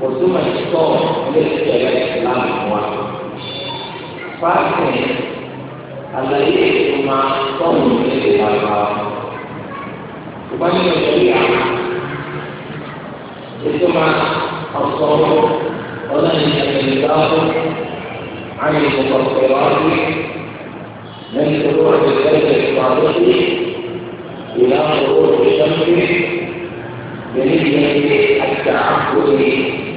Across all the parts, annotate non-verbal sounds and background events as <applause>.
kò túmọ̀ sí tọ́ ilé ìjọba ìsìlámù wa. fáàkì àlàyé ìtumọ̀ tọ́nù ilé ìjọba wa. ṣùgbọ́n nínú ìjọba yà ìtumọ̀ ọ̀sọ̀ ọlọ́run ìjọba عن المتطلبات من طلوع الفجر الصادق إلى غروب الشمس بنية التعبد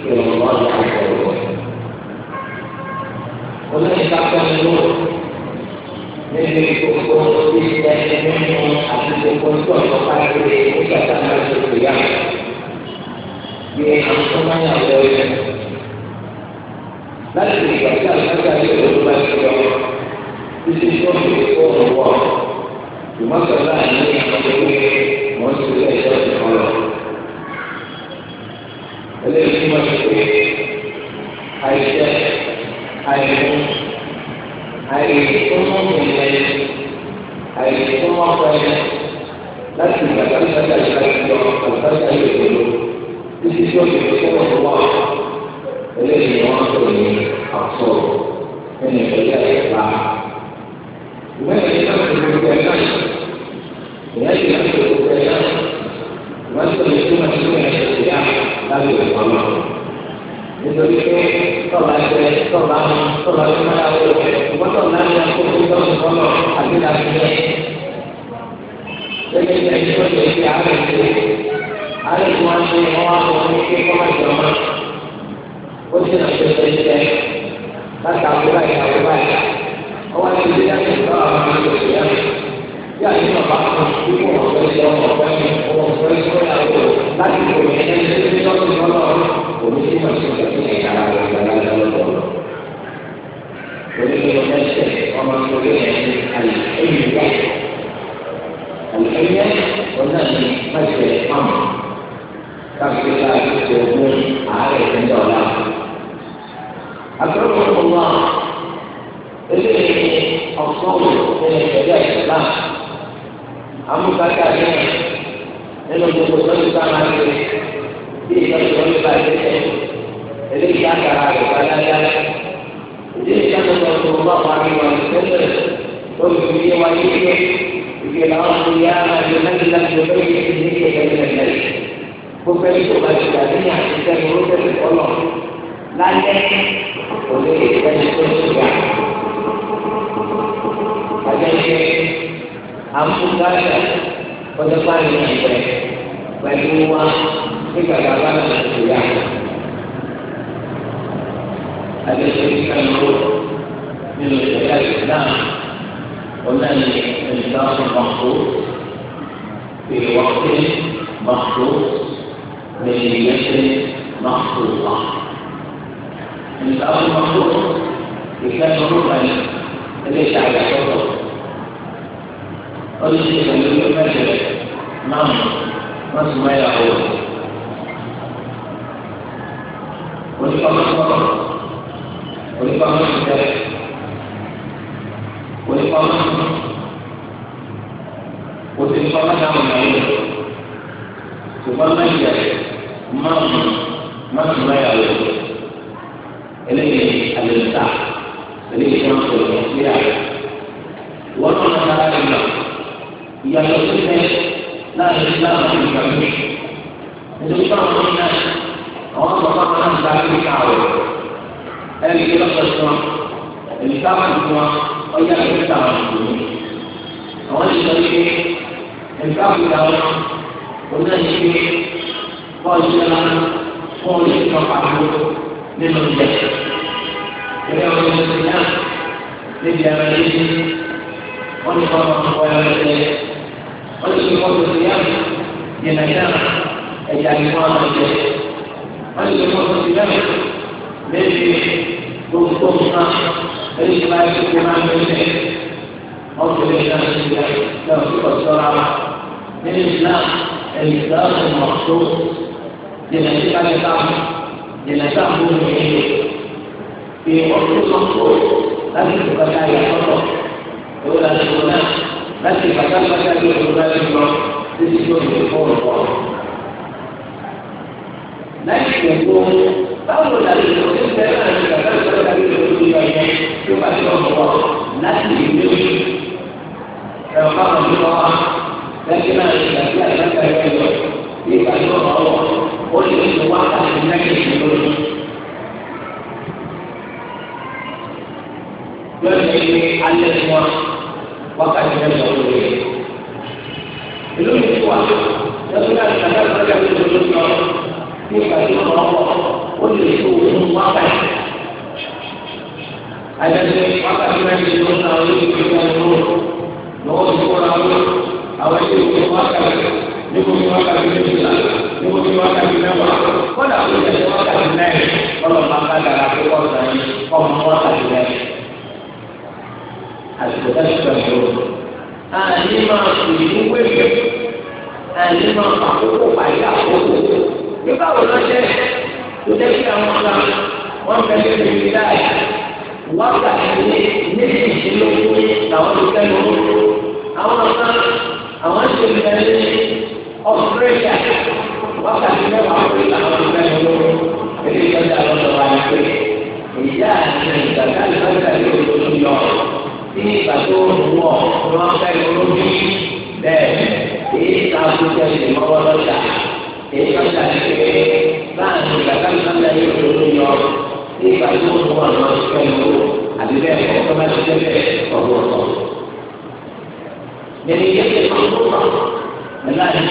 إلى الله عز وجل ولكن تعتمدون nínú ìkókó tí ẹni nínú àtúntò tó ọ̀nà káàkiri nígbà tá a máa ṣe ìyá bí àwọn tó máa ń yà wọ ilé láti ìgbà tí àlùfáà ti lè lọ bá ti lọ títí tó fi kó ọ̀rọ̀ wọ̀ ìmọ̀tò láàrin àwọn ìwé mọ̀ọ́sílẹ̀ eléyìí mọ̀ sí pé àìjẹ àìmú àìtúmọ̀kùnrin àìtúmọ̀kùnrin láti ìgbà tí wọ́n ti ṣe àìjọ àtàkà ìgbèlú títí tí ó fi fi wọ́n wá eléyìí wọ́n tó ní àtọ̀ nínú ìgbésẹ̀ ìgbà. Ìgbésẹ̀ ìgbà tó ti gbogbo ẹ̀ náà ìyá ìgbà tó ti gbogbo ẹ̀ náà ìgbà tó ti túmọ̀ sí lábẹ́ òkú ọmọ nítorí pé tọ́ba jẹ tọ́ba mú tọ́ba tó máa wọ ṣùgbọ́n tọ́ba ní akókó tọ́ba kọ́lọ̀ àti láti jẹ. Lẹ́yìn ìgbà yìí wọ́n jẹ́ kí àárẹ̀ ṣe àárẹ̀ tí wọ́n ṣe wọ́n wá wọ́n ní kí wọ́n má jọ mọ́. Ó sì nà ṣe ṣe ṣe láti àkóbá ìkàwé báyìí. Ọwọ́ ti di láti ìgbà wọn máa ń lò sí ẹ̀rọ yà ní ọba kan kí wọn fẹ́ lé ọmọ ọgbẹ́ mi ọmọ ọgbẹ́ mi kọ́ ya wọ láti kò ní ẹni tí ní lọ́sí lọ́lọ́ òní tí wọ́n ti gbà ní ẹ̀yà ara rẹ̀ gbàgbà lọ́lọ́ òní ló ń ṣe ọmọ tó lé ẹni àyè ẹ̀yìn wá àlùfẹ́yẹ ọ̀nà ni máṣe pàmò káfí láti tó ogún àárẹ̀ nígbà ọ̀la. àbúrò kọ̀ọ̀kan wà eléyìí ọ̀sán òwò ní ìṣẹ̀lẹ̀ ìṣẹ̀lẹ̀ àmúkàtà náà nínú gbogbo sọ́dún sáma ṣe bí ìtọ́jú wọn bá ṣe ṣe eléyìí àkàrà rẹ̀ bá dáadáa. ìdí ìtọ́jú wọn tó bá wà ní wọn tẹ́lẹ̀ tó fi fi yé wa yé yé ìgbé làwọn ọmọ yá máa yọ láti láti lọ bẹ́ẹ̀ yé ní ìgbé lẹ́lẹ́lẹ́. gbogbo ẹni tó bá ti gbà ní àtijọ́ ni ó tẹ̀lé ọlọ́ lálẹ́ òní ìgbẹ́ni tó ti gbà. àmúgbáyà ọjọ́ báyìí ní ìgbẹ́ pẹ̀lú wa nígbà tá a bá lọ sí ìyá. Adéṣe kíkà lóró nínú ìṣẹ̀lẹ̀ Islam onáni ìdáhùn mọ̀kó ìwọ́pẹ́ mọ̀kó lẹ́yìnlẹ́sẹ̀ mọ̀kó wà. Ìdáhùn mọ̀kó ìkà lóró báyìí ẹlẹ́ṣẹ̀ àgbàsọ̀tọ̀. ó lè ṣe pẹ̀lú pé mẹ́jọ máa mú wọ́n sì máa yàwó rẹ̀. onípamọ́sọ́rọ̀ onípamọ́sọ́rọ̀ onípamọ́sọ́rọ̀ onípamọ́sọ́rọ̀ ṣùgbọ́n mẹ́jọ máa mú wọ́n sì máa yàwó rẹ̀. eléyìí alẹ́ eléyìí tí wọ́n sọ̀rọ̀ ní ìyá rẹ̀ wọ́n náà ń bá ara ìyàtọ̀ tó fẹ́ láàrin ìsìláàmù àti ìgbàgbé nítorí báwọn ọmọ náà àwọn ọmọ bàbá náà ń ta áfíríkà ọ̀ ẹni tó lọ́sọ̀ sí wọn ẹni tó àwọn ìfún wọn ọjà àfíríkà wọn kò ní. àwọn ti sọ pé ẹni tó àfíríkà wọn òun náà ti pé bọ́ọ̀lù ṣe máa bọ́ọ̀lù ṣe máa pàdé nínú ìjẹ. ìrẹ́ wọn ló ti náà níbi ẹ̀rọ yìí wọ́n ti fọ́ ọmọ ọmọ ẹ̀rọ yìí ويجب فرض الصيام يتجامع أي الإمام ويجب فرض الصيام الذي يصومها ليس ما يشك ما منه أو تبين الصيام لا يصيب الصلاة من الإسلام الإسلام المخصوص لنجد أن تعمل لنتعبد به في وقت مخصوص لكن تبقى يحفظه دون الناس láti pàtàkì àti olùdarí lọ títí tó ti ọ̀pọ̀. láti pẹ̀lú báwo la lè lọ sí ìfẹ́ náà ní pàtàkì àti olùdarí lọ yẹn tó bá ti ọ̀pọ̀ láti ìlú ẹ̀rọ báwọn ti lọ wá láti náà lè gbàgbé àgbàgbà yẹn lọ sí ìgbàgbé ọ̀pọ̀ ó lè lọ wá láti náà lè lọ sí. lọ́sẹ̀ ní alẹ́ wọn wákàtí mẹ́ta lórí rẹ̀. Ìlú mi ti wà lọ́sọ̀rọ̀ àti àgbàdo ọ̀gá mi ló lọ́sọ̀ ní ìpàdé ọ̀pọ̀lọpọ̀ ó lè fi owó fún wákàtí. Àjẹsẹ̀ wákàtí mẹ́ta ló ń sọ̀rọ̀ lórí ìpínlẹ̀ Ọ̀ṣun lọ́wọ́ ti kọ́ra wọn àwọn ẹgbẹ́ ìwé wákàtí níbo ni wákàtí méjìlá níbo ni wákàtí mẹ́wàá kọ́dà kó jẹ́ wákàtí mẹ́rin ọlọ́pàá ń bá dàrá pé ọ̀sán yìí ọmọ wákàtí mẹ́rin àti ẹ̀ṣọ́ àní máa fi ìwé rẹ̀ àní máa fa àkókò pàdé àkókò nígbà wo lọ jẹ́ tó jẹ́ kí àwọn ọ̀la wọn fẹ́ lè lè rí láàyè wákàtí méjìdínlógún làwọn ti tẹnu àwọn ọ̀la àwọn ti lè lè ọ̀pẹ̀rẹ̀yà wákàtí mẹ́wàá pẹ̀lú àwọn ti tẹnu èyí tó dá lọ́dọ̀ wa ni pé ìyá àti ìgbàgbọ́ àti ìgbàgbọ́ àti ìgbàgbọ́ ní ìgbàdo wọ wọn fẹ́ lórí bẹ́ẹ̀ èyí ká gbọ́dọ̀ ṣe mọ́wọ́ lọ́jà èyí ká gbọ́dọ̀ ṣe láàrin ìgbàgbọ́ ìgbàgbọ́ yóò lórí yọ ní ìgbàdo wọn wọn fẹ́ lórí àbí bẹ́ẹ̀ kọ́ tó bá ti dé bẹ́ẹ̀ ọ̀gbọ́n kọ́. Bẹ̀rẹ̀ yẹ kí ẹ̀kọ́ tó wà nígbà yìí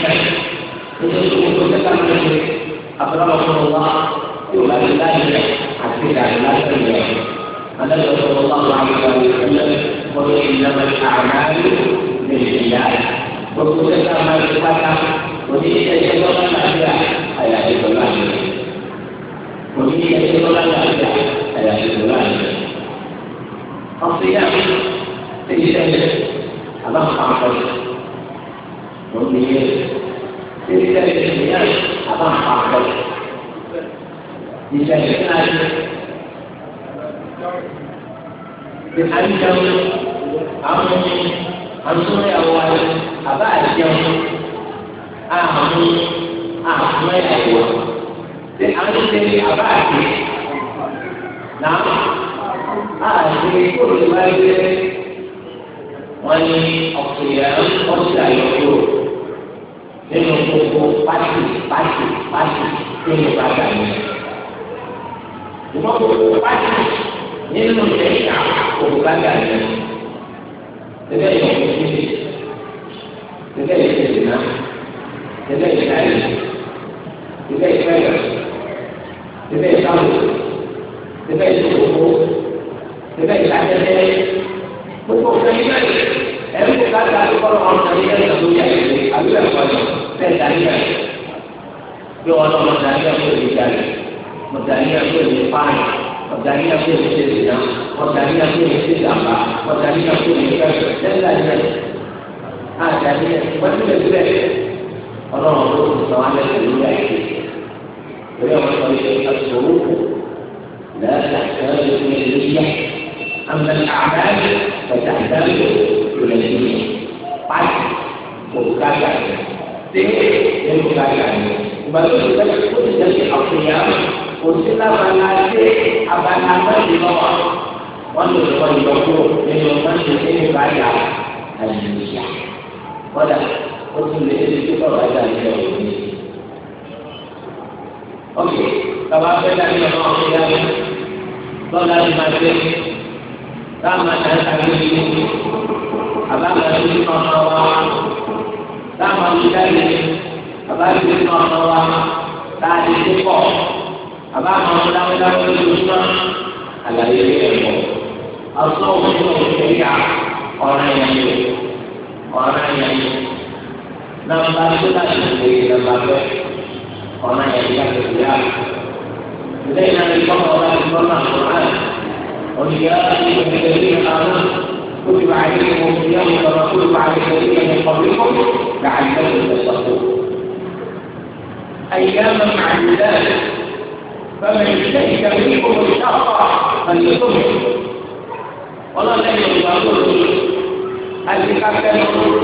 ká nítorí النبي صلى الله عليه وسلم وإنما الأعمال بالنيات وكل ما يتحقق وبه يتجلى الأشياء حياة الله وبه يتجلى الأشياء حياة الله الصيام في شهر أضخم شهر والنية في شهر الصيام أضخم شهر لشهر àdìjẹun àwọn ọmọ àtúntò ìyàwó wa àbá àdìjẹun àmú àmú ìyàwó ṣe àdìjẹ àbá àdìjẹ náà àdìjẹ kúrò níwájú wọn ní ọ̀sẹ̀ ìyàwó ọ̀sẹ̀ àyọ̀kúrò nínú gbogbo pàṣẹ nínú ìrìn àkókòlága rẹ tẹ́lẹ̀ yóò fi fi tẹ́lẹ̀ yóò fi dìná tẹ́lẹ̀ yóò fi ayé tẹ́lẹ̀ yóò fi ayọ̀ tẹ́lẹ̀ yóò fi awọ tẹ́lẹ̀ yóò fi owó tẹ́lẹ̀ yóò fi atẹ́tẹ́ gbogbo ọ̀sẹ̀ yìí náà ẹ̀rú kò káàkiri àtúkọ̀rọ̀ ọ̀rọ̀ náà yìí náà lórí àyẹ̀wò àbúrò ẹ̀kọ́ yọ bẹ́ẹ̀ dàníyà bí wọn náà mọ̀ fún èdè dàníyà mọ̀ fún èdè pààyàn ọ̀dàníyà fún mi ṣe ìdìyà ọ̀dàníyà fún mi ṣe ìdàgbà ọ̀dàníyà fún mi ṣe ìdàgbà àdàníyà wọ́n ti lè bẹ̀ ọlọ́run ló ń sọ alẹ́ pẹ̀lú àìsí lórí àwọn ọmọ ìṣe àtòwò lẹ́yìn àtẹ̀wé ní ìlú yá àmì àbáyé ọ̀dà àbáyé ìrẹ̀lẹ̀ yìí pàṣẹ òkúta gàdé tẹ́lẹ̀ ẹ̀mú gàdé ìgbàlódé lẹ́yìn òkúta gàdé àkúnyà kò sí lábala dé abala mẹ́rin lọ́wọ́ wọ́n lò lọ́wọ́ ìyọkúrò nínú mẹ́rin nínú báyà àyíyá kọ́dà ó tún lè ṣe tó bàbá dà ní ẹ̀rọ mi. ok bàbá fẹ́ dàbí ọmọ ọ̀hún dàbí lọ́la ní ma dé táwọn àti àti àti ìlú àbá ma ti ní ọmọ wa táwọn àti àti àti ìlú àbá ti ní ọmọ wa táwọn àti ìlú pọ̀. àbá àwọn ọmọdáwọdáwọ lójoojúmọ́ àlàyé ẹ̀kọ́ asọ òfin òfin yà ọ̀rọ̀ ẹ̀yẹ ọ̀rọ̀ ẹ̀yẹ nàmbà tó láti lè nàmbà bẹ ọ̀rọ̀ ẹ̀yẹ láti lè yà lẹ́yìn náà ìgbà wọn bá ti gbọ́n náà wọn náà oníyà ìgbésẹ̀ ní àwọn كتب عليكم الصيام كما كتب على الذين من قبلكم لعلكم تتقون أياما معدودات فمن شهد منكم الشهر فليصم ọlọ́lẹ́yìn ìgbà tó lò àti kápẹ́ lọ́wọ́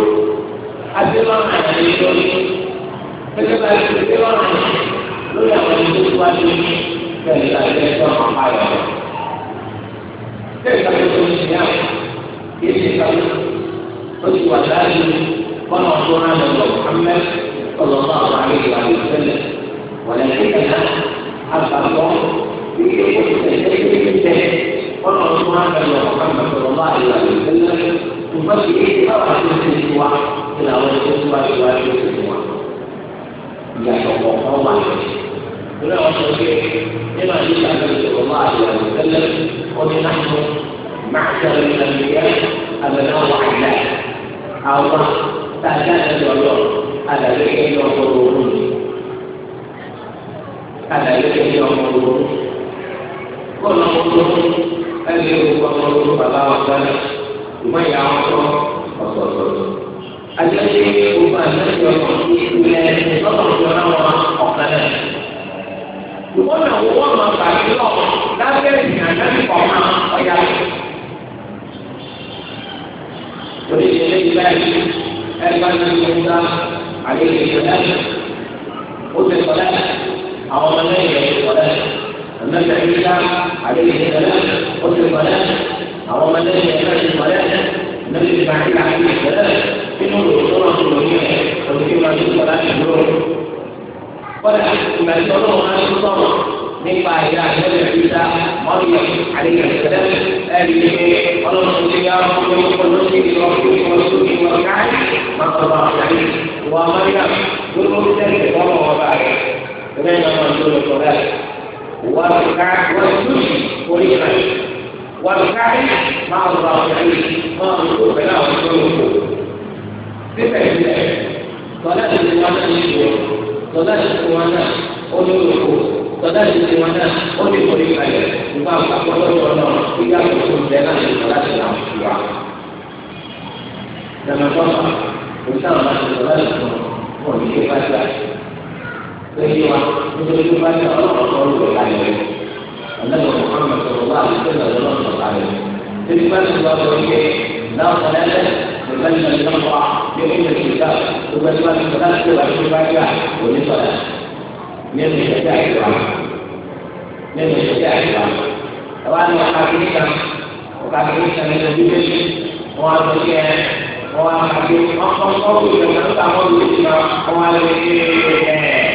àti lọ́nà àyè lórí pẹ́ẹ́tẹ́ bá ti ti lọ́nà lórí àwọn ìlú tó wá lórí pẹ̀lú àti ẹ̀tọ́ ọ̀pá rẹ̀. Bẹ́ẹ̀ ká ló ń ṣe àwọn kìí ṣe ká ó ti wà láàyè kọ́nà tó rán lọ́wọ́ Amẹ́ ọlọ́mọ àwọn àyè ìwà ìfẹ́lẹ̀ wọ̀lẹ́ àgbàgbọ́ wípé ó ti tẹ̀lé ní bẹ́ẹ̀ ọ̀nà ọ̀tún àgbàgbọ́ ọ̀kàgbà sọ̀rọ̀ bá àyè àyè tẹ́lẹ̀ nígbà tí èyí bá wà tó ti ti wá kí làwọn ẹgbẹ́ tó bá ti wá tó ti ti wá. ìyàtọ̀ kọ̀ọ̀kan wà lẹ̀. ìlú àwọn sọ pé nínú àyè àgbàgbọ́ sọ̀rọ̀ bá àyè àyè tẹ́lẹ̀ ọdún náà معشر الأنبياء أبناء الله أو تعتاد الأمر على ذكر وقرون àlàyé kẹ̀kẹ́ ọmọ òwò kọ́nà ọmọ ẹni òwò ọmọ òwò bàbá wọn gbáná ìmọ̀ ìyá wọn kọ́ ọ̀tọ̀ọ̀tọ̀. àjọṣe gbogbo àjọṣe ọmọ ìpìlẹ̀ lọ́kọ̀ọ̀tọ̀ náà wọn ọ̀kan náà. ìwọ́n náà wọ́n máa bàbí lọ lábẹ́ ìrìn àjọṣe kọ̀ọ̀kan ọ̀yà. oríṣiríṣi ìgbà yìí ẹgbẹ́ náà ti ń gbà àlejò ìṣẹ̀lẹ̀ ó ti sọ̀lẹ́ àwọn ọmọ lẹ́yìn rẹ̀ ìkọ̀lẹ́ ẹ̀mẹ́ta ìdílá àdéhùn ìkọ̀lẹ́ oṣù ìkọ̀lẹ́ àwọn ọmọ lẹ́yìn rẹ̀ ìkọ̀lẹ́ ìkọ̀lẹ́ ẹ̀mẹ́ta ìdílá àdéhùn ìkọ̀lẹ́ inú rẹ̀ tó máa tòrò ní ẹ̀ òní kí máa tún kọ̀lá ìlú rẹ̀. kọ́lá ìgbà tí ọlọ́run á tún sọ̀rọ̀ nípa ìyá àtẹ́lẹ̀ ìdílá mọ́lẹ̀ àdéhùn ìkọ̀lẹ́ ẹ̀rí ọlọ́run ti yá ọkùnrin فبين الرسول الصلاة واركع واسجد قريبا واركع مع الراكعين ما الركوع بلا والسجود بفعل الله صلاة الإخوانات يسجد صلاة الإخوانات أولي الركوع صلاة الإخوانات أولي قريبا يقام أقوال الله إذا كنتم لنا لصلاة العشرة لما تصح وسام عن صلاة الإخوانات lórí wa nítorí tó bá ní ọlọ́run tó ń lò kalẹ̀ rẹ̀ ọlọ́run muhammed tó wà lẹ́sẹ̀ lọ́wọ́ tó kalẹ̀ rẹ̀ lórí bá ní ìgbà wọlé yẹ náà kọ́lẹ́ lẹ́ lọ́gbà ní ìgbà wà ní ìgbà ìgbà lọ́gbà ní ìgbà ìgbà tó wà ní ìgbà ìgbà òní sọ̀rọ̀ nínú ìṣẹ̀dá ìgbà nínú ìṣẹ̀dá ìgbà ẹ̀wá ní ọ̀ka kìíkà ọ̀ka kìíkà nínú bíbélì wọn á lọ sí ẹ wọn á kàdé ọkọ̀ ọkọ̀ ìjọba tó ta wọn lò á lọ sí ẹ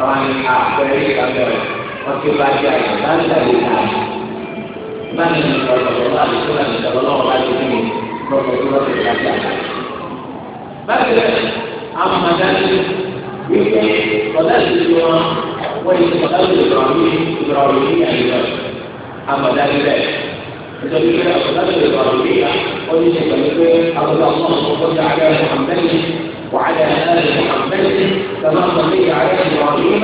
wọn ni àpẹẹrẹ ìgbàgbọ́ rẹ̀ wọ́n ti bá jẹ́ àyè láńdà lè ta báyìí ní ọ̀rọ̀ láti tó láti tọ̀rọ̀ lọ́wọ́ láti fún mi lọ́kọ̀ tó lọ́kọ̀ tó láti àná. báyìí rẹ̀ àwọn wípé ọ̀dà ìdílé wọn wọ́n ti sọ̀tà lè rọ̀ ní ìrọ̀rùn ní àyè náà àmọ̀dáni rẹ̀. nítorí pé àtúntàlẹ̀ lè bàrù وعلى آل محمد كما صليت على إبراهيم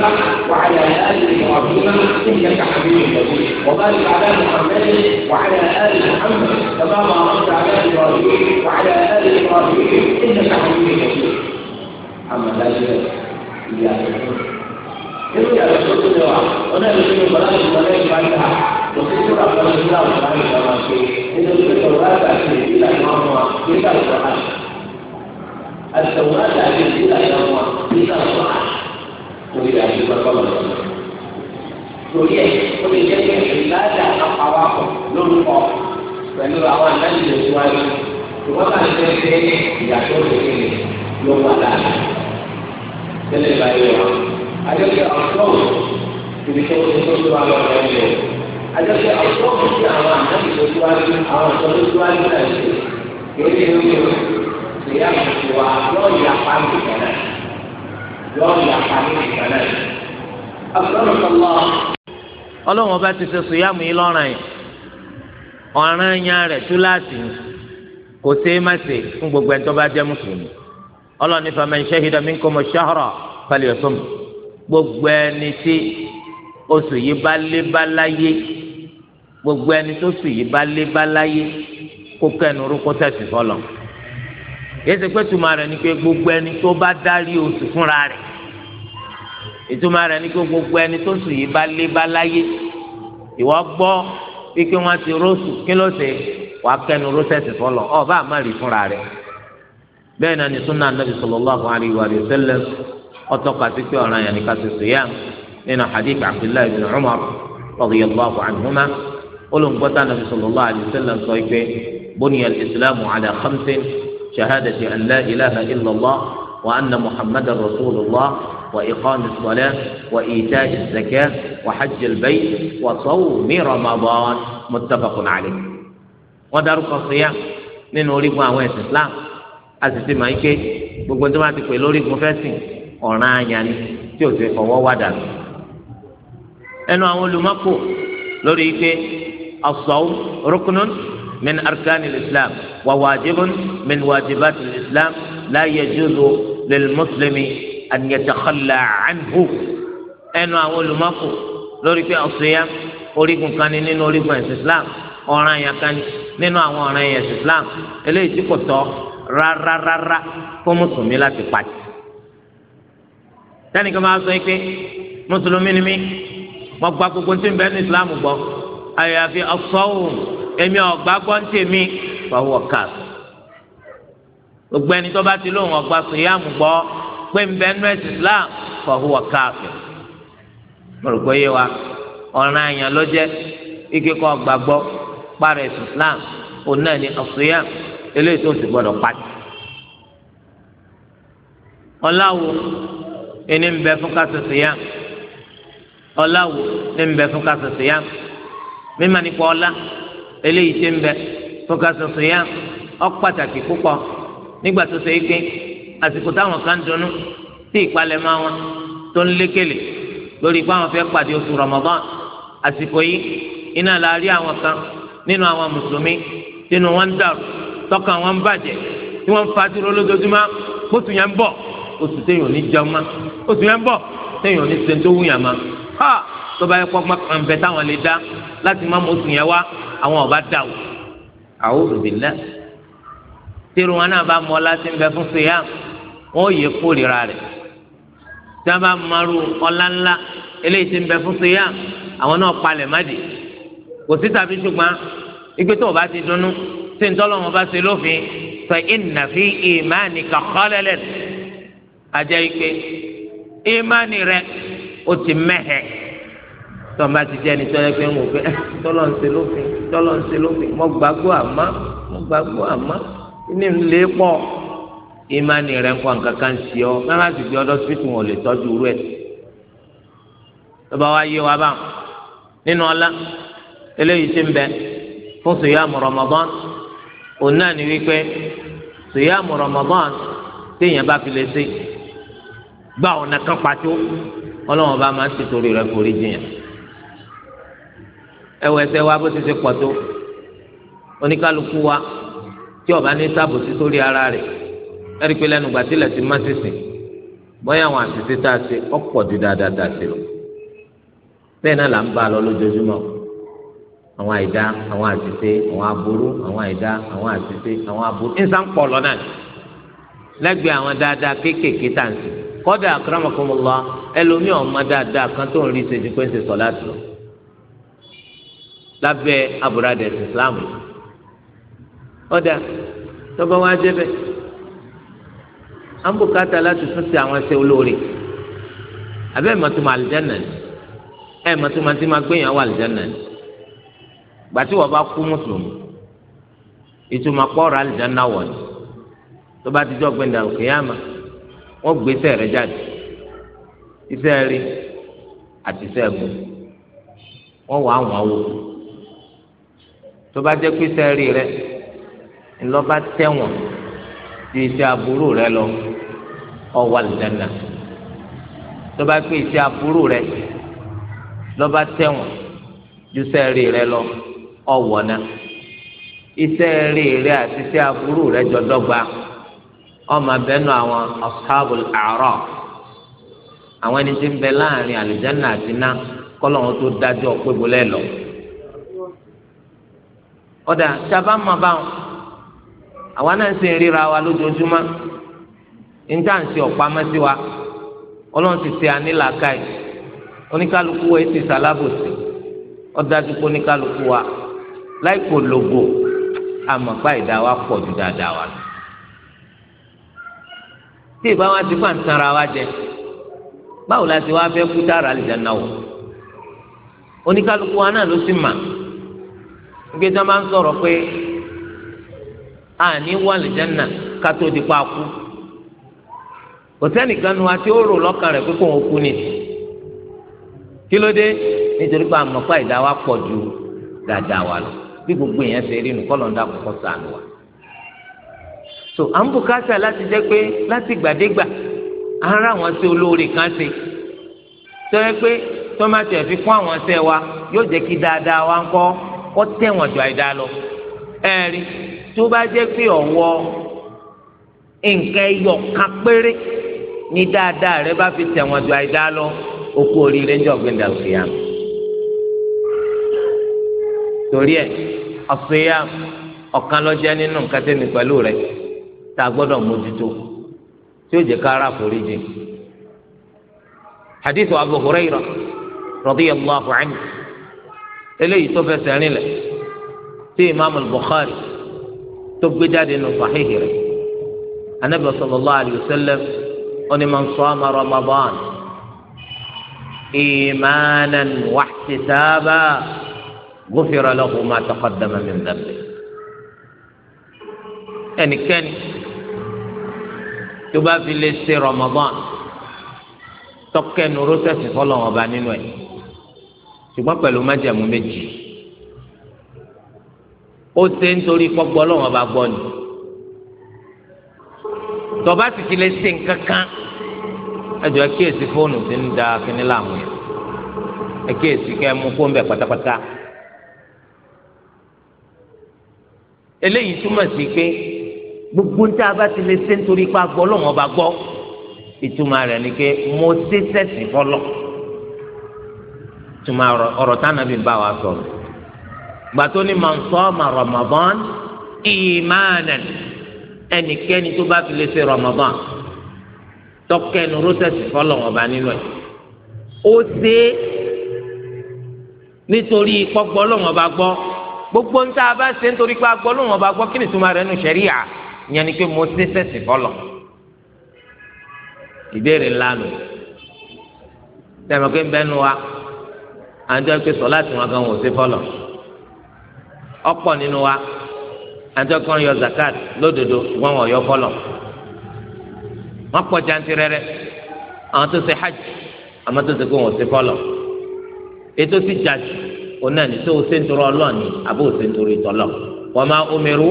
وعلى آل إبراهيم إنك حميد مجيد وبارك على محمد وعلى آل محمد كما باركت على إبراهيم وعلى آل إبراهيم إنك حميد مجيد أما لا شيء إلا nínú ìyàrá tó tó lẹ́wà ọ̀nà ìlú ní bọ̀dá tó lọ́lẹ́ ìgbà ta kò sí tó rà pẹ̀lú ìlú àwọn ọ̀gá ìgbà máa gbé nínú ìlú tó lọ́wọ́ àtàkì ìlà ìwọ̀n wọn nígbà tó wà. àtẹ̀wọ̀n àtàkì ìlà ìwọ̀n wọn nígbà tó wà. torí àti gbàgbọ́ lọ sí. torí ẹ̀ ó lè jẹ́ pé ìlàjà àpawápọ̀ lórúkọ pẹ̀lú àwọn àdájì lè wáyé ṣùgbọ́n bá ti fẹ́ fẹ́ ìyàtọ̀ àjọṣe àtọ́wò ibi tó ti tó tó àwọn ọ̀rẹ́ o àjọṣe àtọ́wò sí àwọn àmì tó tó àwọn àtọ́ tó náà ṣe yóò ṣe é àti yóò yà pa mí yóò yà pa mí ọlọ́run ọba ti ṣe sùyàmù yìí lọ́ràn yìí ọ̀ràn rẹ̀ tú láti kò má fún gbogbo gbogbo ẹni tí oṣù yìí bá lé bá láyé gbogbo ẹni tó oṣù yìí bá lé bá láyé kó kẹnu rú kó tẹ̀sí fọlọ́ yéésì pé tuma rẹ̀ ni pé gbogbo ẹni tó bá dárí oṣù fúnra rẹ̀ ìtumọ̀ rẹ̀ ni pé gbogbo ẹni tó oṣù yìí bá lé bá láyé ìwọ gbọ́ pípé wọn ti róṣù kí ló ṣe wàá kẹnu rú tẹ̀sí fọlọ́ ọba àmàlì fúnra rẹ̀ bẹ́ẹ̀ náà ni sunna anabi sallallahu alaihi wa sallam. ọtọka sí pé ọ̀ràn yẹn ni ká ṣe siyam nínú hadith abdullahi bin umar radiyallahu anhuma olùkọ́tà nàbí sallallahu alayhi wa sallam sọ pé bóni alislamu ala khamsin shahadati an la ilaha illallah wa anna muhammadan rasulillah wa iqaami salah wa iitaa'i zakah wa hajj albayt wa sawmi ramadan muttafaqun alayh. wọ́n dárúkọ siyam nínú orígun àwọn ẹ̀sìn islam a sì ti máa ń ké gbogbo tó máa ti pè lórí gun fẹ́sìn. ọ̀ràn àyàn ni tí ò ti fọwọ́ wà dànù. ẹnu àwọn olùmọ́kò lórí ike as-sawm rukunun min arkani islam wa wajibun min wajibati islam la yajuzu lil muslimi an yatakhalla anhu. ẹnu àwọn olùmọ́kò lórí ike as-siyam orígun kan ni nínú orígun ẹ̀sìn islam ọ̀ràn àyàn kan nínú àwọn ọ̀ràn ẹ̀sìn islam eléyìí tí kò tọ́ rárárárá fún mùsùlùmí láti pàtì. Tani máa sọ pé mùsùlùmí ni mí mo gba gbogbo tí ń bẹ ní islam gbọ́ àyàfi ọ̀sọ́wò èmi ọ̀gbá gbọ́ ń tèmi fọwọ́ ká gbogbo ẹni tó bá ti lóun ọ̀gbá sùyàmù gbọ́ pé ń bẹ ní islam fọwọ́ ká mo rò wa ọ̀ràn àyàn ló jẹ́ ike kọ́ gbàgbọ́ parẹ́ ẹ̀sìn islam òun náà ni ọ̀sùyàmù eléyìí tó sì gbọ́dọ̀ pàtì ọ̀làwò ẹni ń bẹ fún kásò síyàm ọláwo ẹni ń bẹ fún kásò síyàm mímà nípa ọlá eléyìí ti ń bẹ fún kásò síyàm ó pàtàkì púpọ̀ nígbà tó ṣe é pé àsìkò táwọn kan dunnú sí ìpalẹ̀mọ́ wọn tó ń lékele lórí pé àwọn fẹ́ pàdé oṣù Ramadan àsìkò yìí iná la rí àwọn kan nínú àwọn mùsùlùmí tínú wọn ń dàrú tọkàn wọn ń bàjẹ́ tí wọ́n ń fa dúró lójoojúmọ́ kóòtù yẹn ń bọ̀ oṣù téèyàn ò ní jẹun mọ́ oṣù yẹn ń bọ̀ téèyàn ní sèǹtó wúyàn ma ha tó bá yẹ kó ọgbọ́n bẹ táwọn lè dá láti má mọ oṣù yẹn wá àwọn ọba dà o a'udhu billah tẹ́rù wọn náà bá mọ láti ń bẹ fún sèyá wọn ò yẹ kórìíra rẹ̀ tí wọn bá maru ọlá ńlá eléyìí ti ń bẹ fún sèyá àwọn náà palẹ̀ má dì kò sí tàbí ṣùgbọ́n igbe tó o bá ti dunnú tí ń tọ́lọ́ wọn bá ṣe lófin fa inna fi imanika àjẹ́ ìpè ìmánì rẹ ó ti mẹ́hẹ̀ tọ́ba ti jẹ́ ẹni tọ́lẹ́ pé ń wò pé eh, tọ́lọ̀ ń ṣe lófin tọ́lọ̀ ń ṣe lófin mo gbàgbọ́ àmọ́ mo gbàgbọ́ àmọ́ inú mi lè pọ̀ ìmánì rẹ ń kọ́ nǹkan kan sí ọ mẹ́rin àti gbé ọdọ́ sípìtì wọn lè tọ́jú rú ẹ̀ tọ́ba wa yé wa bá nínú ọlá eléyìí ti ń bẹ fún sùyàmù Ramadan òun náà ni wípé sùyàmù Ramadan téèyàn bá fi lè ṣe gba ọ̀nà kan pàtó ọlọ́wọ́n bá máa ń ṣètòrí rẹ̀ forí jiyàn ẹwọ ẹsẹ wa bó ti ṣe pọ̀ tó oníkálukú wa tí ọba ní sábò sí sórí ara rẹ̀ ẹ̀rí pé lẹ́nu gbàtílẹ̀ ti má sísìn bóyá àwọn àṣìṣe tá a ṣe ọ̀pọ̀ ju dáadáa tá a ṣe lọ bẹ́ẹ̀ náà là ń bá a lọ lójoojúmọ́ àwọn àìdá àwọn àṣìṣe àwọn aburú àwọn àìdá àwọn àṣìṣe àwọn aburú ní sáà ń pọ̀ lọ náà lẹ́gbẹ̀ẹ́ àwọn dáadáa kéékèèké tá à ń sìn kọ́dà akramakumullah ẹlòmíì ọ̀ma dáadáa kan tó ń rí ṣe ju pé ń ṣe sọ̀láàtì lọ lábẹ́ àbúradà ẹ̀sìn islam ọ̀dà tọ́ba wa jẹ́ bẹ́ẹ̀ àǹbùkátà láti tún ti àwọn ẹsẹ̀ olóore àbẹ́ ẹ̀mọ́túmọ̀ àlìjáná ni ẹ̀mọ́túmọ̀ tí máa gbẹ̀yìn àwọn àlìjáná ni gbàtí wọ́n bá kú mùsùlùmí ìtumọ̀ pọ́ọ̀rọ̀ àlìjáná wọ̀ ni tó bá ti jọ́ gbẹ̀ndà òkè wọ́n gbé iṣẹ́ rẹ jáde iṣẹ́ rí àti iṣẹ́ ẹ̀kọ́ wọ́n wà àwọn awò tó bá jẹ́ pé iṣẹ́ rí rẹ ńlọ́ba tẹ̀wọ̀n ti iṣẹ́ aburú rẹ lọ ọwọ́ àlùjáná tó bá pé iṣẹ́ aburú rẹ lọ́ba tẹ̀wọ̀n ju iṣẹ́ rí rẹ lọ ọwọ́ náà iṣẹ́ rí rẹ àti iṣẹ́ aburú rẹ jọ dọ́gba ọmọ abẹnú àwọn ashabul a'raf àwọn ẹni tí ń bẹ láàrin àlùjáná àti iná kọlọ́wọ́n tó dájọ́ pé bolẹ́ lọ. ọ̀dà sábà máa bá wọn àwa náà ń sìn ríra wa lójoojúmọ́ níta ń sin ọ̀pá mẹ́sí wa ọlọ́run ti ṣe ànílàákàyè oníkálukú wa ti sàlábòsì ọ̀dájú pé oníkálukú wa láìpò lògò àmọ̀pá ìdá wa pọ̀ ju dáadáa wa lọ tí ìbá wa ti fàn tanra wa jẹ báwo la ti wá fẹ́ kú tààrà àlìjáná wò oníkálukú wa náà ló sì mà gbé tí wọn bá ń sọ̀rọ̀ pé àní wà àlìjáná ká tó di pa kú kò nu wa tí ó rò lọ́kàn rẹ̀ pé kò ń kú ni kí ló dé nítorí pé àmọ́pá ìdá wa pọ̀ ju dáadáa wa lọ bí gbogbo èèyàn ṣe rí nu kọ́ ló dá kókó sànù wa so à ń bùkátà láti jẹ́ pé láti gbàdégbà à ń rà wọ́n sí olóore kan ṣe tẹ́lẹ̀ pé tọ́mátì ẹ̀fí fún àwọn ṣẹ́ wa yóò jẹ́ kí dáadáa wa ń kọ́ kọ́ tẹ̀wọ̀n jù àìdá lọ ẹ̀rí tó bá jẹ́ pé ọ̀wọ́ nǹkan ẹyọ kan péré ní dáadáa rẹ bá fi tẹ̀wọ̀n jù àìdá lọ okú oríire ń jọ gbẹ̀dà òkèèyàn torí ẹ̀ ọ̀sẹ̀ yà ọ̀kan lọ́jẹ́ nínú nǹkan tẹ̀mí pẹ̀lú rẹ̀ tá a gbọ́dọ̀ mójútó tí ó jẹ́ ká ara foríjì hadithu abu hurayra radiyallahu anhu eléyìí tó fẹsẹ̀ rinlẹ̀ tí imaamu bukhari tó gbé jáde nù sahihi rẹ̀ anabi sallallahu alayhi wa sallam oní man sama ramadan imanan wahtisaba ghufira lahu ma taqaddama min dhanbi ẹnikẹ́ni tó bá fi lè ṣe Ramadan tọkẹ nuru sẹsìn fọlọ wọn bá nínú ẹ ṣùgbọ́n pẹ̀lú májẹ̀mú méjì ó ṣe nítorí pọgbọ lọwọ bá gbọ ni tọba ti fi lè ṣe nǹkan kan ẹjọ kíyèsí fóònù tí ń da kíní láàmú yẹn ẹ kíyèsí kẹ mú fóònù bẹ pátápátá eléyìí túmọ̀ sí pé gbogbo níta bá ti lè ṣe nítorí pa gbọ́ lọ́wọ́ bá gbọ́ ìtumọ̀ rẹ̀ ni pé mo ṣe sẹ́sì fọlọ́ ìtumọ̀ ọ̀rọ̀ táwọn bí bá wa sọ̀rọ̀ gbàtó ni màá sọ ma Ramadan ìmánan ẹnikẹ́ni tó bá fi lè ṣe Ramadan tọkẹnu rọ́sẹ̀sì fọlọ́ wọn bá nínú ẹ̀ ó ṣe nítorí pọ́gbọ́ lọ́wọ́ bá gbọ́ gbogbo níta bá ṣe nítorí pa gbọ́ lọ́wọ́ bá gbọ́ kí ni ìtumọ̀ rẹ̀ nù ṣẹ̀ríyà ìyẹn ni pé mo ṣe sẹ̀sì fọlọ̀ ìbéèrè ńlá nù tẹ̀mọ̀ pé ń bẹ́ nu wa à ń jẹ́ pé sọ láti wọn gan wò ṣe fọlọ̀ ọ̀pọ̀ nínú wa à ń jẹ́ pé wọ́n yọ zakat lódodo wọ́n wọ̀ yọ fọlọ̀ wọ́n pọ̀ jantirẹrẹ àwọn tó ṣe hajj àmọ́ tó ṣe pé wọ́n ṣe fọlọ̀ ètò sì jà jù òun náà ní tó ṣe ń torọ ọlọ́ọ̀ni àbó ṣe ń torí tọ́lọ̀ wọ́n máa omi rú.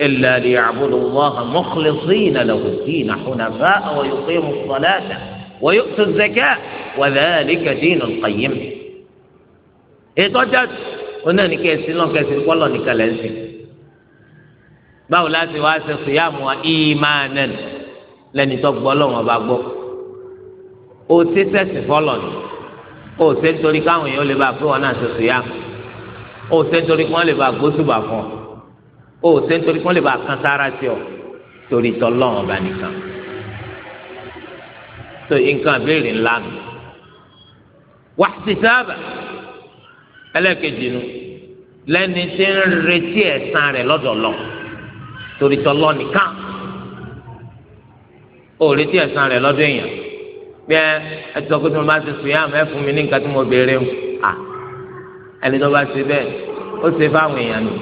إلا ليعبدوا الله مخلصين له الدين حنفاء ويقيموا الصلاة ويؤتوا الزكاة وذلك دين القيم إتوجد هنا نكيسين لهم كيسين والله نكالنسين báwo láti wá ṣe sùyàmù ìmánẹ́n lẹ́ni tó gbọ́ lọ́wọ́n bá gbọ́ ó ti sẹ́sì fọ́lọ̀ ni ó ṣe nítorí káwọn èèyàn lè bá pé wọn náà ṣe sùyàmù ó ṣe nítorí kí wọ́n lè bá gbósùbà fún ọ o ò ṣe nítorí kó lè bá a kan sára sí ọ torí tọ́lọ́run ọba nìkan tó nǹkan àbẹ́rẹ́ ńlá nù wá sí sábà ẹlẹ́ẹ̀kejì nu lẹ́ni tí ń retí ẹ̀san rẹ̀ lọ́dọ̀ lọ torí tọ́lọ́ nìkan o ò retí ẹ̀san rẹ̀ lọ́dọ̀ èèyàn bí ẹ ẹ sọ pé tí mo bá ti sùn yá mẹ́ fún mi ní nǹkan tí mo béèrè ń à ẹni tó bá ṣe bẹ́ẹ̀ ó ṣe fáwọn èèyàn nù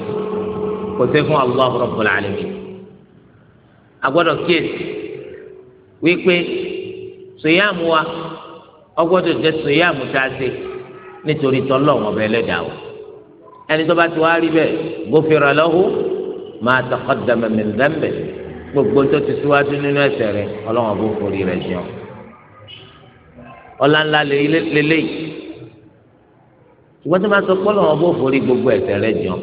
kò sí fún Allah Rabbul Alamin agbọ́dọ̀ kíyèsí wípé sòyàmù wa ọgbọ́dọ̀ jẹ́ sòyàmù tá a ṣe nítorí tọ́lọ́wọ́n ọbẹ̀ ẹlẹ́dàá o ẹni tó bá ti wá rí bẹ́ẹ̀ gufira lahu ma taqaddama min dhanbi gbogbo tó ti síwájú nínú ẹ̀ṣẹ̀ rẹ̀ ọlọ́wọ́n bó forí rẹ̀ jẹun ọ̀làǹlà lélẹ́yìí ṣùgbọ́n tó bá sọ pé ọlọ́wọ́n bó forí gbogbo ẹ̀ṣẹ̀ rẹ̀ jẹun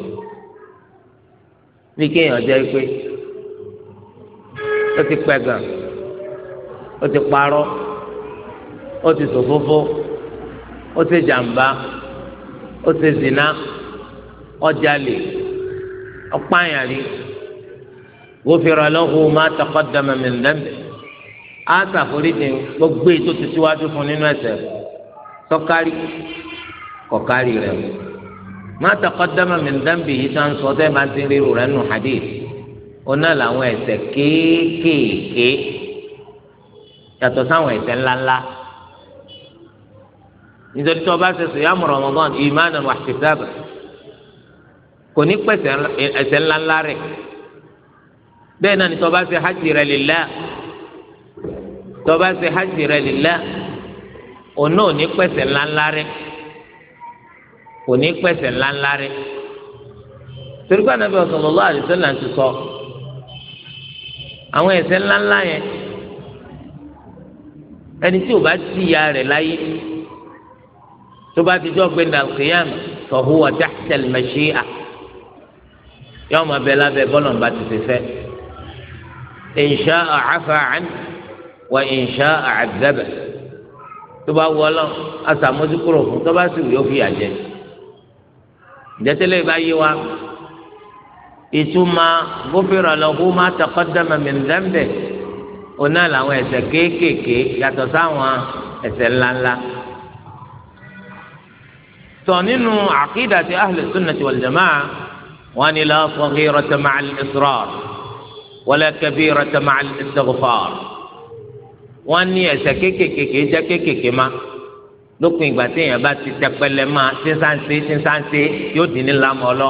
ní kéèyàn jẹ́ pé ó ti pẹ́ gan ó ti parọ́ ó ti ṣòfófó ó ti jàǹbá ó ti zina ó jalè ó pààyàrí gòfèrè tọkọ dàmẹ́ mi lẹ́mẹ́ á ṣàforíjì gbogbo ètò tuntun wájú fún nínú ẹ̀ṣẹ̀ sọ́kárí kọ̀kárí rẹ̀ mọ́ má taqaddama min dhanbihi tá à ń sọ tẹ́ máa ti rí rẹ̀ nù hadith ọ̀nà làwọn ẹ̀ṣẹ̀ kéékèèké yàtọ̀ sáwọn ẹ̀ṣẹ̀ ńláńlá nítorí tí wọ́n bá ṣe siyam Ramadan imanan wa ihtisaban kò ní pẹ̀sẹ̀ ẹ̀ṣẹ̀ ńláńlá rẹ̀ bẹ́ẹ̀ náà ni tí wọ́n bá ṣe hajj rẹ̀ lillah tí wọ́n bá ṣe hajj rẹ̀ lillah ọ̀nà ò ní pẹ̀sẹ̀ ńláńlá rẹ̀ kò ní pẹ̀sẹ̀ ńláńlá rẹ̀ torí pé Ànábì sallallahu alaihi wasallam ti sọ àwọn ẹ̀ṣẹ̀ ńláńlá yẹn ẹni tí o bá ti ya rẹ̀ láyé tó bá ti jọ́ gbé nàìjíríàn fa huwa tahta al-mashi'a yọọ ma bẹ lábẹ́ bọ́lọ̀ ń bá ti ti fẹ́ in sha'a 'afa 'an wa in tó bá wọlọ́ àtàmójúkúrò fún tó bá sì wù yóò jẹ́ ìdẹ́tẹ́lẹ́ ìbá yé wa ìtumọ̀ gófìrà lọ́kù má taqaddama min dhanbi ọ̀nà làwọn ẹ̀ṣẹ̀ kéékèèké yàtọ̀ sáwọn ẹ̀ṣẹ̀ ńláńlá tọ̀ nínú àkídàtì ahlu sunnati wal jamaa wọn ni la saghirata ma'al israr wala kabirata ma'al istighfar wọn ní ẹ̀ṣẹ̀ kéékèèké jẹ́ kéékèèké má. Ke lópin ìgbà tí èèyàn bá ti tẹpẹlẹ máa sísáǹsì sísáǹsì yóò dín ní lámọ lọ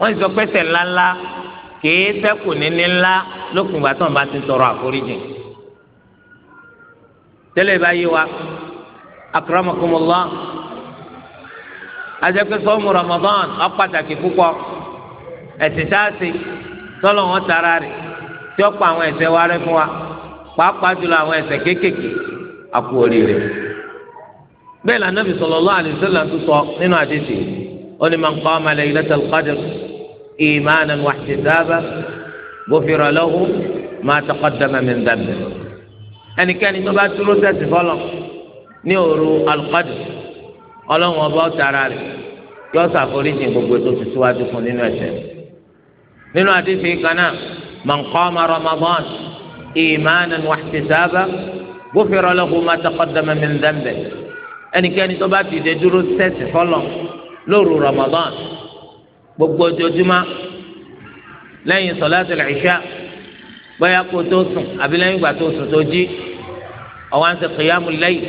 wọn sọ pẹsẹ ńláńlá kìí ṣẹ́kù níní ńlá lópin ìgbà tí wọn bá ti tọrọ àforíjì tẹ́lẹ̀ bá wa akramakumullah ajẹpẹsọ mu Ramadan ó pàtàkì púpọ̀ ẹ̀ṣẹ̀ sáàsì tọlọ wọn tara rẹ̀ tí ó pa àwọn ẹ̀ṣẹ̀ wa rẹ́ fún wa pàápàá jùlọ àwọn ẹ̀ṣẹ̀ kéékèèké akú oríire bẹ́ẹ̀ la nabi sallallahu alaihi wasallam tó sọ nínú àdìsí ó ní man qama laylatal qadr imanan wa ihtisaban ghufira lahu ma taqaddama min dhanbi ẹnikẹ́ni tó bá dúró sẹ́sì fọlọ́ ní òru alqadr ọlọ́run ọba ọ̀tara rẹ̀ yọ ṣàforíjì gbogbo tó ti síwájú fún nínú ẹ̀ṣẹ̀ nínú àdìsí kan náà man qama ramadan imanan wa ihtisaban. غفر له ما تقدم من ذنبه ẹnikẹ́ni tó bá ti dé dúró sẹ́ẹ̀sì fọlọ́ lóru ramadan gbogbo ojoojúmọ́ lẹ́yìn sọ̀láṣí ìṣá bóyá kó tó sùn àbí lẹ́yìn ìgbà tó sùn tó jí ọ̀wá ń ṣe kìyàmù lẹ́yìn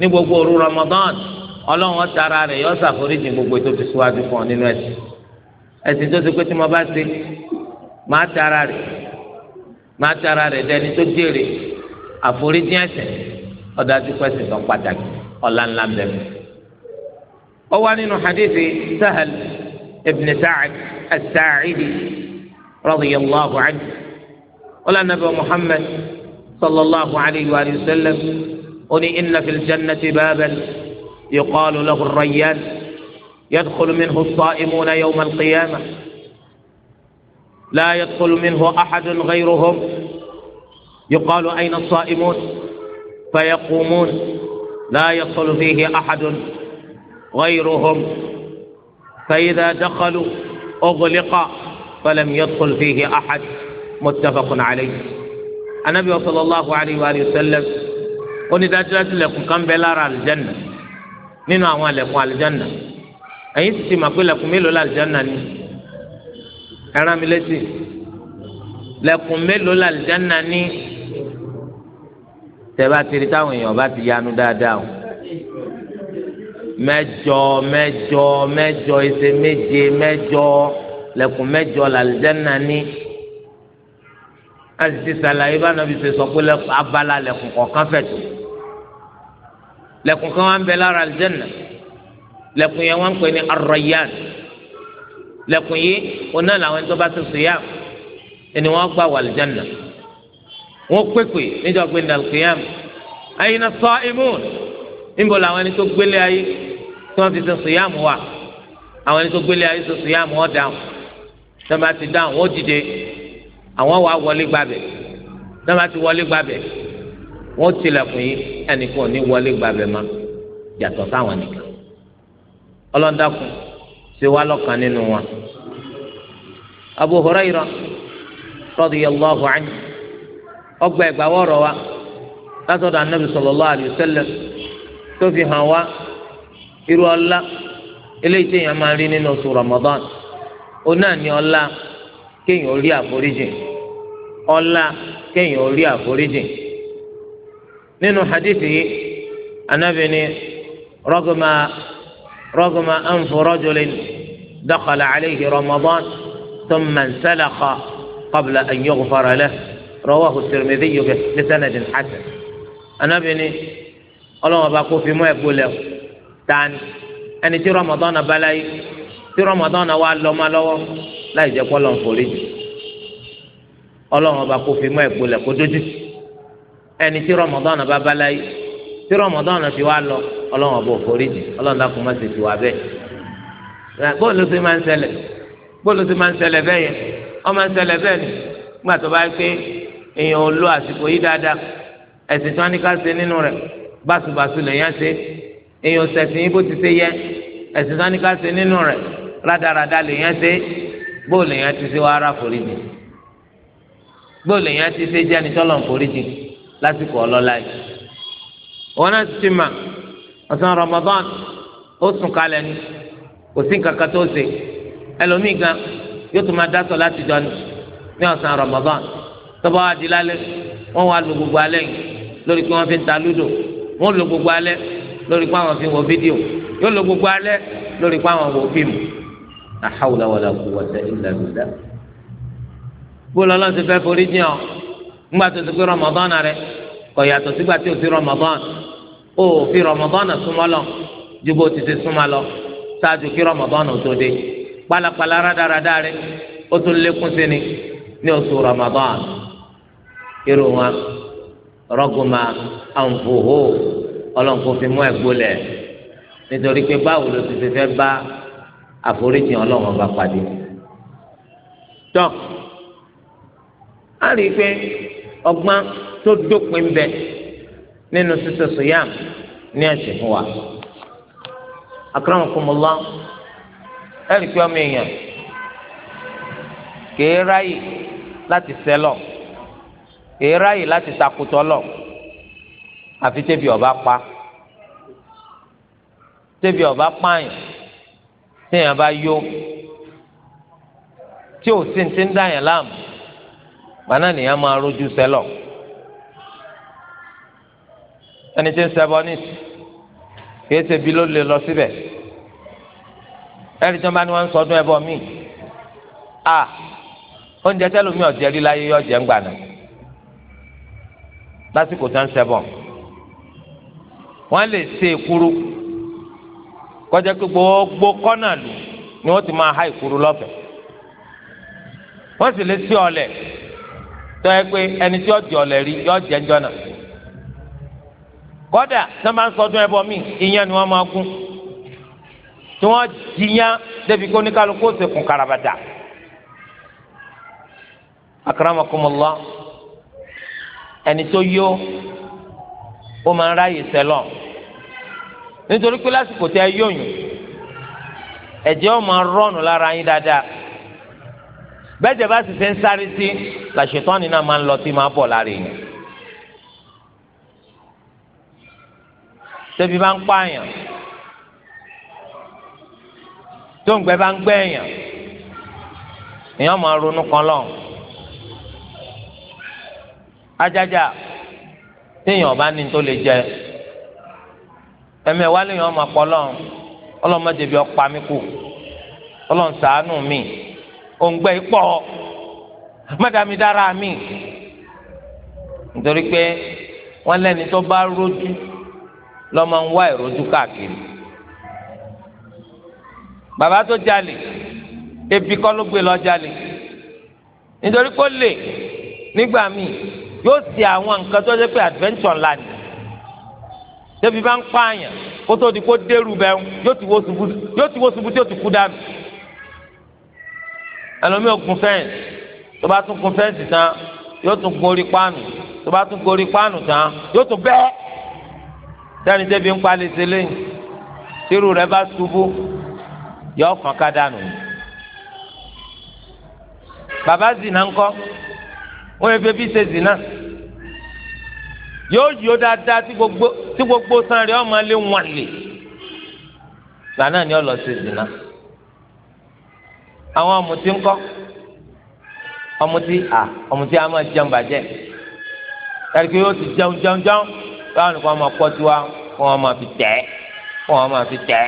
ní gbogbo òru ramadan ọlọ́run tara rẹ̀ yọ ṣàforíjì gbogbo tó ti síwájú fún ọ nínú ẹ̀sìn ẹ̀sìn tó ti pé tí mo bá ṣe máa tara rẹ̀ máa tara rẹ̀ dẹni tó jèrè. àforíjì ẹ̀ṣẹ̀ ọdọ àti pẹsẹ tó pàtàkì ọlá ńlá ń bẹ̀rẹ̀. ó wá nínú hadithi sahel ibn sa'ad as-sa'idi radiyallahu anhu ọlá nàbẹ muhammed sallallahu alayhi wa sallam ó oní inna fil jannati baaban yuqalu lahu ar-rayyan yadkhul minhu as-sa'imuna yawm al-qiyamah la yadkhul minhu ahadun ghayruhum. يقال أين الصائمون فيقومون لا يصل فيه أحد غيرهم فإذا دخلوا أغلق فلم يدخل فيه أحد متفق عليه النبي صلى الله عليه وآله وسلم قل إذا جلت لكم كم بلار الجنة من أعوان لكم على الجنة أي ما قل لكم لا الجنة أنا ملتي لكم ميلوا للجنة tẹ́bá tiri táwọn èèyàn bá ti yanu dáadáa o mẹ́jọ mẹ́jọ mẹ́jọ ẹsẹ méje mẹ́jọ lẹ̀kùn mẹ́jọ làlùjáná ní a sì ti sàlàyé bá nàbí ṣe sọ pé abala lẹ̀kùn kọ̀ọ̀kan fẹ̀tù lẹ̀kùn kan wà ń bẹ lára àlùjáná lẹ̀kùn yẹn wọ́n ń pè ní arọyán lẹ̀kùn yìí onáà làwọn ẹni tó bá ti sùn yá ẹni wọ́n gbà wà àlùjáná wọn pèpè níjọ́ gbé nàlùkìyàm àyìnà sọ imun níbo làwọn ẹni tó gbélé ayé tí wọn ti sọ sùyàmù wa àwọn ẹni tó gbélé ayé sọ sùyàmù wọn dáhùn tọ́ba ti dáhùn wọn dìde àwọn wà wọlé gbàbẹ̀ tọ́ba ti wọlé gbàbẹ̀ wọn tilẹ̀kùn yìí ẹnìkan ní wọlé gbàbẹ̀ ma yàtọ̀ sáwọn nìkan ọlọ́dàkùn ṣe wá lọ́kàn nínú wọn Abu Hurairah radiyallahu anhu ọgbà ẹgbà wọrọ wa látọ̀dọ̀ anabi sallallahu alayhi wa sallam tó fi hàn wá irú ọlá eléyìí téèyàn máa rí nínú oṣù ramadan ó náà ní ọlá kéèyàn ó rí àforíjì ọlá kéèyàn ó rí àforíjì nínú hadith yìí anabi ni rọgùmá rọgùmá anfu rajulin dakhala alayhi ramadan thumma nsalaqa qabla an yughfara lahu rawahu Tirmidhi bi sanadin hasan anábìíní ọlọ́wọ́n bá kó fi mú ẹ̀gbó lẹ̀ tani ẹni tí Ramadan náà bala yìí tí Ramadan náà wà lọ́mọ lọ́wọ́ láì jẹ́ kọ́lọ́ nfòrí jù ọlọ́wọ́n bá kó fi mú ẹ̀gbó lẹ̀ kó dójú ẹni tí Ramadan náà bá bala yìí tí Ramadan náà fi wà lọ ọlọ́wọ́n bó nfòrí jù ọlọ́wọ́n dákun má ṣe fi wà bẹ́ẹ̀ bóòlù ti máa ń ṣẹlẹ̀ bóòlù ti máa ń ṣẹlẹ̀ bẹ́ẹ̀ yẹn ọ máa ń ṣẹlẹ̀ bẹ́ẹ̀ ni gbàtọ́ bá yẹ èèyàn ò lo àsìkò yìí dáadáa ẹ̀sìn tí wọ́n ní ká ṣe nínú rẹ̀ báṣubàṣu lèèyàn ṣe èèyàn ṣẹ̀sìn yìí bó ti ṣe yẹ ẹ̀sìn tí wọ́n ní ká ṣe nínú rẹ̀ rádaràda lèèyàn ṣe bó lèèyàn ti ṣe wá ara foríjì bó lèèyàn ti ṣe jẹ́ ni tọ́lọ̀ ń foríjì lásìkò ọlọ́lá yìí. wọn náà ti mà ọ̀sán Ramadan ó sùn kalẹ̀ ni kò sí nǹkan kan tó ṣe ẹlòmíì gan yóò tún máa dá sọ láti jọ ní ọ̀sán Ramadan tọ́ba wa di lálẹ́ wọ́n wá lo gbogbo alẹ́ yìí lórí pé wọ́n fi ń ta lúdò wọ́n lo gbogbo alẹ́ lórí pé àwọn fi ń wo fídíò yóò lo gbogbo alẹ́ lórí pé àwọn wo fíìmù àhàwùlà wàlà kù wọ́tẹ ìlà lùdà. bóòlù ọlọ́run ti fẹ́ forí jìn ọ́ ńgbà tó ti pé rọmọdọ́nà rẹ kò yàtọ̀ sígbà tí o ti rọmọdọ́nà o ò fi rọmọdọ́nà súnmọ́ lọ ju bó ti ti súnmọ́ lọ ṣáájú kí rọmọdọ́nà tó ní oṣù rọmọdọ́nà irú wọn rọgùnmá ànfòhó ọlọ́nkófin mú ẹ̀gbólẹ̀ nítorí pé báwo ló ti fẹ́ bá àforíjì ọlọ́run bá pàdé tọ́ a rí i pé ọgbọ́n tó dópin bẹ nínú sísè sòyàm ní ẹ̀sìn fún wa akramakumullah ẹ rí i pé ọmọ èèyàn kèé ráyè láti sẹ́lọ̀ èèrà yìí láti takùtọ̀ lọ àfi tẹ́bi ọba pa tẹ́bi ọba pààyàn téèyàn bá yó tí ò sí ti ń dàyàn láàmú gbaná nìyẹn máa rojú sẹ́lọ̀ ẹni tí ń ṣẹbọ nísì kìí ṣe bí ló lè lọ síbẹ̀ ẹni tí wọ́n bá ní wọ́n ń sọdún ẹbọ míì a oúnjẹ tẹ́lómi ọ̀jẹ̀ rí láyé yọ̀jẹ̀ ń gbà náà. lásìkò tá ń ṣẹbọ wọn lè ṣe kọjá pé gbogbo kọ́nà lù ni wọ́n ti máa ha èkuru lọ́fẹ̀ẹ́ wọ́n sì lè ṣe ọ̀lẹ̀ tó yẹ pé ẹni tí yóò jẹ rí yóò jẹ ẹjọ́ kọ́dà tó máa ń sọdún ẹbọ míì ìyẹn ni wọ́n máa gún tí wọ́n jiyàn débi kó ó sì kún ẹni tó yó ó máa ń ráyè sẹlọ nítorí pé lásìkò tẹ yóyún ẹ̀jẹ̀ ó máa rọ̀nù lára yín dáadáa bẹ́ẹ̀jẹ̀ bá sì fẹ́ ń sáré sí làṣetán ni náà máa ń lọ sí máa bọ̀ lára yín tẹ́bi bá ń pààyàn tó ń bá ń gbẹ̀yàn èèyàn máa ronú kan lọ́hùn. ajájà téèyàn ọba ní tó lè jẹ ẹmẹ wálé yẹn ọmọ pọ lọrun ọlọmọdé bí mi òǹgbẹ ìpọ mọdàmí dára mi nítorí pé wọn lẹni tó bá rójú lọmọ ń wá ìrójú káàkiri bàbá tó jalè ebi kọ́ ló gbé lọ jalè nítorí pé ó lè nígbà míì yóò ṣe àwọn nǹkan tó ṣe pé adventure ńlá ni débi bá ń pààyàn kó tó di kó dérú bẹ́ẹ̀ yóò ti wó ṣubú tí ó ti kú dànù ẹlòmíì òkun fẹ́ǹsì tó bá tún kun fẹ́ǹsì tán yóò tún gorí páànù tó bá tún gorí páànù tán yóò tún bẹ́ẹ̀ sẹ́ni débi ń palẹ̀ ṣe lẹ́yìn tírú rẹ̀ bá ṣubú yóò fọ́n ká dànù bàbá zì náà wọ́n yẹ fẹ́ bí ṣe zina yóò yọ dáadáa tí gbogbo tí gbogbo san rẹ̀ ọmọ lé wọn lè gbà náà ni ọlọ ṣe zina àwọn ọmùtí ńkọ́ ọmùtí à ọmùtí a máa jẹun bàjẹ́ ẹ̀ríkì yóò ti jẹun jẹun jẹun báwọn nìkan máa pọ́ tiwa kó wọn máa fi tẹ̀ kó wọn máa fi tẹ̀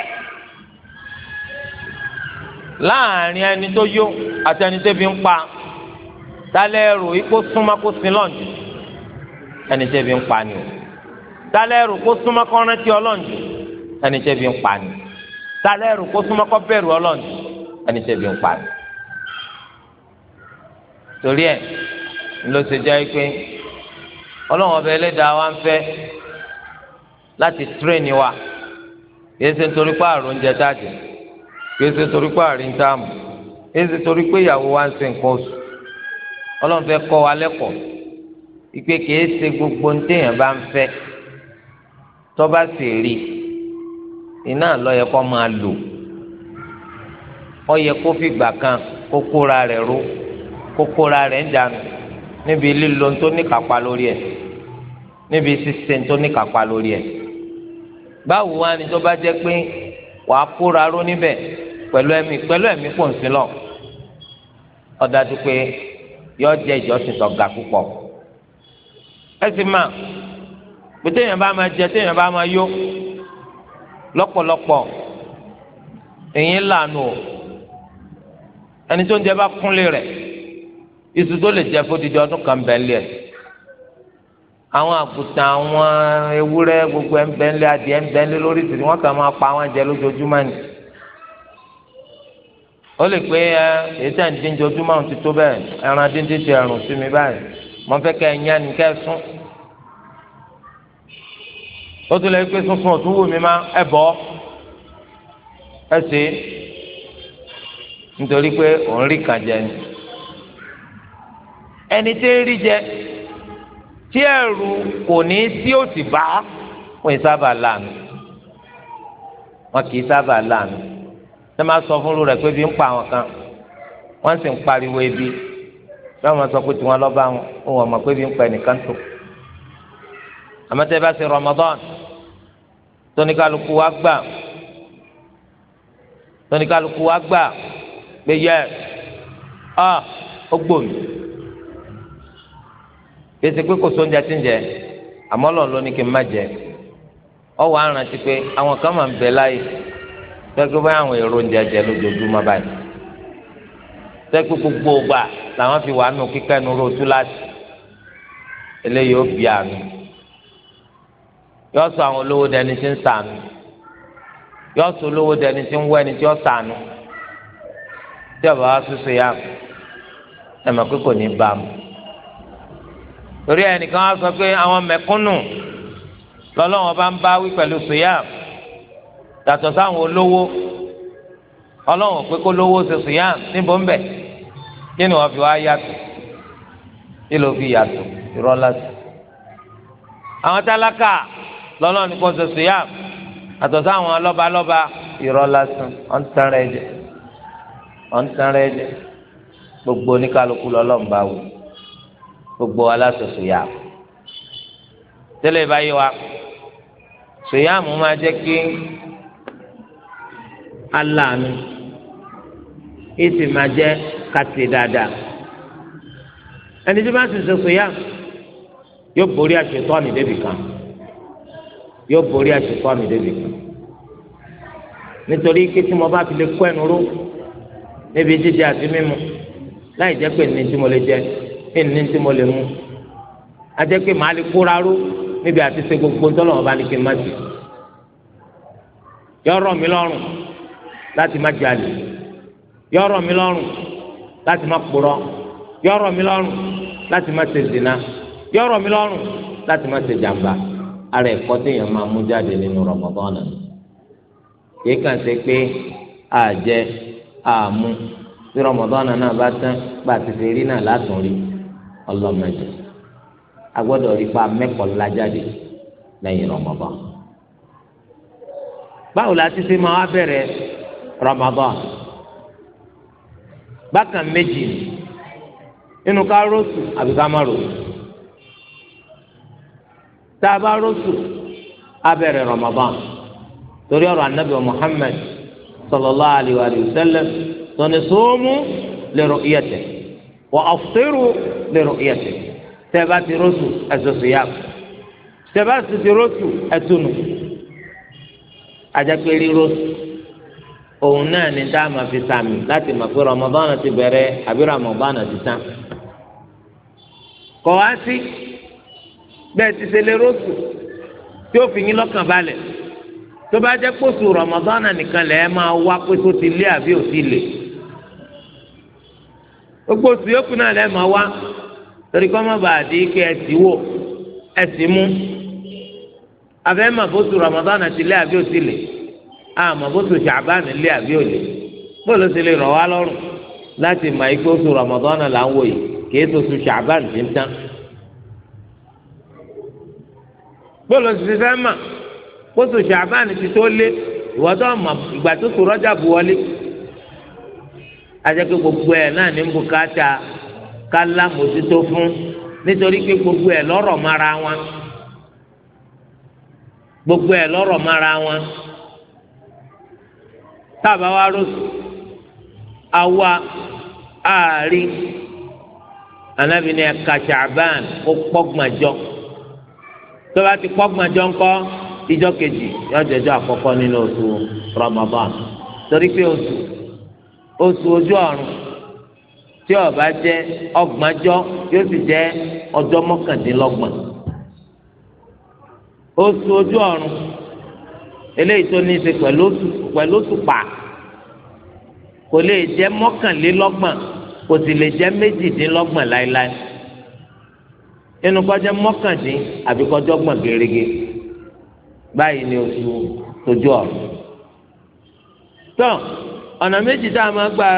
láàrin ẹni tó yó àti ẹni tó fi ń pa tálẹ̀ rò ikó súnmọ́ kó sin lọ́njù ẹni tẹ́ bí ń pa ni o tálẹ̀ rò kó súnmọ́ kó rántí ọlọ́njù ẹni tẹ́ bí ń pa ni tálẹ̀ rò kó súnmọ́ kó bẹ̀rù ọlọ́njù ẹni tẹ́ bí ń pa ni. torí ẹ ló ṣe jẹ́ pé ọlọ́wọ́n ọbẹ̀ ẹlẹ́dàá wa ń fẹ́ láti tírẹ̀nì wa kìí ṣe pé àrùn oúnjẹ tá a jẹ pé àrùn tá a mọ̀ pé ìyàwó wa ń ṣe nǹkan oṣù ọlọ́run fẹ́ kọ́ wa lẹ́kọ̀ọ́ ìpè kìí ṣe gbogbo ní téèyàn bá ń fẹ́ tó bá sì rí iná lọ́yẹ kó máa lò ó yẹ kó fìgbà kan kó kóra rẹ̀ ró kó kóra rẹ̀ ń dànù níbi lílo tó níkàpá lórí ẹ̀ níbi ṣíṣe tó níkàpá lórí ẹ̀ báwo wá ni tó bá jẹ́ pé wàá kóra ró níbẹ̀ pẹ̀lú ẹ̀mí pẹ̀lú ẹ̀mí pòǹsí lọ ó dájú pé yọ jẹ ìjọsìn tó ga púpọ̀ ẹ sì máa pété èèyàn bá máa jẹ téèyàn bá máa yó lọ́pọ̀lọpọ̀ èyí lànà o ẹni tó ń jẹ bá kúnlé rẹ̀ iṣu tó lè jẹ fódìdí ọdún kan bẹ́ẹ̀ lé ẹ̀ àwọn àgùntàn àwọn ewúrẹ́ gbogbo ẹ̀ ń bẹ́ẹ̀ lé adìẹ ń bẹ́ẹ̀ lé lórí tìrì wọ́n kàn máa pa àwọn jẹ lójoojúmọ́ ni ó lè pé ẹ èyí tẹ̀ ń dín jojúmọ́ ti tó bẹ́ẹ̀ ẹran díndín ti ẹ̀rùn sí mi báyìí mo fẹ́ kẹ́ ẹ yán ni kẹ́ ẹ sún ó tún lè pé sunsun ọ̀tún wù mí má ẹ bọ́ ẹ sì nítorí pé òun rí kàn jẹ ni ẹni tí ń rí jẹ tí ẹ̀rù kò ní sí òsì bá wọn sábà láàánú wọn kì í sábà láàánú ṣé máa sọ fún rẹ pé bí ń pa àwọn kan wọ́n sì ń pariwo ebi bí wọ́n sọ pé tiwọn lọ́ba wọn òun ọ̀mọ̀ pé bí ń pa ẹnìkan tó àmọ́tẹ́ bá ṣe Ramadan tóníkàlùkù wa gbà tóníkàlùkù wa gbà pé yẹ ọ ah, ó gbòmí pèsè pé kò sóúnjẹ tí ń jẹ àmọ́ lọ́n ló ní kí má jẹ ọ wà á rántí pé àwọn kan máa ń bẹ láyé tẹ́kí bá àwọn èrò oúnjẹ jẹ lójoojúmọ́ báyìí tẹ́kí gbogbo ọgbà làwọn fi wà nù kíkẹ́ nu rotu láti eléyìí ó bí àánú yọ sọ àwọn olówó dẹni tí ń sànù yọ sọ olówó dẹni tí ń wọ ẹni tí ó sànù tí ọba wa sọsọ ya ẹ mọ̀ ní bá a torí ẹnìkan wá sọ pé àwọn mẹ̀kúnnù lọ́lọ́wọ́n bá ń bá wí pẹ̀lú sùyàmù yàtọ̀ sáwọn olówó ọlọ́run pé kó lówó ṣe sùyàn níbo ń bẹ̀ kí ni wọ́n fi wá yàtọ̀ kí ló fi yàtọ̀ irọ́ lásán. àwọn tálákà lọ́lọ́run ní kó ṣe sùyàn yàtọ̀ sáwọn lọ́balọ́ba irọ́ lásán ọ̀n tán rẹ̀ jẹ ọ̀n tán rẹ̀ jẹ gbogbo oníkálukú lọ́lọ́run bá wù gbogbo aláṣọṣọ yà tẹ́lẹ̀ báyìí wa sùyàn máa jẹ́ kí aláàánú èsì máa jẹ́ kàtì dáadáa ẹni tí wọ́n ti sọ sọ́yà yóò borí àṣetọ́ni débi kan yóò borí àṣetọ́ni débi kan nítorí pé tí mo bá fi lè kó ẹnu ró níbi jíjẹ àti mímu láì jẹ́ pé ní tí mo lè jẹ ní ní tí mo lè mu ajẹ́ pé màá lè kóra ró níbi àti ṣe gbogbo ńtọ́lọ́wọ́ bá ní kí n má ti yọ ọ̀rọ̀ mi lọ́rùn láti má jalè yọ rọ̀ mí lọ́rùn láti má kpọrọ yọ rọ̀ mí lọ́rùn láti má ṣe zina yọ rọ̀ mí lọ́rùn láti má ṣe jàmbá ara ẹ̀kọ́ téèyàn máa mú jáde nínú Ramadan yìí kàn ṣe pé àjẹ àmú tí Ramadan náà bá tán gbà tètè rí náà látùn rí ọlọ́mọdé agbọ́dọ̀ rí pa mẹ́kọ̀ọ́ ńlá jáde lẹ́yìn báwo la ti ṣe máa wá bẹ̀rẹ̀ Ramadan bákan méjì nínú ká rọ́ọ̀sù àbí ká má rọ́ọ̀sù tá a bá rọ́ọ̀sù á bẹ̀rẹ̀ Ramadan torí ọ̀rọ̀ anabi Muhammad sallallahu alayhi wa sallam sọni sóòmù li ru'yatihi wa aftiru li ru'yatihi tẹ́ẹ̀bá ti rọ́ọ̀sù ẹ̀sọ̀sọ̀ yá tẹ́ẹ̀bá ti rọ́ọ̀sù ẹ̀túnù ajá rọ́ọ̀sù òun náà ni tá a máa fi sàmì láti mọ̀ pé rọmọbọ́nà ti bẹ̀rẹ̀ àbí rọmọbọ́nà ti tán. kọ̀ wá sí bẹ́ẹ̀ ti ṣe lè rótù tí ó fi yín lọ́kàn balẹ̀ tó bá jẹ́ kóṣù rọmọbọ́nà nìkan lẹ́ẹ̀ máa wá pé tó ti lé àbí ò ti lè. gbogbo oṣù yòókù náà lẹ́ẹ̀ máa wá torí kọ́ má bàa di kí ẹ wò ẹ mú. àfẹ́ mọ̀ fóṣù rọmọbọ́nà ti lé àbí ò ti lè àmọ́ bó tó ṣàbánu lé àbí òlè bó ló ṣe lè ràn wá lọ́rùn láti mọ ikú oṣù rọmọdọ́nà là ń wò yìí kìí tó oṣù ṣàbánu ti ń tán. bó ló ṣe fẹ́ mà bó tó ṣàbánu ti tó lé ìwọ́dọ̀ mọ̀ ìgbà tó tó rọ́jà bu wọlé. ajẹ́ pé gbogbo ẹ̀ náà ní bùkátà kálá mójútó fún nítorí pé gbogbo ẹ̀ lọ́rọ̀ mara wọn gbogbo ẹ̀ lọ́rọ̀ mara wọn táàbà wa rọṣù àwa àárín anábìnrin ẹ̀ka ṣàbán ó pọ́gbọ̀njọ́ tó bá ti pọ́gbọ̀njọ́ ńkọ́ ìjọ kejì yóò jẹjọ́ àkọ́kọ́ nínú oṣù Ramadan torí pé oṣù oṣù ojú ọ̀run tí ó bá jẹ́ ọgbọ̀njọ́ yóò sì jẹ́ ọjọ́ mọ́kàndínlọ́gbọ̀n oṣù ojú ọ̀run eléyìí tó ní í ṣe pẹ̀lú òṣùpá kò lè jẹ́ mọ́kànlélọ́gbọ̀n kò sì lè jẹ́ méjìdínlọ́gbọ̀n láéláé inú kọjá mọ́kàndín àbí kọjá ọgbọ̀n gèrègè báyìí ni oṣù tójú ọ̀rọ̀ tán ọ̀nà méjì tá a máa gba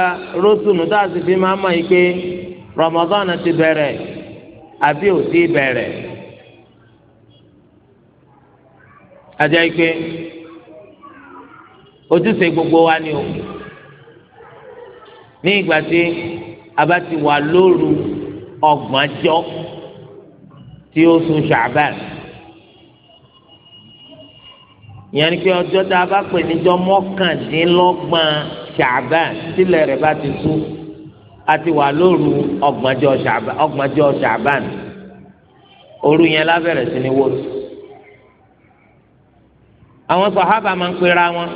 rótùnù tá a sì fi máa mọ̀ yìí pé Ramadan ti bẹ̀rẹ̀ àbí ò ti bẹ̀rẹ̀ ajá yìí pé ojúṣe gbogbo wa ni o ní ìgbà tí a bá ti wà lóru ọgbọ̀njọ́ tí ó sun ṣàbàn ìyẹn ni pé ọjọ́ tá a bá pè níjọ́ mọ́kàndínlọ́gbọ̀n ṣàbàn tílẹ̀ rẹ̀ bá ti tú a ti wà lóru ọgbọ̀njọ́ ṣàbàn òru yẹn la bẹ̀rẹ̀ sí ni wọ́ọ̀tù àwọn sàhábà máa ń pera wọn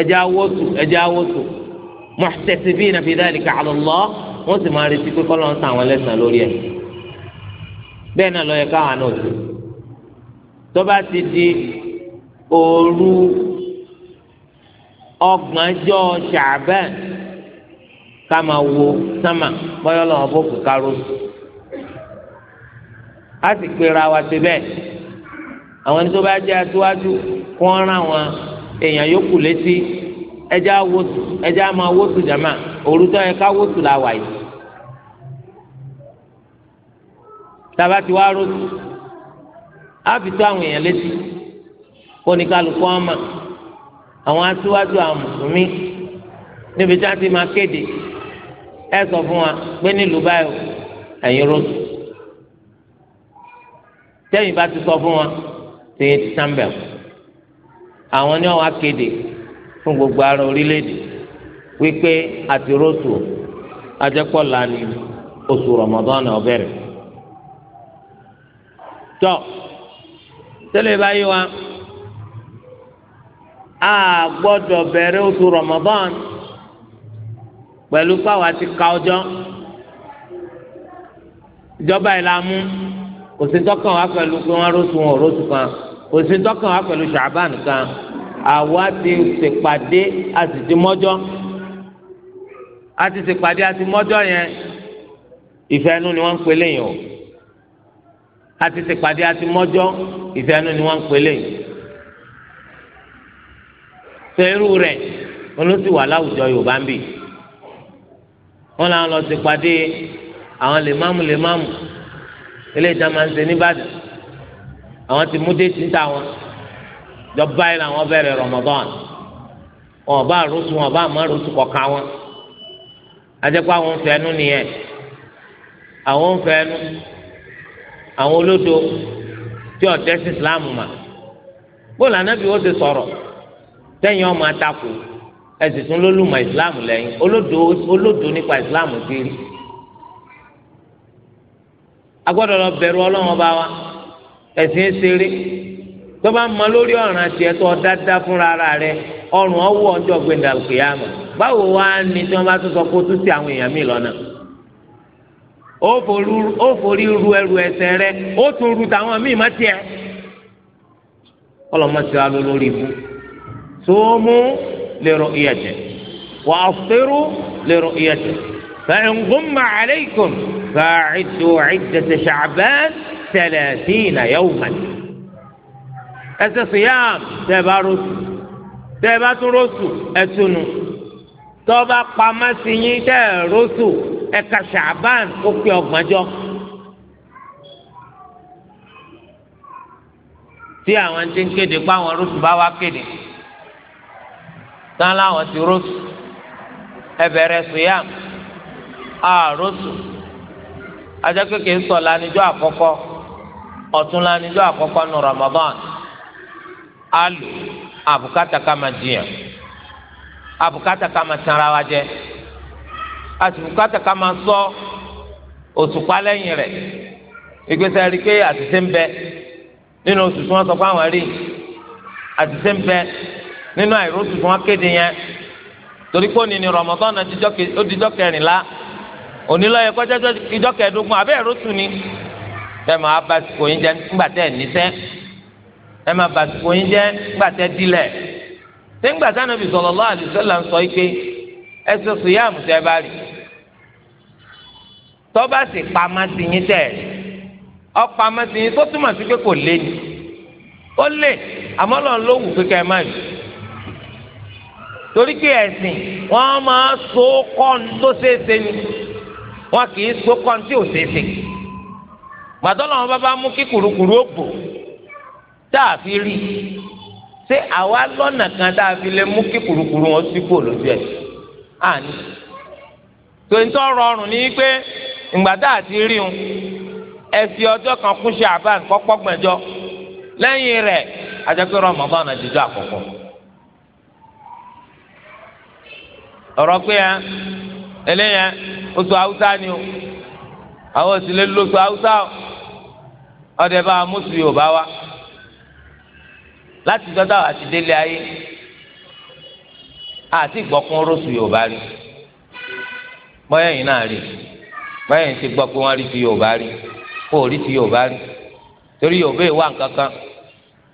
ẹja awọtù ẹja awọtù muhtasibina fi dhalika ala Allah wọ́n sì máa retí pé kọ́lọ́ ń san àwọn ẹlẹ́sàn lórí ẹ̀ bẹ́ẹ̀ náà lọ́yẹ káwọn náà tó tó bá ti di òru ọgbọ̀njọ́ Ṣàbán ká máa wo sámà bọ́yọ́ lọ́wọ́ bó kú a sì pera wa ti bẹ́ẹ̀ àwọn ẹni tó bá jẹ́ aṣíwájú kó ń rán wọn èèyàn yòókù létí ẹjẹ awosu ẹjẹ ama awosu jama òrùtọ yẹ ká wosu la wà yìí taba ti wá rotu á fi tó àwọn èèyàn létí kó ní kálukú ọmọ àwọn aṣíwájú àwọn mùsùlùmí níbi tí wọn ti máa kéde ẹ sọ fún wa pé nílùú báyìí ẹ̀yin rotu tẹ̀yin bá ti sọ fún wa tẹ̀yin ti tán bẹ́ẹ̀ àwọn ni wọn akéde fún gbogbo ara orílẹ̀-èdè wípé àti rótò ajẹ́pọ̀lá ni oṣù rọmọdọ́nà ọ̀bẹ̀rẹ̀ tọ́ tẹ́lẹ̀ báyìí wa a gbọ́dọ̀ bẹ̀rẹ̀ oṣù rọmọdọ́n pẹ̀lú pàwọ́ àti ka ọjọ́ ìjọba ìlàmú kò sí tọ́kàn wá pẹ̀lú pé wọ́n rótò wọn rótò kan òsì tọkàn wá pẹ̀lú ṣàbán kan àwa ti ṣèpàdé a sì ti mọ́jọ́ a ti ṣèpàdé a ti mọ́jọ́ yẹn ìfẹ́nu ni wọ́n ń pelé yìí o a ti ṣèpàdé a ti mọ́jọ́ ìfẹ́nu ni wọ́n ń pelé yìí fẹ́rù rẹ̀ olóṣì wà láwùjọ Yorùbá ń bì wọ́n làwọn lọ ṣèpàdé àwọn lèmáàmù lèmáàmù eléyìí tá a máa ń ṣe níbàdàn àwọn ti mú dé títà wọn jọba yìí làwọn bẹ̀rẹ̀ Ramadan wọn bá rúṣu wọn bá má rúṣu kọka wọn adẹ́pọ̀ àwọn ń fẹ́nu nìyẹn àwọn ń fẹ́nu àwọn olódo tí ọ̀tẹ́ sí Islam mà bóòlù anábì ó ti sọ̀rọ̀ tẹ́yìn ọmọ atakò ẹ̀sìn tún ló lùmọ̀ Islam lẹ́yìn olódo olódo nípa Islam ti agbọ́dọ̀ lọ bẹ̀rù Ọlọ́run ọba wa. ẹ̀sìn ṣeré tó bá mọ lórí ọ̀ràn tiẹ̀ tó dáadáa fúnra ara rẹ ọrùn ọwọ́ ọjọ́ gbẹ̀dà ya báwo wá ní tí wọ́n bá tún sọ kó tún sí àwọn èèyàn mi lọ́nà ó forí ru ẹrù ẹsẹ̀ rẹ ó tún ru tàwọn míì má tiẹ̀ lórí ibú tó mú فإن غم عليكم فأعدوا عدة شعبان ثلاثين يوما ẹsẹ siyam tẹ bá rọsù tẹ bá tún rọsù ẹtùnú tọ bá pamọ́ sí yín tẹ rọsù ẹka ṣàbán ó pé ọgbọ̀njọ́ tí àwọn ti ń kéde pé àwọn rọsù bá wá kéde tán láwọn ti rọsù ẹ bẹ̀rẹ̀ siyam. àròsù ajakpe a sọ lanijọ àkọ́kọ́ lanijọ nu Ramadan alu abukata kama abukata kama sanra wa jẹ kama sọ òṣùpá lẹ́yìn rẹ̀ ìgbésẹ̀ rí àtìsẹ ń bẹ nínú oṣù tí wọn sọ fún àwọn rí àtìsẹ ń bẹ nínú tí wọn kéde yẹn torí pé òní ni onílọ́yẹ kọjá ìjọ kẹẹ̀ẹ́dógún abẹ́ ẹ̀rọ tù ni ẹ máa bá sìkò yín jẹ ńgbà tẹ́ ẹ̀ níṣẹ́ ẹ máa bá sìkò yín jẹ ńgbà tẹ́ dilẹ̀ ṣé ńgbà tí Ànábì sallallahu alaihi wasallam ń sọ yìí pé ẹ sọ síyàmù tẹ́ bá rí tọ́ba sì pamọ́ sí yín tẹ́ ẹ̀ ọ̀pamọ́ sí yín tó túmọ̀ sí pé kò lé ni ó lè àmọ́ lọ́n ló wù má torí máa so ṣe ni. wọn kì í so kọ́ńtì òṣèṣe gbàdọ́lọ́ wọn bá bá mú kí kùrukùru ó gbò tá a fi rí ṣé àwa lọ́nà kan tá a fi lè mú kí kùrukùru wọn sí kúrò lójú ẹ̀ àní ní pé ìgbà tá a un ẹ ọjọ kan kún ṣe àbá nǹkan pé ẹ eléyẹn. oṣù haúsá ni o àwọn òsìlè lóṣù haúsá ọdẹ bá mùsùlùmí ò bá wa láti dọ́dọ̀ àti délé ayé àti gbọ́kún róṣù yorùbá rí bọ́yá yìí náà rí bọ́yá yìí ti gbọ́ pé wọ́n rí ti yorùbá rí kó rí ti yorùbá rí torí yorùbá ìwà nǹkan kan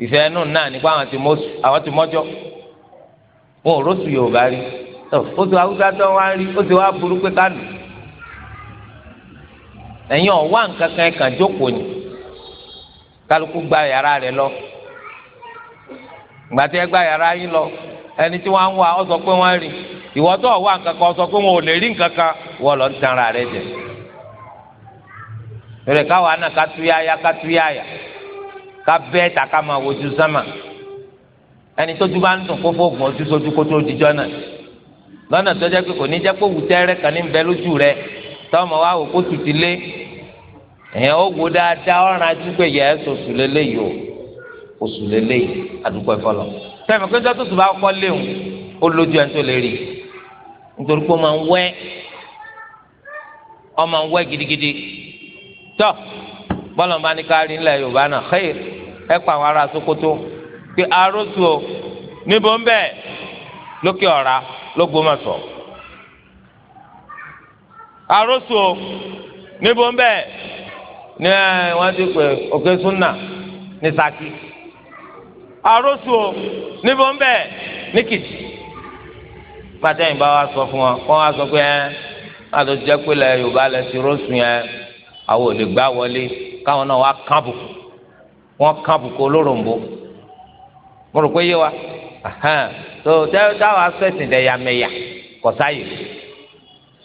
ìfẹ́ ẹnu náà nípa àwọn ti mọ́sù àwọn ti mọ́jọ́ wọn ò róṣù yorùbá rí tó o ti wá tó wá rí o ti wá burú pé ká ẹ̀yin ọ̀wá nǹkan kan ẹ̀kan jókòó ni kálukú gba yàrá rẹ lọ gbàtí ẹ gba yàrá yín lọ ẹni tí wọ́n ń wá ọ sọ pé wọ́n rí ìwọ tó nǹkan kan sọ pé wọn ò lè rí kan lọ ń jẹ ta ká máa wojú sánmà ẹni tójú bá ń dùn ojú sójú dijọ́ náà lọ́nà tó jẹ́ pé kò ní tọ́mọ wa wò kó tutù lé ẹ̀yàn ó wò dáadáa ọ̀ràn àti pé yẹ ẹ́ sọ sùn lélẹ́yìí o oṣù lélẹ́yìí àdúgbò ẹ̀fọ́ lọ. sẹ́mi pé tó tún bá kọ́ léwu ó lójú ẹ̀ tó lè rí nítorí pé ó máa ń wẹ́ ó máa ń wẹ́ gidigidi tọ́ bọ́lọ̀ bá ní kárí ńlẹ̀ yorùbá náà xeyr ẹ̀ pa àwọn ará sokoto pé arósù níbo ń bẹ̀ lókè ọ̀ra ló gbó máa sọ̀rọ̀. Arosu, níbo ń bẹ ní ẹ wọn ti pè òkè súnà ní Ṣakí àròsọ níbo ń bẹ ní Kìtì pàtẹ́ yìí bá wa sọ fún wọn wọn wá sọ pé ẹ àti jẹ́ pé lẹ Yorùbá lẹ ti rọ́ọ̀sùn yẹn àwọn ò lè gbá wọlé káwọn náà wá kábù wọn kábù kó lóròǹbó mo rò pé yé wa tó táwọn asẹ́sìn dẹ̀ yà mẹ́yà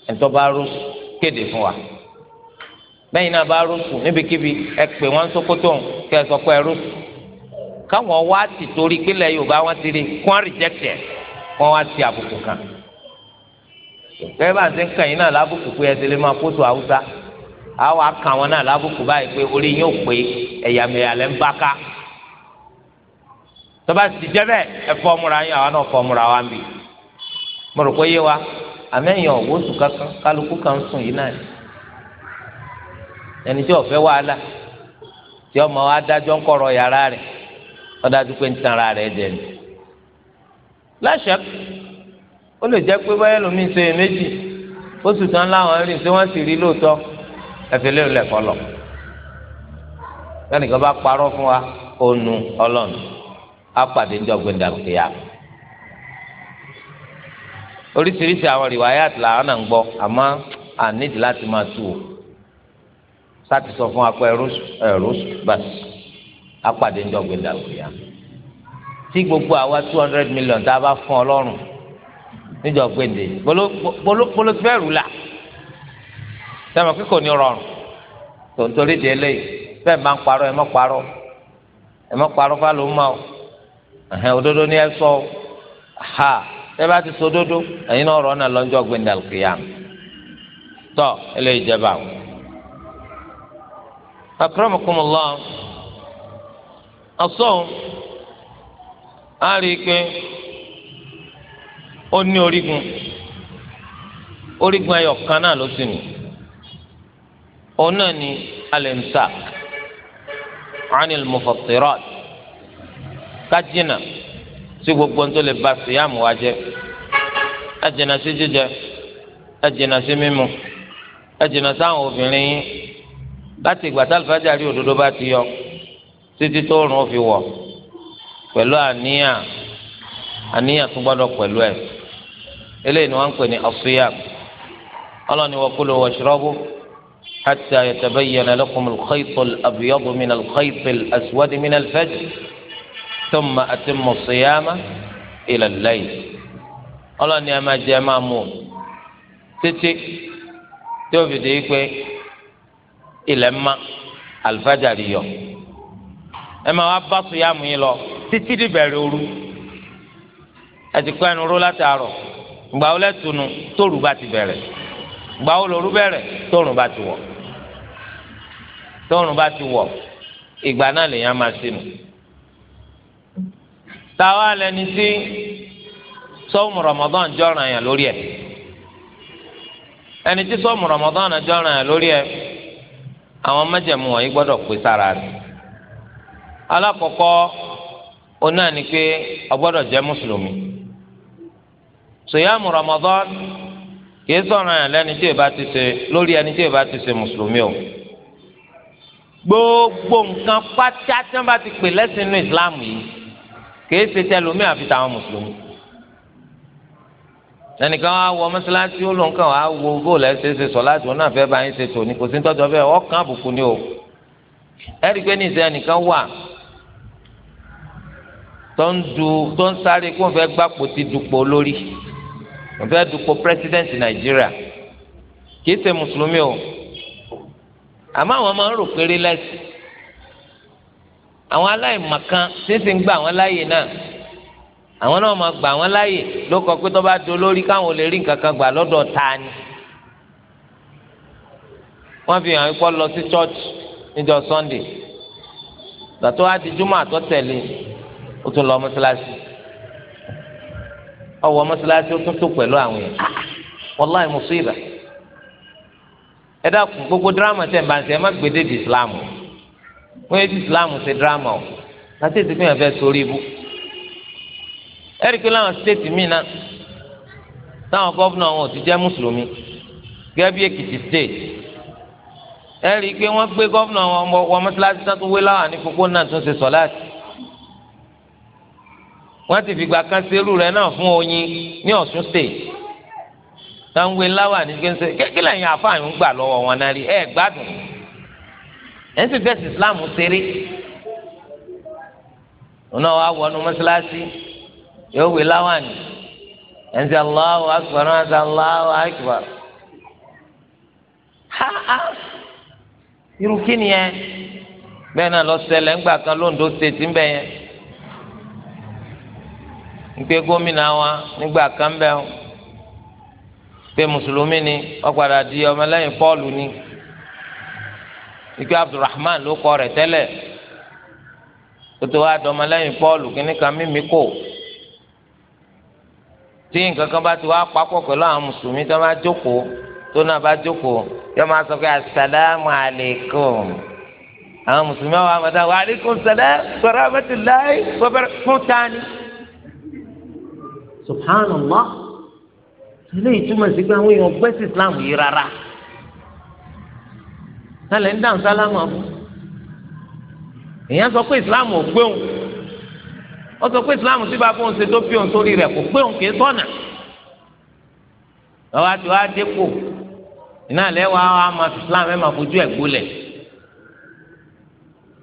ẹ̀ńtọ́ bá rọ́ọ̀sùn kéde fún wa lẹ́yìn náà bá rúṣù níbikíbi ẹ pè wọ́n sókótó kẹ́ ẹ sọ pé ẹ rúṣù káwọn wá ti torí pé lẹ́yìn òbá wọn ti rí kí wọ́n rìjẹ́kẹ̀ wọ́n wá ti àbùkù kan bẹ́ẹ̀ bá ń ṣe ń kàn yín náà lábùkù pé ẹsẹ̀ lè máa kóso haúsá àwọn akàn wọn náà lábùkù báyìí pé orí yín ò pé ẹ̀yàmẹ̀yà lẹ́ ń bá ká tọ́ba sì jẹ́ bẹ́ẹ̀ ẹ fọ́ ọmúra yín àwa náà fọ́ ọmúra wa ń bì mo rò pé yé wa àmẹ́yìn ọ̀wọ́ sùn kankan kálukú kan sùn yìí náà ẹni tí ọ̀fẹ́ wàhálà tí ọmọ wa dájọ́ ń kọ̀rọ̀ yàrá rẹ̀ ọ̀dájú pé ń tan ara rẹ̀ jẹ ni. láṣẹ ó lè jẹ́ pé báyọ̀ lómi ń sèyí méjì ó sì tán láwọn rìn tí wọ́n sì rí lóòótọ́ ẹ̀fẹ́ lè lẹ̀ fọlọ̀ lẹ́nìkan bá parọ́ fún wa ó nu ọlọ́run á pàdé ń jọ gbẹ̀ndàkúyà mi oríṣiríṣi àwọn rìwáyàt làwọn náà ń gbọ́ àmọ́ àníjì láti máa tu o sáti sọ fún akọ ẹrú ẹrú bàtì apàdé ń dọ̀gbìn dàgbìyà tí gbogbo àwa two hundred million tá a bá fún ọlọ́run níjọ̀gbìn dè bolófẹ́rù là sẹ́wọ̀n kíkò ní rọrùn tòǹtòrí dé lẹ́yìn bẹ́ẹ̀ máa ń parọ́ ẹ mọ́ parọ́ ẹ mọ́ parọ́ fáwọn ló ń mọ́ ọ òdodo ni ẹ sọ ha ẹ bá ti sọ dodo ẹ̀yin náà rọ náà lọ́jọ́ gbẹndàl kìyàm tọ eléyìí jẹba o akramakumullah asọhùn á rí i pé ó ní orígun orígun ẹyọ kan náà ló sì ní òun náà ní al-imsak kájínà sí gbogbo tó lè ba síyàmù wa jẹ́ ẹ jìnnà sí jíjẹ ẹ jìnnà sí mímu ẹ jìnnà sáwọn obìnrin yín láti ìgbà tálífàjà rí òdodo bá ti yọ títí tó rùn ó fi wọ̀ pẹ̀lú àníyàn àníyàn tó gbọ́dọ̀ pẹ̀lú ẹ̀ eléyìí ni wọ́n ń pè ní asiyam ọlọ́ni wa kulu washrabu hatta yatabayyana lakumul khaytul abyadu minal khaytil aswadi minal fajr thumma atimmu siyama ilal layl ọlọ́ni ẹ máa jẹ ẹ máa mú títí tí ó fi di pé ilẹ̀ mma alifájàrí yọ ẹ máa wá bá sùyàmù yín lọ títí di bẹ̀rẹ̀ òru ẹ ti kọ́ ẹnu ró látàárọ̀ gbà ó lẹ́tùnú tóru bá ti bẹ̀rẹ̀ gbà ó lòru bẹ̀rẹ̀ tóru bá ti wọ̀ tóru bá ti wọ̀ ìgbà náà lèèyàn máa sínú táwa lẹni sí sọ́ọ̀mù Ramadan jọ̀ràn yàn lórí ẹ̀ ẹni tí sọ́ọ̀mù Ramadan jọ̀ràn yàn lórí ẹ̀ àwọn májẹ̀mú wọ̀nyí gbọ́dọ̀ pé sára rẹ̀ alákọ̀ọ́kọ́ oná ni pé ọgbọ́dọ̀ jẹ́ mùsùlùmí sòyàmù Ramadan kìí sọ̀rọ̀ yàn lẹ́ni tí ìbá ti ṣe lórí ẹni tí ìbá ti ṣe mùsùlùmí o gbogbo nǹkan pátá tí wọ́n bá ti pè lẹ́sìn inú ìsìláàmù yìí kìí ṣe tẹlómi àfi táwọn mùsùlùmí ẹnìkan wá wọ mọ́sálásí ó ló ń kàn wá wo bóòlù ẹsẹ̀ ṣe sọ láti wọn náà fẹ́ bá yín ṣe tò kò sí tọ́jú ọbẹ̀ ọkàn àbùkù ni o ẹ̀rí pé nìṣẹ́ ẹnìkan wà tó ń du tó ń sáré kó n fẹ́ gbapò ti dupò lórí n fẹ́ dupò pírẹsidẹ́ǹtì nàìjíríà kìí ṣe mùsùlùmí o àmọ́ àwọn máa ń rò péré lẹ́sìn àwọn aláìmọ̀kan sísè ń gba àwọn láàyè náà àwọn náà máa gba àwọn láàyè ló kọ pé tó bá do lórí káwọn ò lè rí nǹkan kan gbà lọ́dọ̀ ta ni wọ́n fi hàn kọ́ lọ sí church níjọ́ sunday gbàtọ́ wá di júmọ̀ àtọ́ tẹ̀lé ó tún lọ mọ́ṣáláṣí ọwọ́ mọ́ṣáláṣí ó tún tó pẹ̀lú àwọn yẹn wàláì mùsíbà ẹ dákun gbogbo dírámà tẹ̀ ń bá ń sẹ́ ẹ má gbé dédé islam o wọ́n yé ti islam ṣe drama, o láti ètò ìpínyà fẹ́ sórí ibú ẹ̀ríkì láwọn stéètì míì náà táwọn gọ́vnà wọn ò ti jẹ́ mùsùlùmí gẹ́gẹ́ bí èkìtì stéètì ẹ̀ríkì wọ́n gbé gọ́vnà wọn wọ mọ́sálásí tó wé láwọn ní kókó náà tó ṣe sọ̀láàtì wọ́n ti fìgbà kan serú rẹ̀ náà fún oyin ní ọ̀ṣun stéètì táwọn wé láwọn ní kéńsẹ́ kékeré yẹn àfáàyàn gbà lọ́wọ́ wọn náà rí ẹ̀ gbádùn ẹni sì islam tere ọ̀nà wa wọnú mọ́ṣáláṣí yóò wí láwàní ẹni ha ha irú kí ni ẹ bẹ́ẹ̀ náà lọ ṣẹlẹ̀ ńgbà kan lóńdó ṣètì ń bẹ̀ yẹn nípe gómìnà wa nígbà kan pé mùsùlùmí ni ọ padà di ni. ikú abdulrahman ló kọ rẹ̀ tẹ́lẹ̀ kótó wa dọmọlẹ́yìn pọ́ọ̀lù kínní kan mímí kò tí nǹkan kan bá ti wá papọ̀ pẹ̀lú àwọn mùsùlùmí tó máa jókòó tó náà bá jókòó yọ máa sọ pé asalaamu aleykum àwọn mùsùlùmí wa máa dá wa aleykum salaam rahmatulahi bọ́bẹ̀rẹ̀ fún tani. subhanallah ilé ìtumọ̀ sí pé àwọn èèyàn gbẹ́sì islam yìí rárá. náà lè ń dáhùn sálámà fún èèyàn sọ pé ìsìláàmù ò gbé òun ó sọ pé ìsìláàmù tí bá fóun ṣe tó fi òun sórí rẹ̀ kò gbé òun kìí sọ̀nà lọ́wọ́ àti wá dépò iná àwọn àmọ́ ẹ̀ máa fojú ẹ̀ gbólẹ̀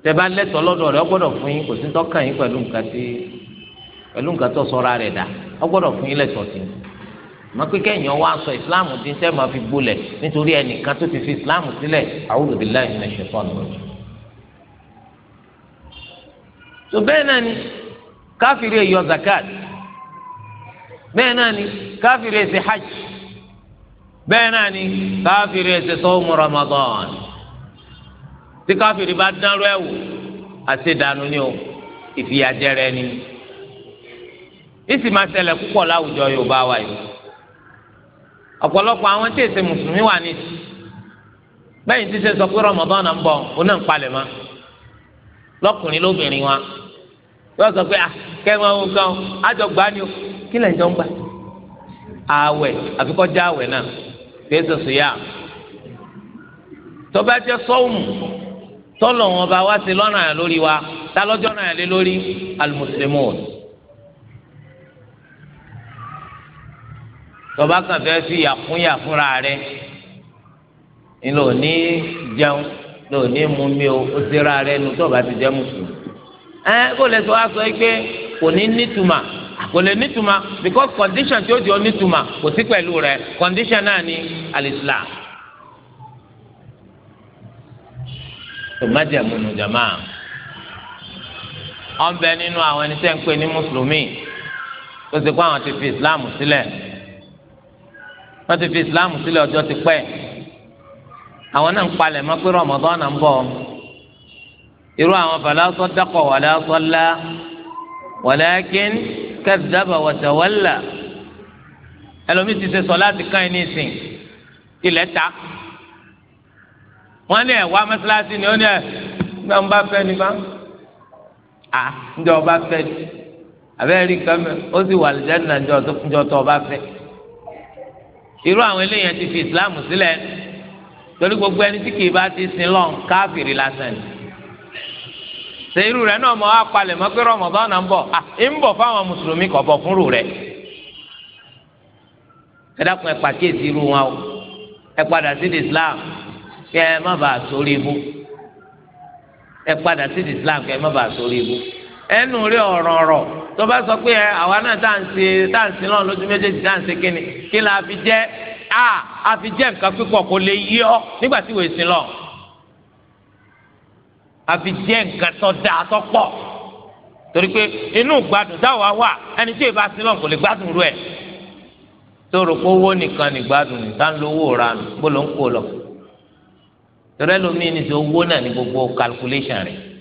tẹ bá lẹ́tọ̀ọ́ lọ́dọ̀ rẹ̀ ó gbọ́dọ̀ fún yín kò sí tọ́kàn yín pẹ̀lú nǹkan tó sọra rẹ̀ dà ó gbọ́dọ̀ fún yín àmọ́ pé kẹ́yìn wá sọ islam di ń tẹ́lẹ̀ máa fi gbolẹ̀ nítorí ẹnìkan tó ti fi islam sílẹ̀ a'udhu billahi minash shaitanir rajim. tó bẹ́ẹ̀ náà ni káfíìrì èyọ zakat bẹ́ẹ̀ náà ni káfíìrì èsì hajj bẹ́ẹ̀ náà ni káfíìrì èsì sọ́wọ́mù ramadan tí káfíìrì bá dánrọ́ ẹ̀wò àti ìdánù ni o ìfìyàjẹrẹ ni ìsì máa ṣẹlẹ̀ púpọ̀ láwùjọ Yorùbá ọ̀pọ̀lọpọ̀ àwọn tí èsè mùsùlùmí wà ní ìsì bẹ́ẹ̀ ti ṣe sọ pé rọmọdọ́nà ń bọ̀ òun náà ń palẹ̀ lóbìnrin wa yóò sọ pé ah, kẹ́wọ́n ohun kan àjọ ni o kí lẹ̀ ń jọ ń gbà àwẹ̀ àfikọ́ já àwẹ̀ náà kì í sọ sí yá tọ́ba jẹ́ sọ́ọ̀mù tọ́lọ̀ wọn bá wá sí lọ́nà lórí wa tá lọ́jọ́ náà lé lórí alimusulemu tọba kan fẹ́ fi yàkúnyà fúnra rẹ̀ ńlò ní jẹun lò ní mumi o ó sera rẹ̀ nu tọba ti jẹ mùsùlùmí. ẹ kó lè sọ wá sọ pé kò ní nítumà kò lè nítumà because condition tí ó di ọ nítumà kò sí pẹ̀lú rẹ̀ condition náà ni alislam. tòmátì àmúnu jàmá ọ̀nbẹ nínú àwọn ẹni tẹ́ ń pè ní mùsùlùmí tó ti kó àwọn ti fi islam sílẹ̀. Si wọ́n ti fi islam sílẹ̀ ọjọ́ ti pẹ́ àwọn náà ń palẹ̀ mọ́ pé rọmọdán náà ń bọ̀ irú àwọn fàlàsọ dákọ̀ wàlàsọ lá wàlàkín kẹsìdábà wàtàwálà ẹlòmíì ti ṣe sọ láti kàn ní ìsìn ilẹ̀ ta wọ́n ní ẹ̀ wá mọ́sálásí ni ó ní ẹ̀ nígbà ń fẹ́ ni bá a ń ọba fẹ́ ni àbẹ́rẹ́ rí kan mẹ́ ó sì wà lìjẹ́ nà ń ọba fẹ́ ni irú àwọn eléyàn ti fi islam sílẹ̀ torí gbogbo ẹni tí kì í bá ti sin lọ káfìrí lásán ni ṣe irú rẹ̀ náà mọ apalẹ mọ pé rọmọdán náà ń bọ̀ à ń bọ̀ fáwọn mùsùlùmí kò bọ̀ fúnrú rẹ̀ ẹ dákun ẹ pàkíyèsí irú wọn o ẹ padà sí di islam kẹ ẹ má bàa sórí ibú ẹ padà sí di islam kẹ ẹ má bàa sórí ibú ẹnu rí ọ̀rọ̀ ọ̀rọ̀ tó bá sọ pé ẹ àwa náà tá à ń ṣe tá à ń ṣe náà lójú méjèèjì tá à ń ṣe kíni kí la fi jẹ́ a a fi jẹ́ nǹkan pípọ̀ kò lè yí ọ nígbà tí wòye sin lọ a fi jẹ́ nǹkan tó dáa tó pọ̀ torí pé inú gbádùn táwa wà ẹni tí ìbá sin lọ kò lè gbádùn rú ẹ tó rò pé owó nìkan ní ní tá ń lo owó ra nù kó ń kó lọ torí ẹlòmíín ní ti owó náà ní gbogbo calculation rẹ̀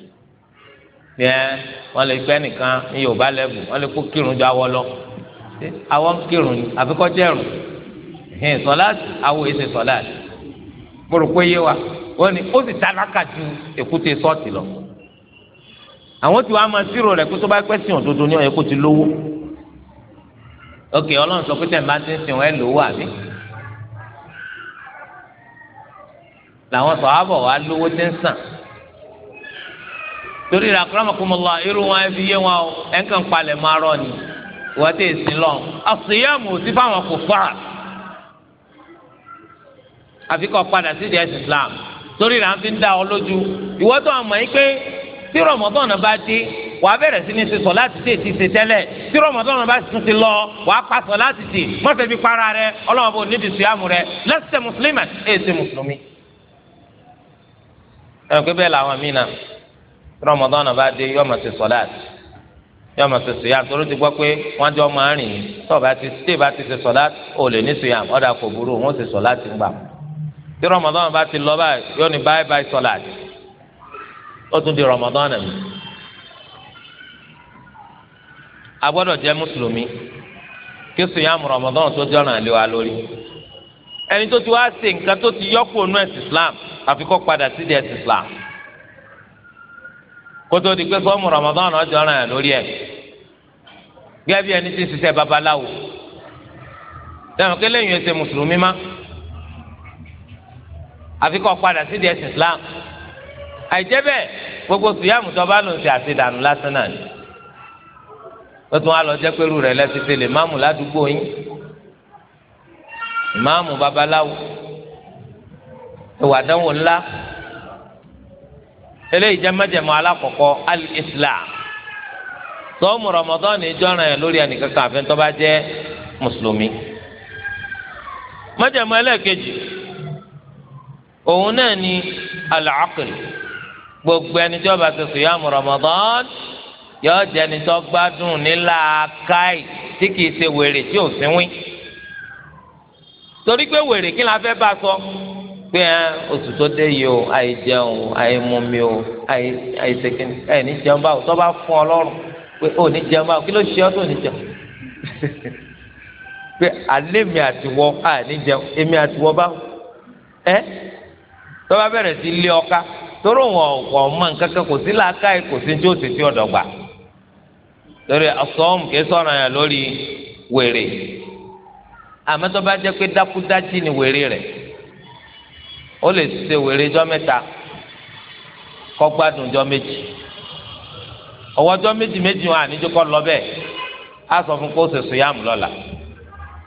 ní ẹ wọn lè pẹ nìkan ní yorùbá lẹbù wọn lè kó kírun jọ awọ lọ awọ ń kírun ni àfikọ́jẹ́rùn hìn sọláàtì awọ èsè sọláàtì kpọ̀rọ̀kọ yé wa wọn ni ó sì tálákà ju èkúté sọ́ọ̀tì lọ àwọn tí wàá máa sírò rẹ̀ kó tó bá pẹ́ sìn òdodo ní ọ̀yẹ́ kó ti lówó ok ọlọ́run sọ pé tẹ̀ máa ti ń sìn wọn ẹ̀ lówó àbí làwọn sọ̀ ábọ̀ wàá lówó ti ń sàn torí rẹ akramakumullah irú wọn ẹ fi yé wọn o ẹ ń kàn palẹ̀ máa rọ ni wọ́n ti sìn lọ àṣìyàmù sí fáwọn kò fà àfi kọ́ padà sídìí ẹ̀sìn Islam torí rẹ à ń fi ń dá ọ lójú ìwọ́n tó àmọ́ yín pé tí Ramadan bá dé wàá bẹ̀rẹ̀ sí ní sísọ láti tè ti ṣe tẹ́lẹ̀ tí rọmọdún bá tún ti lọ wàá pàṣọ láti tè mọ́tẹ́ bí para rẹ ọlọ́wọ́ bò nídìí rọmọdọ́nà bá dé yóò máa ṣe sọ̀láàtì yóò máa ṣe sùyàm torí ti gbọ́ pé wọ́n jọ máa rìn yín tó bá ti tè bá ti ṣe sọ̀láàtì ò lè ní sùyàm ọ̀dà kò burú wọ́n ṣe sọ̀láàtì ń gbà. tí rọmọdọ́nà bá ti lọ báyìí yóò ní báyìí báyìí sọ̀láàtì ó tún di rọmọdọ́nà mi. a gbọ́dọ̀ jẹ́ mùsùlùmí kí sùyàm rọmọdọ́nà tó jọ̀ràn lé wa lórí ẹni tó ti wá ṣe nǹkan tó ti yọ́pọ̀ nú ẹ̀sìn Islam àfikọ́ padà sí di ẹ̀sìn Islam kótó di pé sọ́mu Ramadan ọjọ́ ọ̀ràn yẹn lórí ẹ̀ gẹ́gẹ́ bí ẹni tí ṣiṣẹ́ babaláwo dáhùn kí lẹ́yìn ẹsẹ̀ mùsùlùmí má àfi padà sí di ẹ̀sìn Islam àìjẹ́ bẹ́ẹ̀ gbogbo sùyàmù tó bá lò ṣe àṣedànù lásán náà ni ó tún á lọ jẹ́ pẹ́rù rẹ̀ lẹ́sìn tẹ̀lé máàmù ládùúgbò yín máàmù babaláwo ẹ̀wà dánwò ńlá eléyìí jẹ́ mẹ́jẹ̀mọ́ alákọ̀ọ́kọ́ al-islam sọ́ọ́mù rọmọdán ní ìjọ́ràn yẹn lórí ẹnìkan kan àfi tó bá jẹ́ mùsùlùmí. mẹ́jẹ̀mọ́ ẹlẹ́ẹ̀kejì òun náà ni al-aql gbogbo ẹni tó bá ti sùyàmù rọmọdán yóò jẹ́ ẹni tó gbádùn nílà káì tí kìí ṣe wèrè tí ò sínwín. torí pé wèrè kí la fẹ́ bá sọ. So pé ẹ oṣù tó dé yìí o àì jẹun àì mumi o àì àì sèké ẹ ní jẹun báwo tó bá fún ọ lọ́rùn pé ó ní jẹun báwo kí ló ṣe ọ tó ní jẹun <laughs> pé alẹ́ mi àti wọ à ní jẹun èmi àti wọ báwo ẹ tó bá bẹ̀rẹ̀ sí lé ọká tóró wọn wọn mọ nǹkan kan kò sí làákà yìí kò sí ní tí ó sì sí ọ̀dọ̀ gbà lórí ọ̀sán kì í sọ̀rọ̀ yẹn lórí wèrè àmọ́ tó bá jẹ́ pé dákúdájí ni wèrè rẹ̀ ó lè ṣe wèrè jọ mẹ́ta kó gbádùn jọ méjì ọwọ́ jọ méjì méjì wọn àníjó kọ́ lọ bẹ́ẹ̀ á sọ fún kó o sèso yàmù lọ́la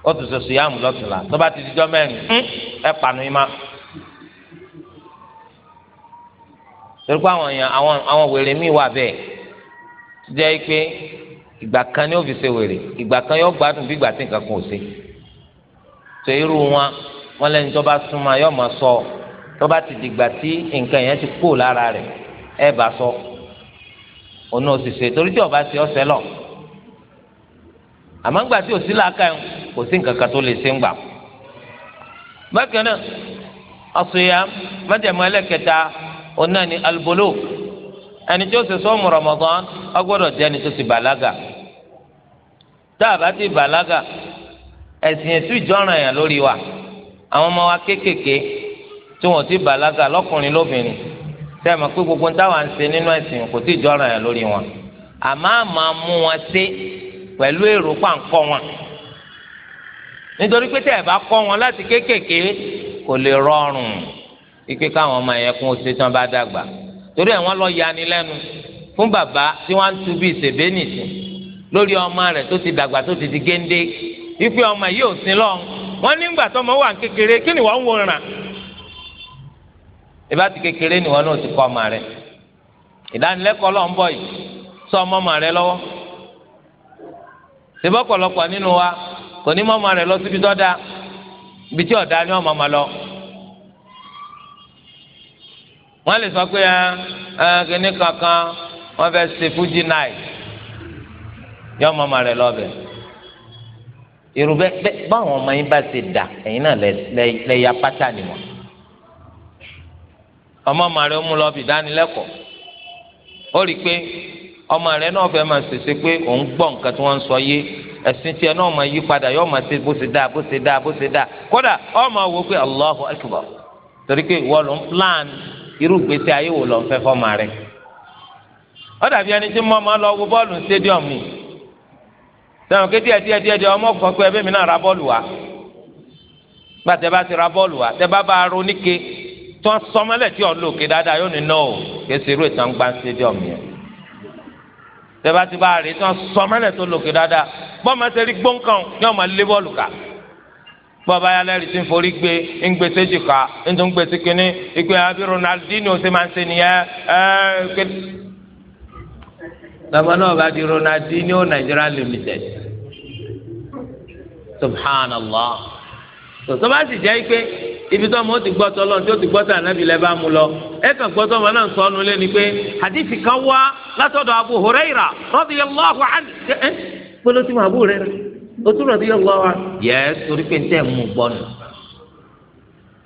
ó tún sèso yàmù lọ́tùnla tó bá ti di jọ mẹ́rin ẹ pàánù yín má. torí pé àwọn èèyàn àwọn àwọn wèrè míì wà bẹ́ẹ̀ jẹ́ pé ìgbà kan ni ó fi ṣe wèrè ìgbà kan yóò gbádùn bí ìgbà tí nǹkan kan ò ṣe. tó irú wọn wọn lẹ́ni tó bá súnmọ́ yóò máa sọ ọ́ tó bá ti dìgbà tí nǹkan yẹn ti kú lára rẹ̀ ẹ bá sọ ònà òṣìṣẹ́ torí tí ọba ti ọsẹ lọ àmọ́ ńgbà tí òsì làákà ẹ̀ kò sí nǹkan kan tó lè ṣe ń gbà. bákan náà ọ̀sùnyà májèmọ́ ẹlẹ́kẹta ọ̀nà ni alùbọ́lò ẹni tí ó ṣe sọ́ọ̀mù Ramadan ó gbọ́dọ̀ jẹ́ ẹni tó ti bàlágà tá a bá ti bàlágà ẹ̀sìn ètò ìjọ́ràn yẹn lórí wa àwọn ọmọ wa kéékèèké tí wọn ti bàlágà lọkùnrin lóbìnrin sẹ́mi pé gbogbo táwa ń ṣe nínú ẹ̀sìn kò tí ì jọ́ràn yẹn lórí wọn àmọ́ àmọ́ mú wọn ṣe pẹ̀lú èrò pàǹkọ́ wọn nítorí pé tẹ́ ẹ̀ bá kọ́ wọn láti kéékèèké kò lè rọrùn ike káwọn ọmọ yẹn kún ṣe tí wọn bá dàgbà torí ẹ̀ wọ́n lọ yani lẹ́nu fún bàbá tí wọ́n ń tu bí ìṣèbé nìsín lórí ọmọ rẹ̀ tó ti dàgbà tó ti di géńdé wípé ọmọ yìí ò sin lọ́n wọ́n nígbà tó ọmọ wà kékeré kí ni wọ́n ń wòran ìbá ti kékeré ni wọn náà ti kọ́ ọmọ rẹ ìdánilẹ́kọ̀ọ́ lọ ń bọ̀ yìí sọ ọmọ ọmọ rẹ lọ́wọ́ ṣèbọ pọ̀lọpọ̀ nínú wa kò ní mọmọ rẹ lọ síbi dọdá ibi tí ọdá ni ọmọ ọmọ lọ wọn lè sọ pé ẹ kíní kankan wọn fẹẹ ṣe fújì náì yọ ọmọ ọmọ rẹ lọbẹ irú bẹ báwọn ọmọ yín bá ṣe dà ẹ̀yin náà lẹ yà pátá ni ọmọ ọmọ rẹ mú lọ bí ó rí i pé ọmọ rẹ náà fẹ́ máa ṣèṣe pé òun gbọ́ nǹkan tí wọ́n sọ yé ẹ̀sìn tiẹ̀ náà máa yí padà yóò máa ṣe bó ṣe dáa bó ṣe dáa bó ṣe dáa kódà ọmọ wo pé Allahu Akbar torí pé ìwọ ló ń plan irú gbèsè ayé wo ló rẹ ó dàbí ẹni tí lọ wo bọ́ọ̀lù stadium sẹ́wọ̀n díẹ̀ díẹ̀ díẹ̀ díẹ̀ ọmọ kan pé ẹbí mi náà ra bọ́ọ̀lù wa gbàtẹ́ bá ti ra bọ́ọ̀lù wa tẹ́ bá bá tí wọ́n sọmọlẹ̀ tí ọ̀lù òkè dáadáa yóò ní nọ́ ò kéṣe irú ìtàn gba stadium yẹn tẹ́bá ti bá rè tí wọ́n sọmọlẹ̀ tó lòkè dáadáa bọ́ọ̀mọ ṣe rí gbóǹkan yóò máa lé bọ́ọ̀lù ká bọ́ọ̀bá yálẹ̀ rí ti ń forí gbé ń gbé séjì ká ń tún gbé sí kínní ìgbé àbí Ronaldinho ṣe máa ń ṣe nìyẹn ẹ́ẹ́ lọ́mọ náà bá di Ronaldinho Nigeria Limited subhanallah tòtò bá sì jẹ́ pé ibi tó ọmọ ó ti gbọ́ tọ́ lọ́n tí ó ti gbọ́ tà nábì lẹ́ bá mu lọ ẹ kàn gbọ́ tọ́ ọmọ náà sọ ọ́nu lẹ́ni pé hadithi kan wá látọ̀dọ̀ Abu Huraira radiyallahu anhu ẹ pẹ̀lú tí mo Abu Huraira o tún radiyallahu anhu. yẹ torí pé n tẹ́ mú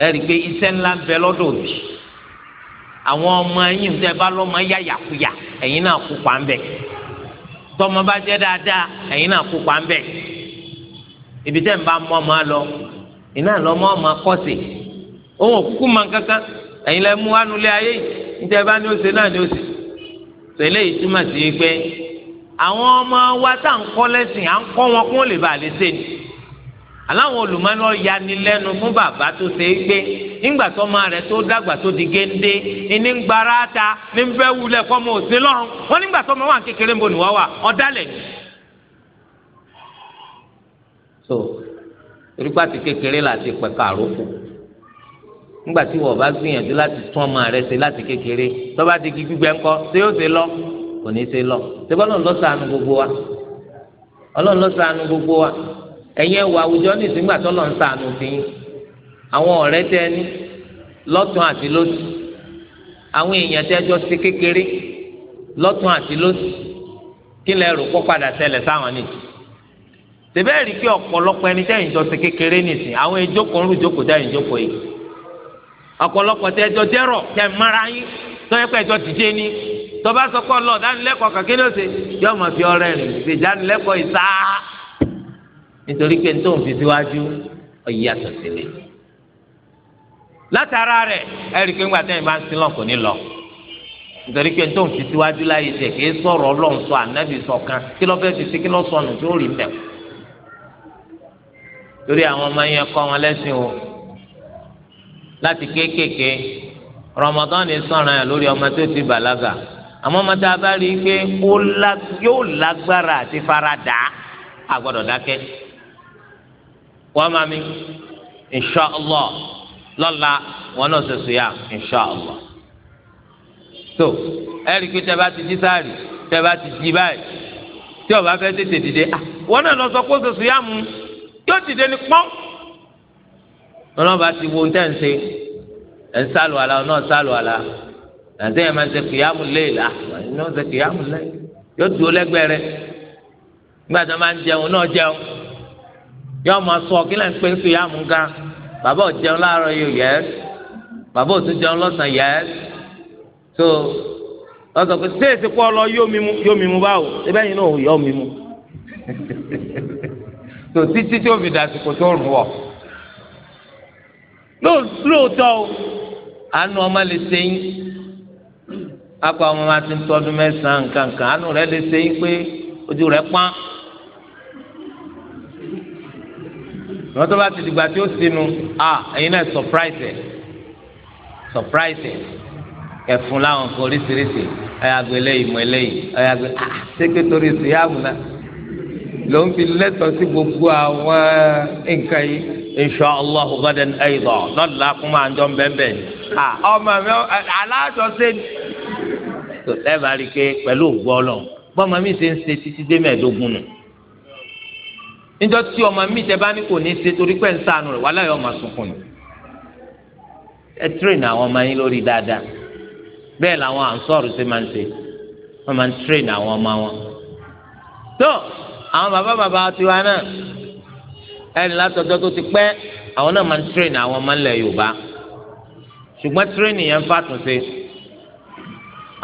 ẹ i pé ńlá bẹ òbí àwọn ọmọ bá yáyàkuyà náà kú pa ń tọmọ bá dáadáa náà lọ iná lọmọ ọmọ kọsì òun òkúkú máa kankan ẹ̀yin lẹ mú wánulẹ ayé níta ẹ bá ní ose náà ní ose tẹ́lẹ̀ yìí túmọ̀ sí pé àwọn ọmọ wa tá à ń kọ́ lẹ́sìn à ń kọ́ wọn kó lè bàa lè ṣe ni aláwọn olùmọ́nà yanilẹ́nu fún bàbá tó ṣe é gbé nígbà tó ọmọ rẹ̀ tó dàgbà tó di géńdé ní gbàrà ta ní fẹ́ wulẹ̀ fọmọ òsín lọ́rùn wọn nígbà tó ọmọ wà kékeré ń bọ̀ nìwọ́ wà ọ̀dàlẹ̀ ni. torí pàtí kékeré láti pẹ̀ka àrókò nígbà tí wọ́n bá gbìyànjú láti tún ọmọ rẹ ṣe láti kékeré tó bá ti kí gbígbẹ́ ńkọ́ ṣé yóò ṣe lọ kò ní ṣe lọ ṣé bọ́ lọ́n lọ́ gbogbo wa ọlọ́run ló ṣàánú gbogbo wa ẹ̀yin ẹ̀wọ̀ àwùjọ nìsígbà tó lọ́n ṣàánú fi yín àwọn ọ̀rẹ́ tẹ ní lọ́tún àti lósì àwọn èèyàn tẹ jọ ṣe kékeré lọ́tún àti lósì kí lẹ rò kó padà ṣẹlẹ̀ sáwọn nìyí tẹ̀bẹ́ rí kí ọ̀pọ̀lọpọ̀ ẹni tẹ́ ìjọ ṣe kékeré nìsín àwọn ìjókòó ń rú ìjókòó dá ìjókòó yìí ọ̀pọ̀lọpọ̀ tẹ́ ẹjọ́ jẹ́rọ̀ tẹ́ mara yín tọ́yẹ́ pé ẹjọ́ dìde ní tọ́ba sọ pé ọlọ́ọ̀ dánilẹ́kọ̀ọ́ kàkí ló ṣe yọ máa fi ọrẹ rìn ṣe dánilẹ́kọ̀ọ́ ìta nítorí pé tó ń fi síwájú ọ̀yí àtọ̀sílẹ̀ látara rẹ̀ ẹ̀rí pé ńgbà tẹ́yìn bá ń sílọ̀ kò ní lọ nítorí pé tó ń fi síwájú láyé tẹ̀ kì í sọ̀rọ̀ ọlọ́run sọ torí àwọn ọmọ yẹn kọ́ wọn lẹ́sìn o láti kéékèèké Ramadan ní sọ̀ràn yẹn lórí ọmọ tó ti bàlágà àmọ́ ọmọ tá a bá rí i pé yóò lágbára àti faradà á dákẹ́ wọ́n máa mi inshàlá lọ́la wọn náà ṣoṣo yá inshàlá so ẹ̀rí pé tẹ́ bá ti jí sáàrì tẹ́ bá ti jí báyìí tí o fẹ́ tètè dìde ah, wọn náà lọ sọ pé ṣoṣo yá mu yóò dìde ní pọ́n. ọlọ́ba ti wo ní tẹ̀sí ẹ̀ ń sálù àlà ọ̀nà sálù àlà nàdé ẹ̀ máa ń ṣe kìyàmù léèlà ẹ̀ náà ṣe kìyàmù lẹ́ yóò dúró lẹ́gbẹ̀ẹ́ rẹ̀ nígbà tó máa ń jẹun náà jẹun yóò máa sọ kí lẹ́yìn pé ń kìyàmù gan bàbá ò jẹun láàárọ̀ yóò yẹ ẹ́ bàbá ò tún jẹun lọ́sàn yẹ ẹ́ so wọ́n sọ pé ṣé èsì kọ́ lọ yóò mímu báwo ṣé bẹ́ẹ̀ náà yóò mímu. <laughs> tó títí tó fi dàsìkò tó rùn wọ̀ lóòótọ́ o àánú ọmọ lè ṣe yín akọ àwọn ọmọ àti tọdún mẹ́sàn-án nǹkankan àánú rẹ lè ṣe yín pé ojú rẹ pọ́n wọn tó bá ti dìgbà tí ó sinú a ẹ̀yin náà surprise ẹ surprise ẹ ẹfun láwọn kan oríṣiríṣi ẹyàgbé eléyìí mọ eléyìí ẹyàgbé ah ṣé pé torí ìsìyàwó náà ló ń fi lẹ́tọ̀ọ́ sí gbogbo àwọn nǹkan yìí insha allah gadan ayidọ lọ́la kún máa ń jọ bẹ́ẹ̀bẹ́ẹ̀ à ọmọ mi aláṣọṣe tó lẹ́bàá rí i pé pẹ̀lú ògbọ́lọ̀ bọ́mọ mi ṣe ń ṣe títí dé mẹ́ẹ̀ẹ́dógún nù níjọ́ tí ọmọ mi tẹ bá ní kò ní ṣe torí pé ń sànù rẹ̀ wàhálà yóò máa sunkún ni ẹ tírèn àwọn ọmọ yín lórí dáadáa bẹ́ẹ̀ làwọn ànsọ́ọ̀rù ṣe máa ń ṣe wọ́n máa ń tírèn àwọn ọmọ wọn àwọn bàbá bàbá tiwa náà ẹni látọjọ́ tó ti pẹ́ àwọn náà máa ń tírèèni àwọn ọmọ ilẹ̀ Yorùbá ṣùgbọ́n tírèèni yẹn ń fàtúnṣe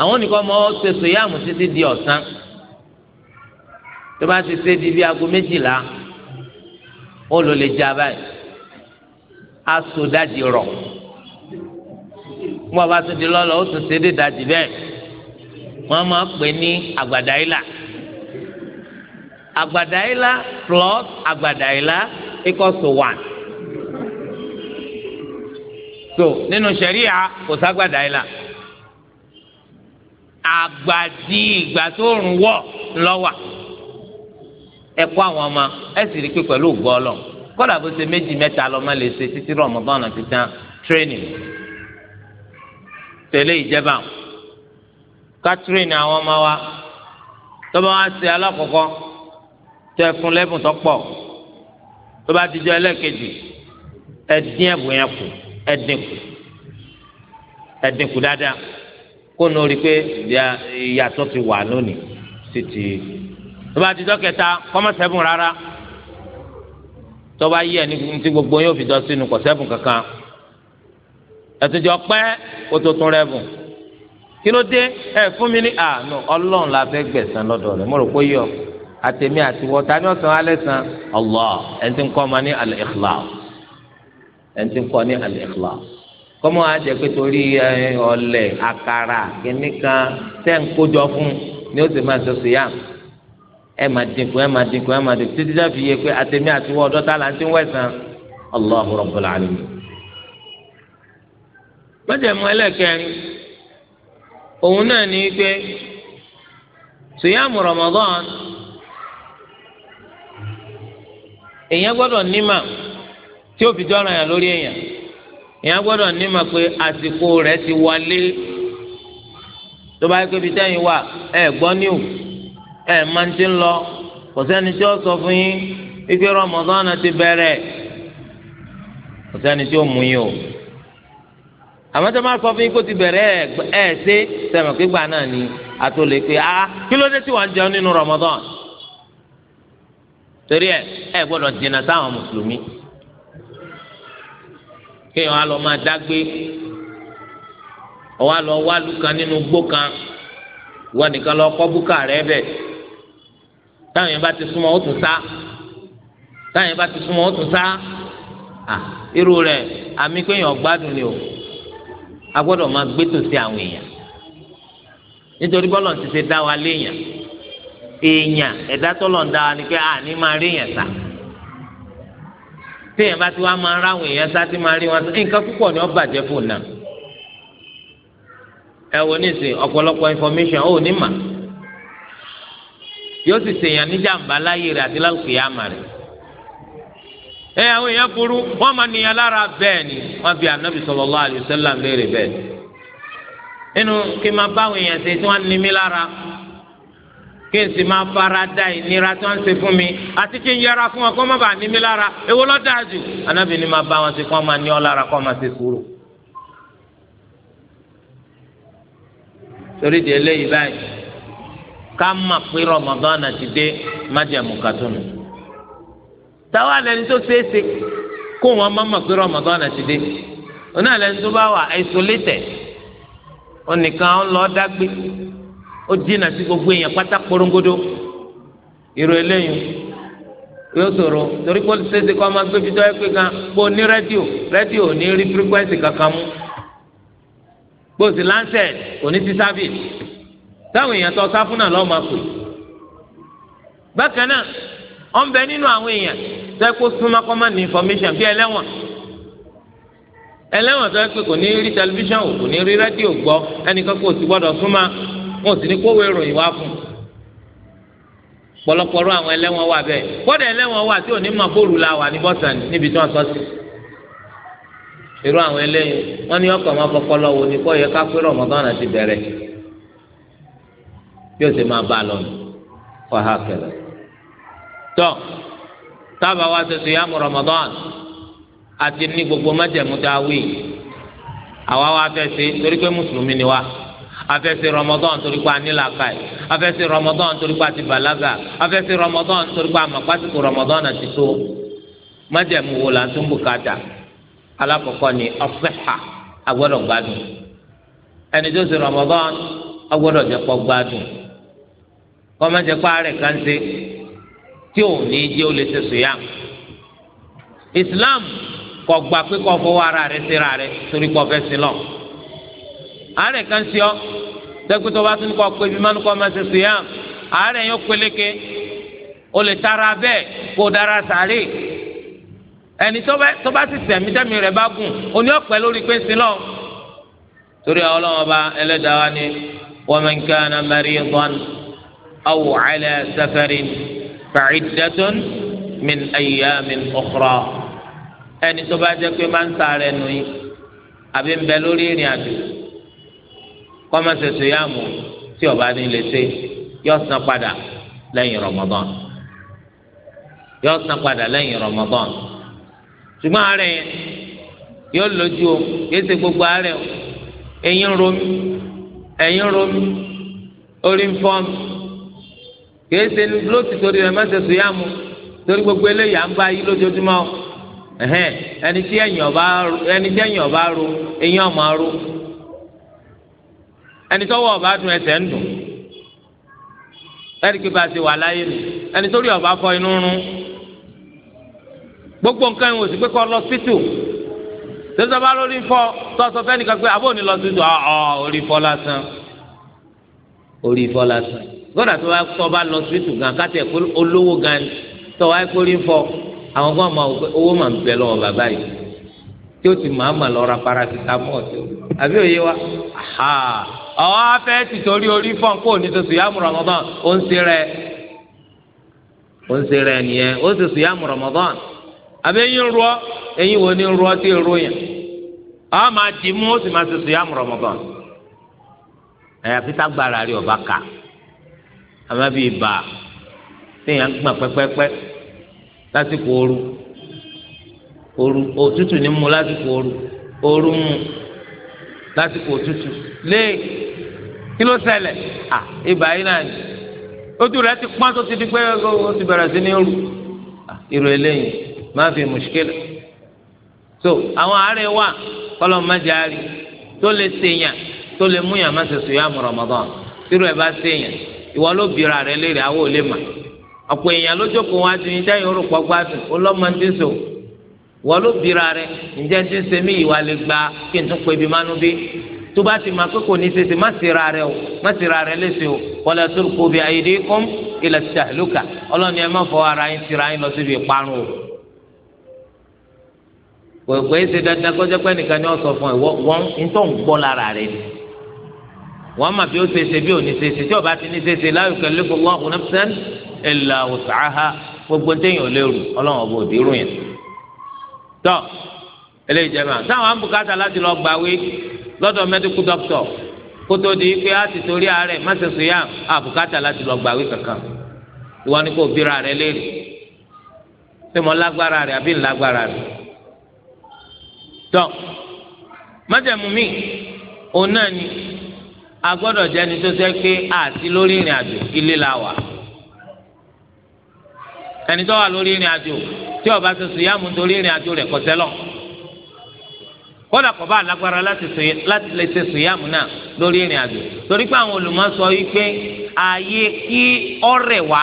àwọn nìkan mọ ṣèṣe yáàmù títí di ọ̀sán tó bá ti ṣe di bí aago méjìlá ó lò lè já báyìí asòdàjì rọ wọn bá tún di lọ́lọ́ ó tún ṣe dé dàjì bẹ́ẹ̀ wọ́n máa pè ní àgbàdá ìlà agbada ìlà plus agbada ìlà equals to one so nínú sẹríà kò ságbada ìlà àgbàdì ìgbà tó rùn wọ̀ lọ́wà ẹ kó àwọn ọmọ ẹ sì rí i pé pẹ̀lú gbọ́ọ̀lọ̀ kọ́dà bó ṣe méjì mẹ́ta lọ́mọ lè ṣe títí Ramadan ti tán tírénì tẹ̀lé ìjẹba ká tírénì àwọn ọmọ wa tọ́ba wa ṣe alákọ̀ọ́kọ́ tẹ fún lẹ́bùn tó pọ̀ tó bá ti jọ ẹlẹ́ẹ̀kejì ẹ dín ẹ̀bùn yẹn kù ẹ dín kù ẹ dín kù dáadáa kó nù rí i pé ìyàtọ̀ ti wà lónìí sí ti tó bá ti jọ kẹta kọ́mọ́sẹ́bùn rárá tọba yíyẹ ní ti gbogbo yóò fi dọ sínú kò sẹ́bùn kankan ẹtùjọ pẹ́ kó tó tún rẹ́bùn kí ló dé ẹ fún mi ní àánú ọlọ́run la fẹ́ gbẹ̀sán lọ́dọ̀ rẹ̀ mo rò pé yọ àtẹ̀mí àtiwọ́ ta ni ọ̀sán alẹ́ san Allah ẹ̀ ń ti kọ́ ọmọ ní al-ikhlas ẹ̀ ń ti kọ́ ní al-ikhlas kọ́mọ́ àjẹ́ pé torí ọ̀lẹ̀ àkàrà kìnnìkan tẹ́ ń kójọ fún ni ó sì máa sọ sí yá ẹ máa dínkù ẹ máa dínkù ẹ máa dínkù títí dáa fi yé pé àtẹ̀mí àtiwọ́ ọ̀dọ́ta là ń ti wẹ̀sán Allahu Rabbul Alamin. májẹ̀mú ẹlẹ́kẹrin òun náà ní pé sùyàmù Ramadan. èèyàn gbọdọ nímà tí ó fi jọra yàn lórí èèyàn èèyàn gbọ́dọ̀ nímà pé àsìkò rẹ̀ ti wọlé tó bá yẹ pé ibi tẹ́yìn wà ẹ gbọ́ níwò ẹ máa ń ti lọ kò sẹ́ni tí ó sọ fún yín wípé ti ti bẹ̀rẹ̀ a kí ló dé tí wàá jẹun torí ẹ ẹ gbọ́dọ̀ jìnnà sáwọn mùsùlùmí kéèyàn á lọ máa dágbé ọwọ àlọ wálú kan nínú gbó kan wọn nìkan lọ kọ búkà rẹ bẹ táwọn yẹn bá ti súnmọ́ ó tún sá táwọn yẹn bá ti súnmọ́ ó tún sá à irú rẹ àmì kéèyàn gbádùn ni o a gbọ́dọ̀ máa gbé tòsí àwọn èèyàn nítorí bọlọ ti ṣe dá wa léèyàn èèyàn ẹ̀dá tọ́lọ̀ ń dára ni pé àní máa rí èèyàn sá téèyàn bá ti wá máa ráwọn èèyàn sá ti máa rí wọn sá nǹkan púpọ̀ ni ó bàjẹ́ fún náà ẹ wo nísìn ọ̀pọ̀lọpọ̀ information ó ní mà yóò sì ṣèyàn níjàmbá láyé rẹ̀ àti lálùkìyàmà rẹ̀ ẹ àwọn èèyàn burú wọn máa nìyàn lára bẹ́ẹ̀ ni wọn bí anabi sallallahu alaihi wasallam léèrè bẹ́ẹ̀ nínú kí n máa bá èèyàn ṣe tí wọn ní mi lára kí n sì máa fara da ìnira tó ń ṣe fún mi àti kí n yẹra fún wọn kó má bàa ní mi lára èwo ló dáa jù anábì ni máa bá wọn ṣe kó máa ní ọ lára kó máa ṣe sùúrù. torí di eléyìí báyìí ká mà pé Ramadan ti dé májàmú kàtúnù táwa lẹni tó ṣeé kó wọn má mà pé Ramadan ti dé onáà lẹni tó bá wà isolated onìkan ń lọ dágbé. ó dínà sí gbogbo èèyàn pátá korongodo ìró eléyìí yóò sọ̀rọ̀ torí kó ṣeéṣe kó máa gbé fíjọ́ ẹgbẹ́ kan kó ní rédíò rédíò ní rí fíríkwẹ́ǹsì kankan mú kó sì láńsẹ̀t kò ní sí sáfìsì táwọn èèyàn tó sá fún náà lọ́ọ́ máa pè. bákan náà ó bẹ nínú àwọn èèyàn tó ẹ kó wọn ò sì ní kówó ìròyìn wá fún un pọ̀lọpọ̀lọ àwọn ẹlẹ́wọ̀n wà bẹ́ẹ̀ kódà ẹlẹ́wọ̀n wà tí òní máa bóòlù la wà ní bọ́sàn níbi tí wọ́n sọ sí irú àwọn ẹlẹ́yìn wọ́n ní ọkọ̀ máa fọpọ́ lọ́wọ́ ní kó yẹ kápẹ́ rọ̀mọ́dọ́nà ti bẹ̀rẹ̀ bí ó sì máa bá a lọ kọ́ ha kẹlẹ̀ tọ́ tábà wá sẹ́sọ yá mu rọ̀mọ́dọ́n àti ní gbogbo májẹ̀mú dáwì àwa wá fẹ́ torí pé mùsùlùmí ni wá. afẹ́sẹ̀ rọmọdán torí pa nílàkà yìí afẹ́sẹ̀ torí pa ti bàlágà afẹ́sẹ̀ rọmọdán torí pa àmàpásìkò rọmọdán náà ti wo la ni ọ̀fẹ́hà agbọ́dọ̀ gbádùn ẹni tó ṣe rọmọdán agbọ́dọ̀ jẹ́ pọ̀ gbádùn kọ́mọ́jẹ́ pààrẹ̀ tí ò ní jẹ́ o lè so Islam kò gbà àárẹ̀ kan sí ọ tẹ́kítọ́ bá tún kọ́ pé bí mánú kọ́ máa ṣe sùyàm àárẹ̀ yóò peléke o lè tara bẹ́ẹ̀ kó o dára sàárè ẹni tó bá sì sẹ̀mí tẹ́mi rẹ̀ bá gùn o ní ọ̀pẹ lórí pé sí lọ. torí ọlọ́run ọba ẹlẹ́dàá wa ni wa man kana maridan aw ala safarin fa'iddatun min ayyamin ukhra ẹni tó bá jẹ́ pé máa ń sàárẹ̀ nù yín àbí ń bẹ lórí ìrìn àjò. kọ́má ṣẹṣẹ yá tí ó ní yọ san padà lẹ́yìn yọ san padà lẹ́yìn ṣùgbọ́n àárẹ̀ yẹn yóò lójú o kìí ṣe gbogbo àárẹ̀ o ẹ̀yìn romi ẹ̀yìn romi orí ń fọ́ torí rẹ̀ torí gbogbo eléyà ń bá yí lójoojúmọ́ ẹni tí ẹ̀yìn ọba ro ẹni ẹni tọ́wọ́ ọba dùn ẹsẹ̀ ń dùn ẹni kí bá a ṣe wà láyé nù ẹni tó rí ọba fọ inú rún gbogbo nǹkan ìwòsàn sí pé kọ́ lọ sí tù tẹ́sán bá lórí fọ́ tọ́sọ fẹ́ nìkan pé àbọ̀ ní lọ sí tù ọ̀ orí fọ́ lásán orí fọ́ lásán gbọ́dọ̀ tó bá tọ́ bá lọ sí tù gan kátẹ́ olówó gan tọ́ wáyé kórí fọ́ àwọn kan owó máa bẹ lọ́wọ́ bàbá yìí tí ó ti màmá lọ ra parasitamọ́ọ̀ tó àbí òye wa ọ̀hún afẹ́ ti torí orí fọ́n kó ní sọ̀sọ̀ yàmù Ramadan ó ń ṣe rẹ̀ ó ń ṣe rẹ̀ nìyẹn ó sì sọ̀sọ̀ yàmù Ramadan àbí eyín rọ eyín wo ni rọ tí èrò yẹn ọ̀hún máa dì mú ó sì máa sọ̀sọ̀ yàmù Ramadan àyàfi tágbára rí ọba ká àmọ́ bíi bá téèyàn gbọ̀n pẹ́pẹ́pẹ́ lásìkò ooru òru òtútù ní mu lásìkò òru òru mu lásìkò òtútù léè kilo ló ṣẹlẹ̀ à ibà yìí náà ni ojú rẹ ti pọ́n tó ti di pé o ti bẹ̀rẹ̀ sí ní òru ìrò eléyìí máa fi mùsùkìlà so àwọn àárẹ̀ wà kọ́lọ́ májàárì tó lè ṣèyàn tó lè múyàn má ṣe yá mu Ramadan tírú ẹ̀ bá ṣèyàn ìwọ ló bìíra rẹ léèrè àwọn ò lè mà ọ̀pọ̀ èèyàn ló jókòó wájú yín dáhùn orúkọ gbádùn ó lọ́mọdé sòwò wọ́n ló bira rẹ̀ ǹjẹ́ ti ń ṣe mí ìwà lè gba kí n tún pé ibi mánú bí tó bá ti máa pé kò ní sèse má sera rẹ̀ o má sera rẹ̀ léṣe o wala tulqu bi aydikum ila tahluka ọlọ́ni ẹ má fọ ara yín tira yín lọ síbi ìparun o kò pé dandan kọjá pé nìkan ni wọ́n sọ fún ẹ wọ́n ń ń gbọ́ lára rẹ̀ ni wọ́n máa fi ó sèse bí ò ní sèse tí ọba ti ní sèse la yukallifu Allahu nafsan illa wus'aha gbogbo tọ́ eléyìí jẹ́ báyìí táwọn àbùkátà láti lọ gbàwé lọ́dọ̀ mẹ́díkù dọ́kítọ̀ kótó di pé a ti torí àárẹ̀ mọ́sẹ̀sọ yá àbùkátà láti lọ gbàwé kankan ìwọ ni kò bíra rẹ léèrè pé mo lágbára rẹ àbí ńlágbára rẹ tọ́ májẹ̀mú mi òun náà ni a gbọ́dọ̀ jẹ́ ni tó sẹ́ pé àti lórí ìrìn àjò ilé la wà ẹni tó wà lórí ìrìn àjò tí ó bá ṣe sùyàmù nítorí ìrìn àjò rẹ̀ kò sẹ́lọ̀ kódà kò bá lágbára láti lè ṣe sùyàmù náà lórí ìrìn àjò torí pé àwọn olùmọ̀ sọ yìí pé ààyè kí ọ̀rẹ́ wa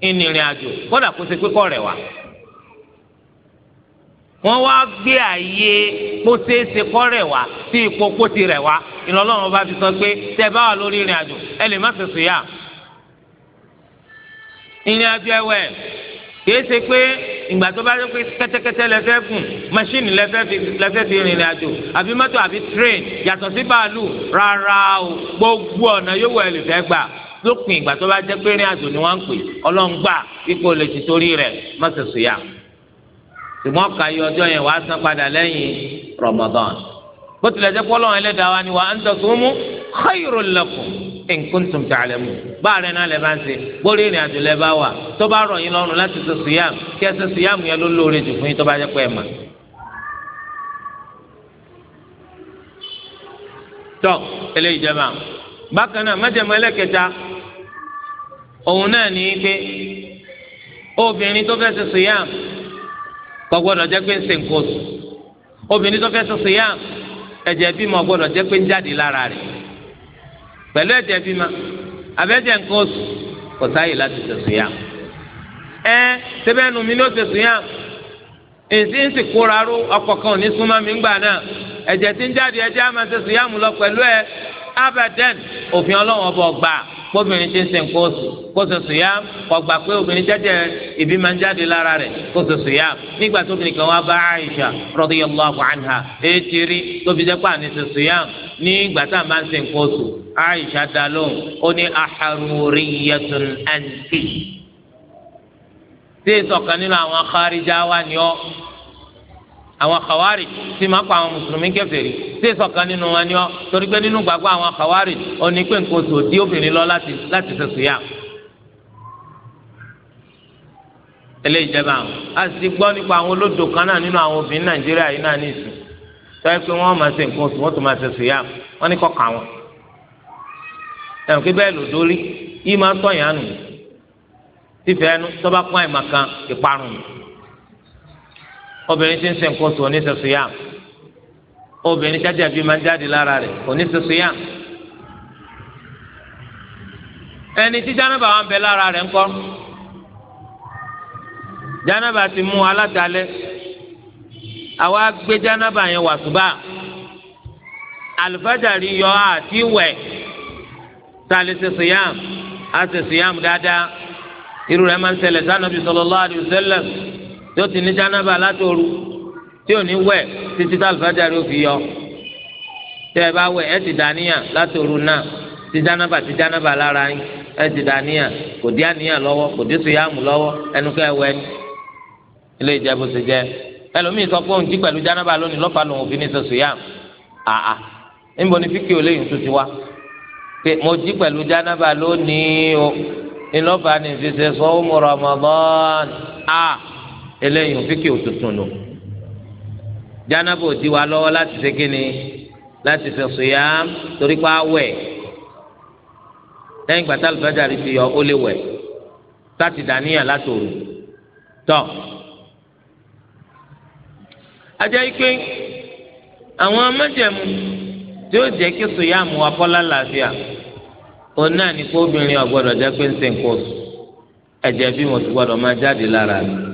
ìrìn àjò kódà kó ṣe pé kọ̀rẹ́ wa wọ́n wá gbé ààyè kó ṣeé ṣe kọ̀rẹ́ wa sí ipò kó ti rẹ̀ wa ìlọlọ́run bá fi sọ pé tẹ́ bá wà lórí ìrìn àjò ẹ lè má ṣe sùyàmù ìrìn àjò ẹ̀wẹ̀ kìí ṣe pé ìgbà tó bá pé kẹ́tẹ́kẹ́tẹ́ lẹ́fẹ́ gùn mọ́ṣíìnì lẹ́fẹ́ fi rìnrìn àjò àbí mọ́tò àbí tírèn yàtọ̀ sí bàálù rárá o gbogbo ọ̀nà yóò wọ ẹlẹ́fẹ́ gbà lópin ìgbà tó bá jẹ́ pé rìn àjò ni wọ́n ń pè ọlọ́ngbà ipò lè ti torí rẹ̀ mọ́sẹ̀sẹ̀ yà ṣùgbọ́n kàyé ọjọ́ yẹn wàá san padà lẹ́yìn Ramadan bó tilẹ̀ jẹ́ pé Ọlọ́run ẹlẹ́dàá wa ni wà á ń tọ́sùn nkuntum ta'lamun báàrin náà lè bá ń ṣe gbórí ìrìn àjò lè bá wà tó bá rọ̀ yín lọ́rùn láti ṣe sùyàm kí ẹ ṣe sùyàm yẹn ló lóore jù fún yín tó bá jẹ́ pé ẹ mà. tọ́ eléyìí jẹ́ báà bákan náà májèmọ́ ẹlẹ́kẹta òun náà ní pé obìnrin tó fẹ́ ṣe sùyàm kò gbọ́dọ̀ jẹ́ pé ń ṣe obìnrin tó fẹ́ ṣe sùyàm ẹ̀jẹ̀ bímọ gbọ́dọ̀ jẹ́ pé ń lára rẹ̀ pẹ̀lú ẹ̀jẹ̀ bímọ abẹ́jẹ̀ nǹkan oṣù kò sáyè láti sẹ̀sùn yá ẹ sẹ́bẹ̀ nu mi ní ó sẹ̀sùn yá èsì ń sì kóra ró ọkọ̀ kan ò ní súnmọ́ mi ńgbà náà ẹ̀jẹ̀ tí ń jáde ẹ̀jẹ̀ á máa sẹ̀sùn yá mu lọ pẹ̀lú ẹ abadan òfin ọlọ́wọ́n bọ̀ gbà kóbìnrin ti ń sìn kóòsù kóòsù sùyà kọgbà pé obìnrin jẹjẹ ìbí máa ń jáde lára rẹ̀ kóòsù sùyà nígbà tó obìnrin kan wá bá Aisha radiyallahu anha ètí rí tóbi jẹ́ pàání sùn sùyà nígbà tá a máa ń sìn kóòsù Aisha dá lóhùn ó ní aharuriyatun anti tí ìsọ̀kan nínú àwọn akárìjà wa ni ọ́ àwọn kawari tí máa pa àwọn mùsùlùmí kèfèrí tí ìṣọ̀kan nínú wọn ni ọ torí pé nínú gbàgbọ́ àwọn kawari òní pé nǹkan oṣù òdí obìnrin lọ láti láti ṣẹṣù yá. eléyìí jẹba àwọn a sì gbọ́ nípa àwọn olódò kan náà nínú àwọn obìnrin nàìjíríà yìí náà nìsín tọ́ ẹ pé wọ́n máa ṣe nǹkan oṣù wọ́n tún máa ṣẹṣù yá wọ́n ní kọ́ka wọn. ẹ̀rù kí bẹ́ẹ̀ lòdó rí yìí máa tọ̀yàn nù tífẹ̀ẹ́nu tọ́ obìnrin tí ń ṣe nǹkan oṣù oníṣẹ́sọ yá obìnrin jáde àbí máa ń jáde lára rẹ̀ oníṣẹ́sọ yá ẹni tí jánábà wà ń bẹ lára rẹ̀ ńkọ́ jánábà ti mú aládàálẹ̀ àwa gbé jánábà yẹn wà ṣùgbà alifájàrí yọ àti wẹ̀ sàlẹ̀ṣẹ̀ṣẹ̀ yá àṣẹṣẹ̀ yá dáadáa irú rẹ̀ máa ń ṣẹlẹ̀ sànàbì sallallahu alaihi tí ó ti ní jánábà látòru tí ò ní wẹ̀ títí tá àlùfáàjáde ó fi yọ tẹ́ ẹ bá wẹ̀ ẹ ti dàníyàn látòru náà ti jánábà ti jánábà lára yín ẹ ti dàníyàn kò dí àníyàn lọ́wọ́ kò dí sùyàmù lọ́wọ́ ẹnu kẹ́ wẹ̀ ni ilé ìjẹ́bù ti jẹ́ ẹlòmíì sọ pé òun jí pẹ̀lú jánábà lónìí lọ́fà lòun òfin ní sọ sùyàmù àà níbo ni fíkì olóyìn tó ti wá pé mo jí pẹ̀lú jánábà lónìí o ní fi ṣe sọ́wọ́ mọ̀ràn mọ̀mọ́ àà eléyìí fíkì òtútùn nù jánábò di wa lọ́wọ́ láti ṣe kíni láti ṣe siyam torí pa awẹ̀ lẹ́yìn gbàtà lùfẹ́dàrí ti yọ ó lé wẹ̀ láti dàníyàn látòrò tọ́ ajá ikpe àwọn amájẹmú tí ó jẹ́ kí siyam wa kọ́lá làáfíà òun náà ní kó obìnrin ọ̀gbọ́dọ̀ jẹ́ pé ń ṣe nǹkan ẹ̀jẹ̀ bí mo ti gbọ́dọ̀ máa jáde lára rẹ̀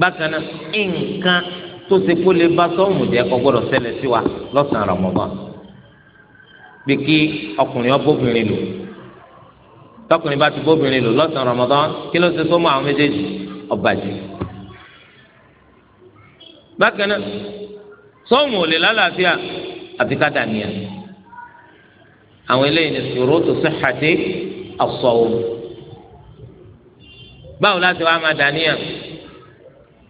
bákan náà nǹkan tó ṣe kó lè bá sọ́ọ̀mù jẹ́ kó gbọ́dọ̀ ṣẹlẹ̀ sí wa lọ́sàn-án Ramadan bí kí ọkùnrin ọbọ̀bìnrin lò tọkùnrin bá ti bóbìnrin lò lọ́sàn-án Ramadan kí ló ṣe sọ́mù àwọn méjèèjì ọ̀bàjẹ́ bákan náà sọ́ọ̀mù ò lè lálàáfíà àfi ká dàníyà àwọn eléyìí ni ṣurutu sihhati as-sawm báwo láti wá máa dàníyà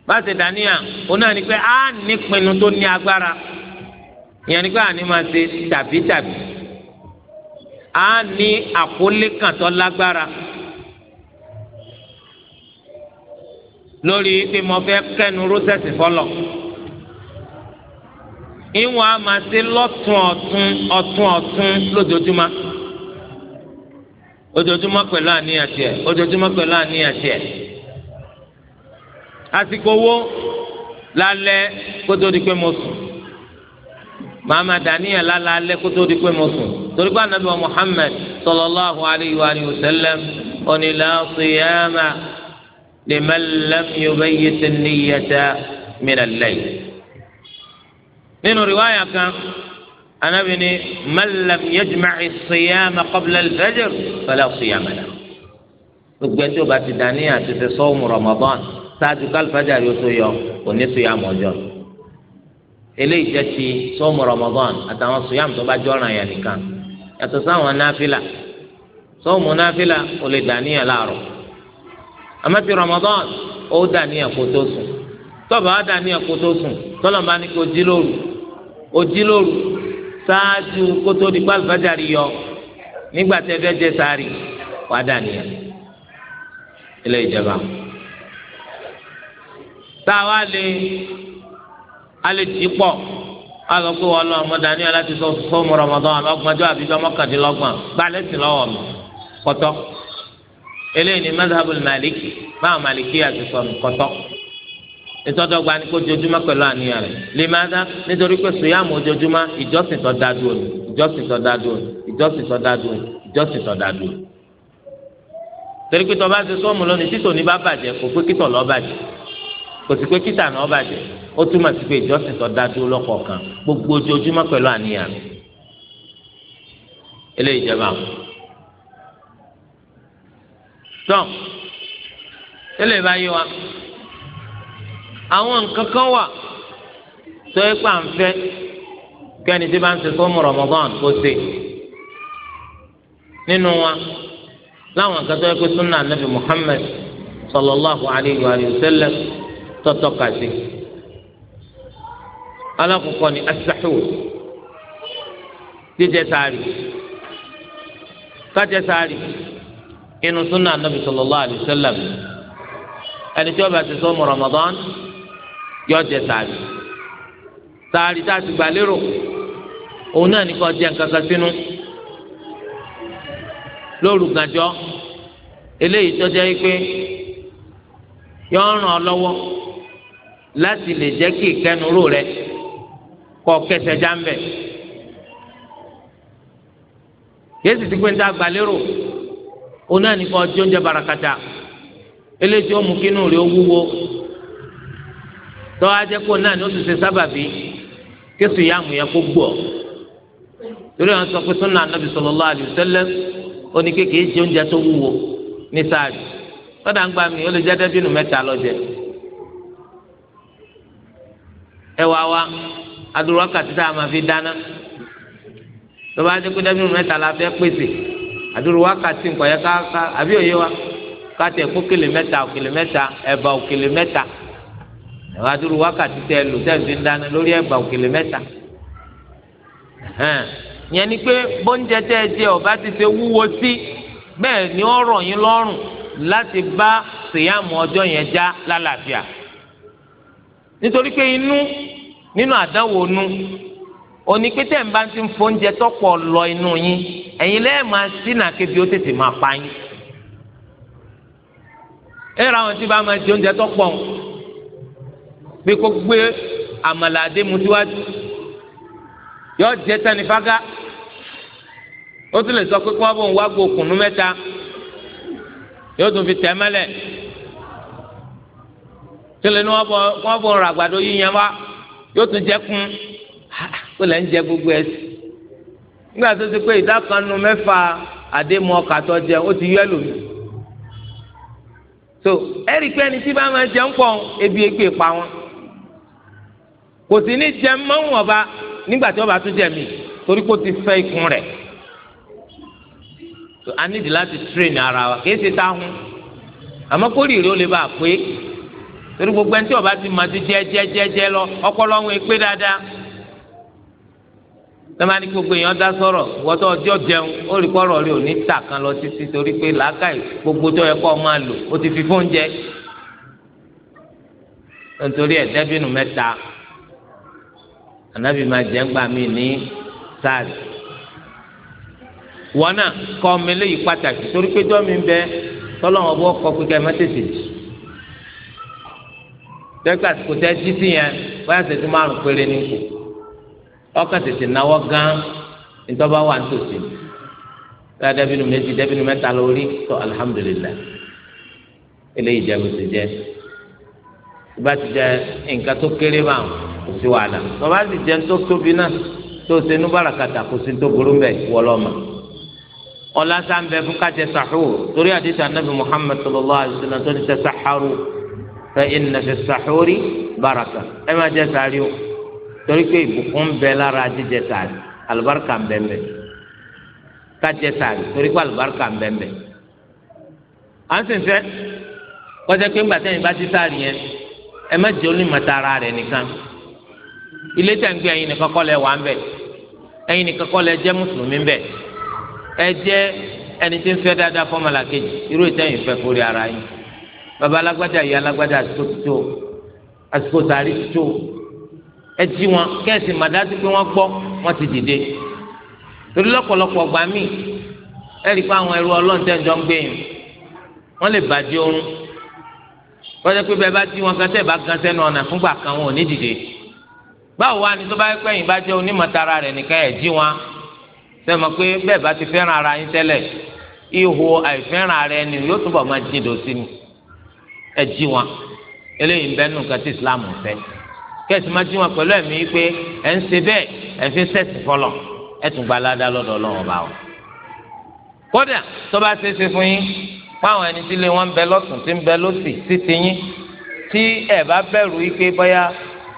báṣe dàníyà òun náà ni pé a nípinnu tó ní agbára ìyẹn ni pé àní máa ṣe tàbí tàbí a ní àkólé kan tó lágbára lórí pé mo fẹ́ kẹ́nu rósẹ̀sì fọlọ̀ ìwọ̀n a máa ṣe lọ́tún ọ̀tún ọ̀tún ọ̀tún lójoojúmọ́ ojoojúmọ́ pẹ̀lú àníyàn tiẹ̀ ojoojúmọ́ pẹ̀lú àníyàn tiẹ̀ àsìkò wo lálẹ́ kótó di pé mo sùn màmá daniel lálẹ́ alẹ́ kótó di pé mo sùn torí pé anabi wa muhammed sallallahu alayhi wa sallam onílà siyama liman lam yubayyit an-niyyata min al-layl nínú riwaayà kan anabi ni man lam siyama qabla al fala siyama gbogbo ẹjọ́ ti daniel ti fi sọ́wọ́mù ramadan ṣáájú kálífàjà yóò tó yọ kò ní sùyà mọ́jọ́ eléyìí jẹ́ ti sọ́mu Ramadan àtàwọn sùyà tó bá jọ́ràn yẹn nìkan yàtọ̀ sáwọn náfìlà sọ́mu náfìlà ò lè dàníyàn láàrọ̀ àmọ́ ti Ramadan ó dàníyàn kó tó sùn tọ́ba á dàníyàn kó tó sùn tọ́lọ̀ bá ní kó jí lóru ó jí lóru ṣáájú kó tó di kálífàjà yọ nígbà tẹ́ fẹ́ jẹ sáré wàá dàníyàn eléyìí tá a wá lè alẹ́ tì í pọ̀ alọ pé wọn lọ ọmọ dání aláti sọ fọmù rọmọdán ọgbọ̀njọ́ àbíjọ mọ́kàndínlọ́gbọ̀n gbalẹ sí lọ́wọ́ mi kọtọ eléyìí ni mazhabul maliki máa maliki àti sọnù kọtọ ìtọ́dọ̀gba ni kó jojúmọ́ pẹ̀lú àníyàn rẹ̀ lèmọ́dá nítorí pé sòyàmù ojoojúmọ́ ìjọsìn tó dáa dùn ní ìjọsìn tó dáa dùn ní ìjọsìn tó dáa dùn ní ìjọsìn tó dáa dùn ní. torí pé tọ́ba ti sọ́ọ̀mù lónìí títò ní bá bàjẹ́ kò pé kítọ̀ lọ́ bàjẹ́ kò sí pé kíta náà bàjẹ́ ó túmọ̀ sí pé ìjọsìn tó dá dúró kan gbogbo ojoojúmọ́ pẹ̀lú àníyàn eléyìí jẹba tán eléyìí bá yé wa àwọn nǹkan kan wà tó yẹ pé à ń fẹ́ kẹ́ni tí bá ń ṣe sọ́mu Ramadan kó nínú wa láwọn nǹkan tó yẹ pé anabi muhammed sallallahu alayhi wa sallam. tọ́tọ́ka sí alákọ̀ọ́kọ́ ni asahur jíjẹ sààrì kájẹ sààrì inú súnà anabi sallallahu alayhi wa sallam ẹni tí wọ́n bá ti sọ́mu ramadan yọ jẹ sààrì sààrì tá a ti gbà lérò òun náà ní kò jẹ nǹkan sínú lóru gànjọ́ eléyìí tó jẹ́ pé yọ ń ràn láti lè jẹ́ kí ìkẹnuró rẹ kọ kẹsẹ̀ já ń bẹ̀. yéésì ti pé ń dá gbalérò oní àníkọ́ ọjọ́ oúnjẹ barakata eléjì ó mú kínú rẹ ó wúwo tọ́ ajẹ́ kó náà ni ó sábàbí kéṣù yá kó torí sọ pé oúnjẹ tó wúwo ní tọ́dà ń gbà mí ó lè jẹ́ dẹ́bínú mẹ́ta ẹ wá wá adúrú wákàtí tá a máa fi dáná tó bá dé pé dábìrì mẹ́ta la fẹ́ pèsè adúrú wákàtí nǹkan yẹ ká ká àbí òye wa ká tẹ̀ kó kìlè mẹ́ta òkìlè mẹ́ta ẹ̀bà wákàtí tẹ lò tẹ̀ fi dáná lórí ẹ̀bà òkìlè yẹn ni pé bóúnjẹ tẹ́ ẹ jẹ ọba ti ṣe wúwo sí bẹ́ẹ̀ ni ó yín lọ́rùn láti bá sèyàmù ọjọ́ yẹn já lálàáfíà. La nítorí pé inú nínú àdánwò nu òní pé tẹ̀ ń bá ti ń fóúnjẹ tọ́pọ̀ lọ inú yín ẹ̀yin lẹ́ẹ̀ máa sínà kébi ó tètè máa pa yín ẹ ra àwọn tí bá máa jẹ oúnjẹ tọ́pọ̀ bí kò gbé àmàlà àdé mutiwájú yọ jẹ tani fága ó tún lè sọ pé kí wọ́n bò ń wá gbòkùnú mẹ́ta yóò tún fi tẹ̀ mẹ́lẹ̀ tẹ́lẹ̀ ni wọ́n bọ̀ wọ́n bọ̀ ra àgbàdo yíyan wa yóò tún jẹ́ kún ó lẹ́ ń jẹ gbogbo ẹ̀ sí. nígbà tó ti pé ìdá kan nu mẹ́fà àdémọ kàtọ́ jẹ ó ti yẹ lòmí. so ẹ̀rí pé ẹni tí bá máa jẹun pọ̀ ebi egbe pa wọn. kò sí ní jẹun mọ́wọ́n ọba nígbà tí wọ́n bá tún jẹ mí torí kó ti fẹ́ ikùn rẹ̀. so a nídìí láti train ara wa kì í ṣe táhùn àmọ́ kórìíra ó lè bá a pé torí gbogbo ẹni tí ọba ti máa ti jẹ jẹ jẹ jẹ lọ ọpọlọ wọn pé dáadáa tẹ́lẹ̀ ní gbogbo èèyàn dá sọ̀rọ̀ wọ́tọ̀ ọjọ́ jẹun ó rí kọ́rọ̀ rí òní tà kan lọ títí torí pé làákàyè gbogbo tó yẹ kó o máa lò ó ti fi fóun jẹ nítorí ẹ̀ dẹ́bìnú mẹ́ta ànábì máa jẹ́ ńgbà mí ní sáàdì wọ́n náà kọ́ mi léyìí pàtàkì torí pé jọ́ mi ń bẹ tọ́lọ́wọ́n bọ́ kọ́ pé kẹ́ ẹ má tètè jì dẹ́gbà kò tẹ́ jí sí yẹn báyà tètè márùn péré ní kù ọkàn tètè náwó gán ntọ́ba wà nítòsí tá a dẹ́bínú méjì dẹ́bínú mẹ́ta lórí tó alihamudulilayi eléyìí jẹ́ gbèsè jẹ́ ìbá ti jẹ nǹkan tó kéré bá kò sí wàhálà bàbá sì jẹ tó tóbi náà tó ṣe ní bàràkàtà kò sí tó burú mbẹ wọlọ́mà ọlá sáà ń bẹ fún kájẹ sàhùr torí àdìsí anabi muhammed sallallahu alayhi tó ní sẹ sàhàrù fẹ ìnàṣẹ sàhórí baraka ẹ máa jẹ sàárì o torí pé ìbùkún bẹ lára jíjẹ sàárì alùbáríkà ń bẹ́ẹ̀ bẹ́ẹ̀ kájẹ sàárì torí pé alùbáríkà ń bẹ́ẹ̀ bẹ́ẹ̀. à ń sìn kọjá pé ńgbà tẹ́yìn bá ti sàárì yẹn ẹ má jẹ́ onímọ̀ta ara rẹ̀ nìkan ilé tẹ̀ ń gbé ẹ̀yin nìkan kọ́ lẹ wà ń bẹ̀ ẹ̀yin nìkan kọ́ lẹ jẹ́ mùsùlùmí ń bẹ̀ ẹ jẹ́ ẹni tí ń fẹ́ dáadáa fọ́mọlàkejì baba alágbádá ìyá alágbádá àsìkò ti tó àsìkò tààrí ti tó ẹ ti wọn kẹ́sì màdájú pé wọ́n gbọ́ wọ́n ti dìde torí lọ́pọ̀lọpọ̀ gbà mí ẹ rí i pé àwọn ẹrú ọlọ́ọ̀tẹ́jọ́ ń gbé yìí wọ́n lè bàjẹ́ oorun wọ́n jẹ́ pé bẹ́ẹ̀ bá ti wọn gan tẹ́ bá gan sẹ́nu ọ̀nà fúngbà kan wọn ò ní dìde báwo wá ni tó bá pẹ́ yìí bá jẹ́ onímọ̀tara rẹ̀ nìkan ẹ̀ jí wọn ṣe mọ̀ pé bẹ́ẹ̀ bá ti fẹ́ràn ara yín tẹ́lẹ̀ ihò àìfẹ́ràn ara ẹni yóò túbọ̀ máa jí dòsí ni ẹ jí wọn eléyìí ń bẹ nù kẹtí islam fẹ́ kẹsì má jí wọn pẹ̀lú ẹ̀mí pé ẹ ń ṣe bẹ́ẹ̀ ẹ fi sẹsì fọlọ ẹ tún gba aládá lọ́dọ̀ Ọlọ́run bá wọn. kódà tó bá ṣe é ṣe fún yín fáwọn ẹni tí lé wọn ń bẹ lọ́tún tí ń bẹ lọ́sì sí ti yín tí ẹ bá bẹ̀rù yìí pé bóyá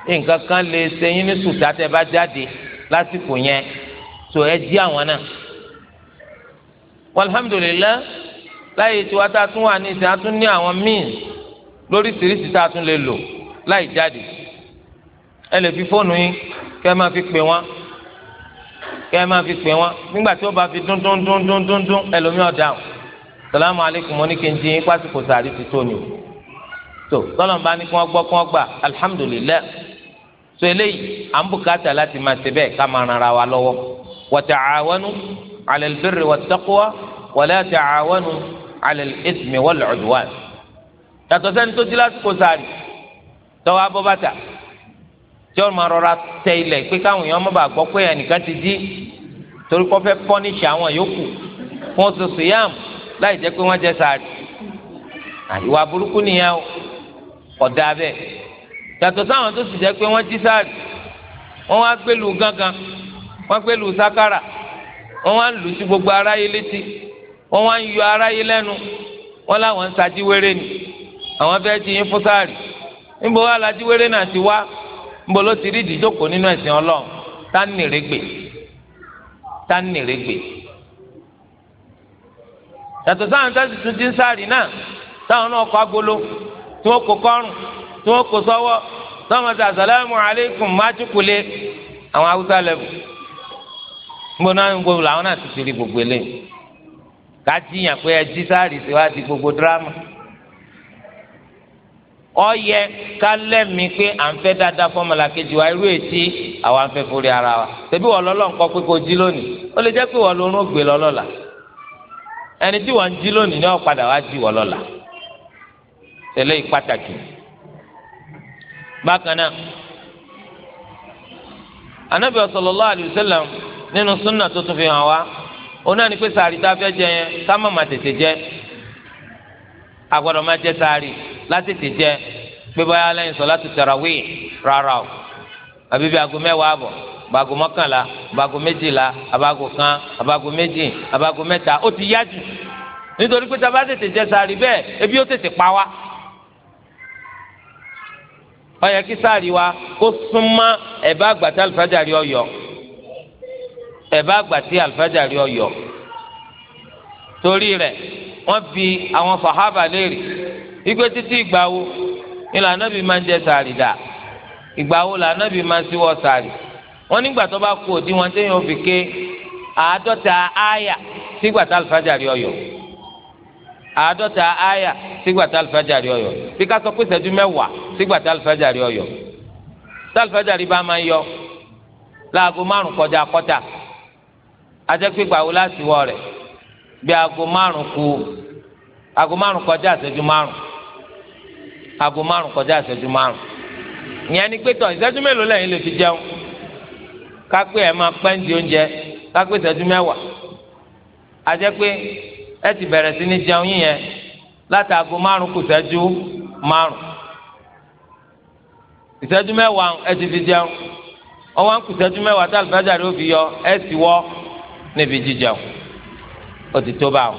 nǹkan kan lè ṣe yín ní sùtá tẹ bá jáde lásìkò yẹn tó ẹ jí àwọn náà. walhamdulillah láyé tí wọ́n ta tún wà ní ìsìn àtún àwọn míì lóríṣiríṣi tá a tún lè lò láì jáde ẹ lè fi fóònù yín kẹ́ ẹ máa fi pè wọ́n kẹ́ ẹ máa fi pè wọ́n nígbà tí ó bá fi dún dún dún dún dún dún ẹlòmíràn dáhùn salamu aleykum wọn ní kí n jí yín pásítọ̀ sàrí ti tó ni o tó tọ́lọ̀ ń bá ní kí wọ́n gbọ́ kí wọ́n gbà alihamudulilayi so eléyìí à ń bùkátà láti máa ṣe bẹ́ẹ̀ ká máa ran ara wa lọ́wọ́ wa ta'awanu 'ala al-birri wat-taqwa wa la ta'awanu 'ala al-ithmi wal-'udwan yàtọ̀ sẹ́ni tó ti lásìkò sàárì tọ́wọ́ abọ́ bàtà tí ọ̀rùn máa rọra tẹ ilẹ̀ pé káwọn èèyàn má bàa gbọ́ pé ẹnìkan ti dí torí kọ́ fẹ́ pọ́níṣì àwọn yòókù fún oṣù siyam láì jẹ́ pé wọ́n jẹ sàárì ìwà burúkú nìyẹn o ọ̀dà bẹ́ẹ̀ yàtọ̀ sáwọn tó sì jẹ́ pé wọ́n jí sàárì wọ́n wá gbélu gángan wọ́n gbélu sákàrà wọ́n wá lù sí gbogbo aráyé létí wọ́n wá ń yọ aráyé lẹ́nu wọ́n láwọn ń sají ni. àwọn fẹ́ẹ́ ti yín fún níbo wá náà ti wá níbo ló ti rí ìdíjókòó nínú ẹ̀sìn ọlọ́run tánìrégbè tánìrégbè yàtọ̀ sáwọn sáàrì tuntun ti ń sáàrì náà táwọn náà agolo tí wọ́n kó kọ́rùn tí wọ́n kó sọ́wọ́ sọ́wọ́n sọ àsàlámù alaykum májúkulé àwọn haúsá lẹ́bù níbo náà ń gbòòrò náà ti ti rí gbogbo eléyìí ká gbogbo dírámà. ọyẹ kálẹ̀mí pé à ń fẹ́ dáadáa fọmọlá kejì wa irú ètí àwa ń fẹ́ forí ara wa tẹ̀bí wọ́n lọ́lọ́ nǹkan pé kò jí lónìí ó lè jẹ́ pé wọ́n ló ń gbé lọ́lọ́la ẹni tí wọ́n ń lónìí ni wọ́n padà wá jí wọ́n lọ́la tẹ̀lé ìpàtàkì bákan náà anabi sallallahu alayhi wa sallam nínú súnà tó tún fi hàn wá òun náà ni pé sàárì tá a fẹ́ jẹ yẹn ká má má tètè jẹ àgbọ̀dọ̀ má jẹ sàárì látìtì jẹ pé báyà lẹ́yìn sọ láti tàràwí rárá o àbí bí aago mẹ́wàá àbọ̀ baago mọ́kànlá baago méjìlá abaago kan abaago méjì abaago mẹ́ta ó ti yá jù nítorí pé tábà tètè jẹ sààrì bẹ́ẹ̀ ebi ó tètè pa wá ó kí sààrì wa kó súnmọ́ ẹ̀bá àgbàtà àlùfáàjà rí ọyọ ẹ̀bá àgbàtì àlùfáàjà rí ọyọ torí rẹ̀ wọ́n bi àwọn sàhábà léèrè ìgbé títí ìgbà wo ni lànàbì máa ń jẹ sàárì dà ìgbà wo lànàbì máa ń síwọ́ sàárì wọn nígbà tó bá kú òdi wọn téèyàn fi ké àádọ́ta àyà sígbà tá àlùfájàrí ọyọ àádọ́ta àyà sígbà tá àlùfájàrí ọyọ bí ká sọ pé ìṣẹ́jú mẹ́wàá sígbà tá àlùfájàrí ọyọ tá àlùfájàrí bá máa ń yọ láago márùn kọjá kọ́tà ajẹ́pẹ́gbà wo láti wọ rẹ̀ bí aago márùn kù aago márùn kọjá ìṣẹ́jú márùn aago márùn kọjá ìṣẹ́jú márùn ìyẹn ni pé tán ìṣẹ́jú mélòó lẹ́yìn lè fi jẹun kápẹ́ ẹ̀ máa pẹ́ ń di oúnjẹ kápẹ́ ìṣẹ́jú mẹ́wàá àjẹ́ pé ẹ ti bẹ̀rẹ̀ sí ní jẹun yíyẹn láti aago márùn kù ìṣẹ́jú márùn ìṣẹ́jú mẹ́wàá ẹ ti fi jẹun ọwọ́n kù ìṣẹ́jú mẹ́wàá tá àlùfáàjà rẹ̀ ó fi yọ ẹ sì wọ́ níbi jíjẹun ó ti tó báwọn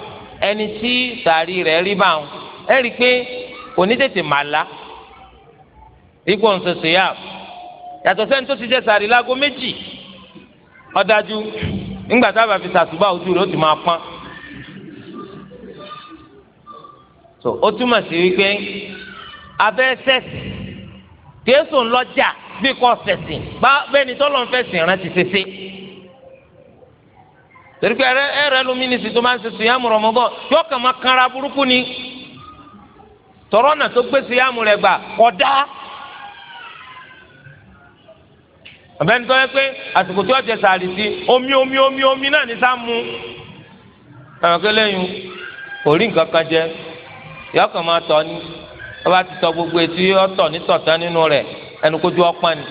ẹni tí sàárì rẹ̀ rí báwọn ẹ rí pé onítètè máa la igbó ń sọsọ yá yàtọ̀ sẹ́ni tó ti jẹ́ sàrí láago méjì ọ̀dájú ńgbà tá a bá fi sàṣùbà ojú rẹ̀ ó ti máa pọ́n. so ó túmọ̀ sí wípé abẹ́ sẹ́sì kéésù ńlọ́jà bí kò sẹ̀sìn bá bẹ́ẹ̀ ni tọ́lọ́ ń fẹ̀sìn rántí ṣeṣe. torí pé ẹ̀rẹ́ ẹ̀rẹ́ lómi ní tó máa ń ṣe sùn yá mọ̀rọ̀mọ́bọ̀ yóò kàn máa kanra burúkú ni tọrọ ọ̀nà tó gbé síyàmù rẹ̀ gbà ọ̀dá. àbẹ́ni tó yẹ pé àsìkò tí ọ̀jẹ̀ sàárì sí omi omi omi omi náà ní sáà mu. àwọn akẹ́lẹ́yìn kò rí nǹkan kan jẹ yọ kàn máa tọ̀ ni wọ́n bá ti tọ̀ gbogbo etí ọ̀tọ̀ nítọ̀tán nínú rẹ̀ ẹnu kójú ọ̀pá ni.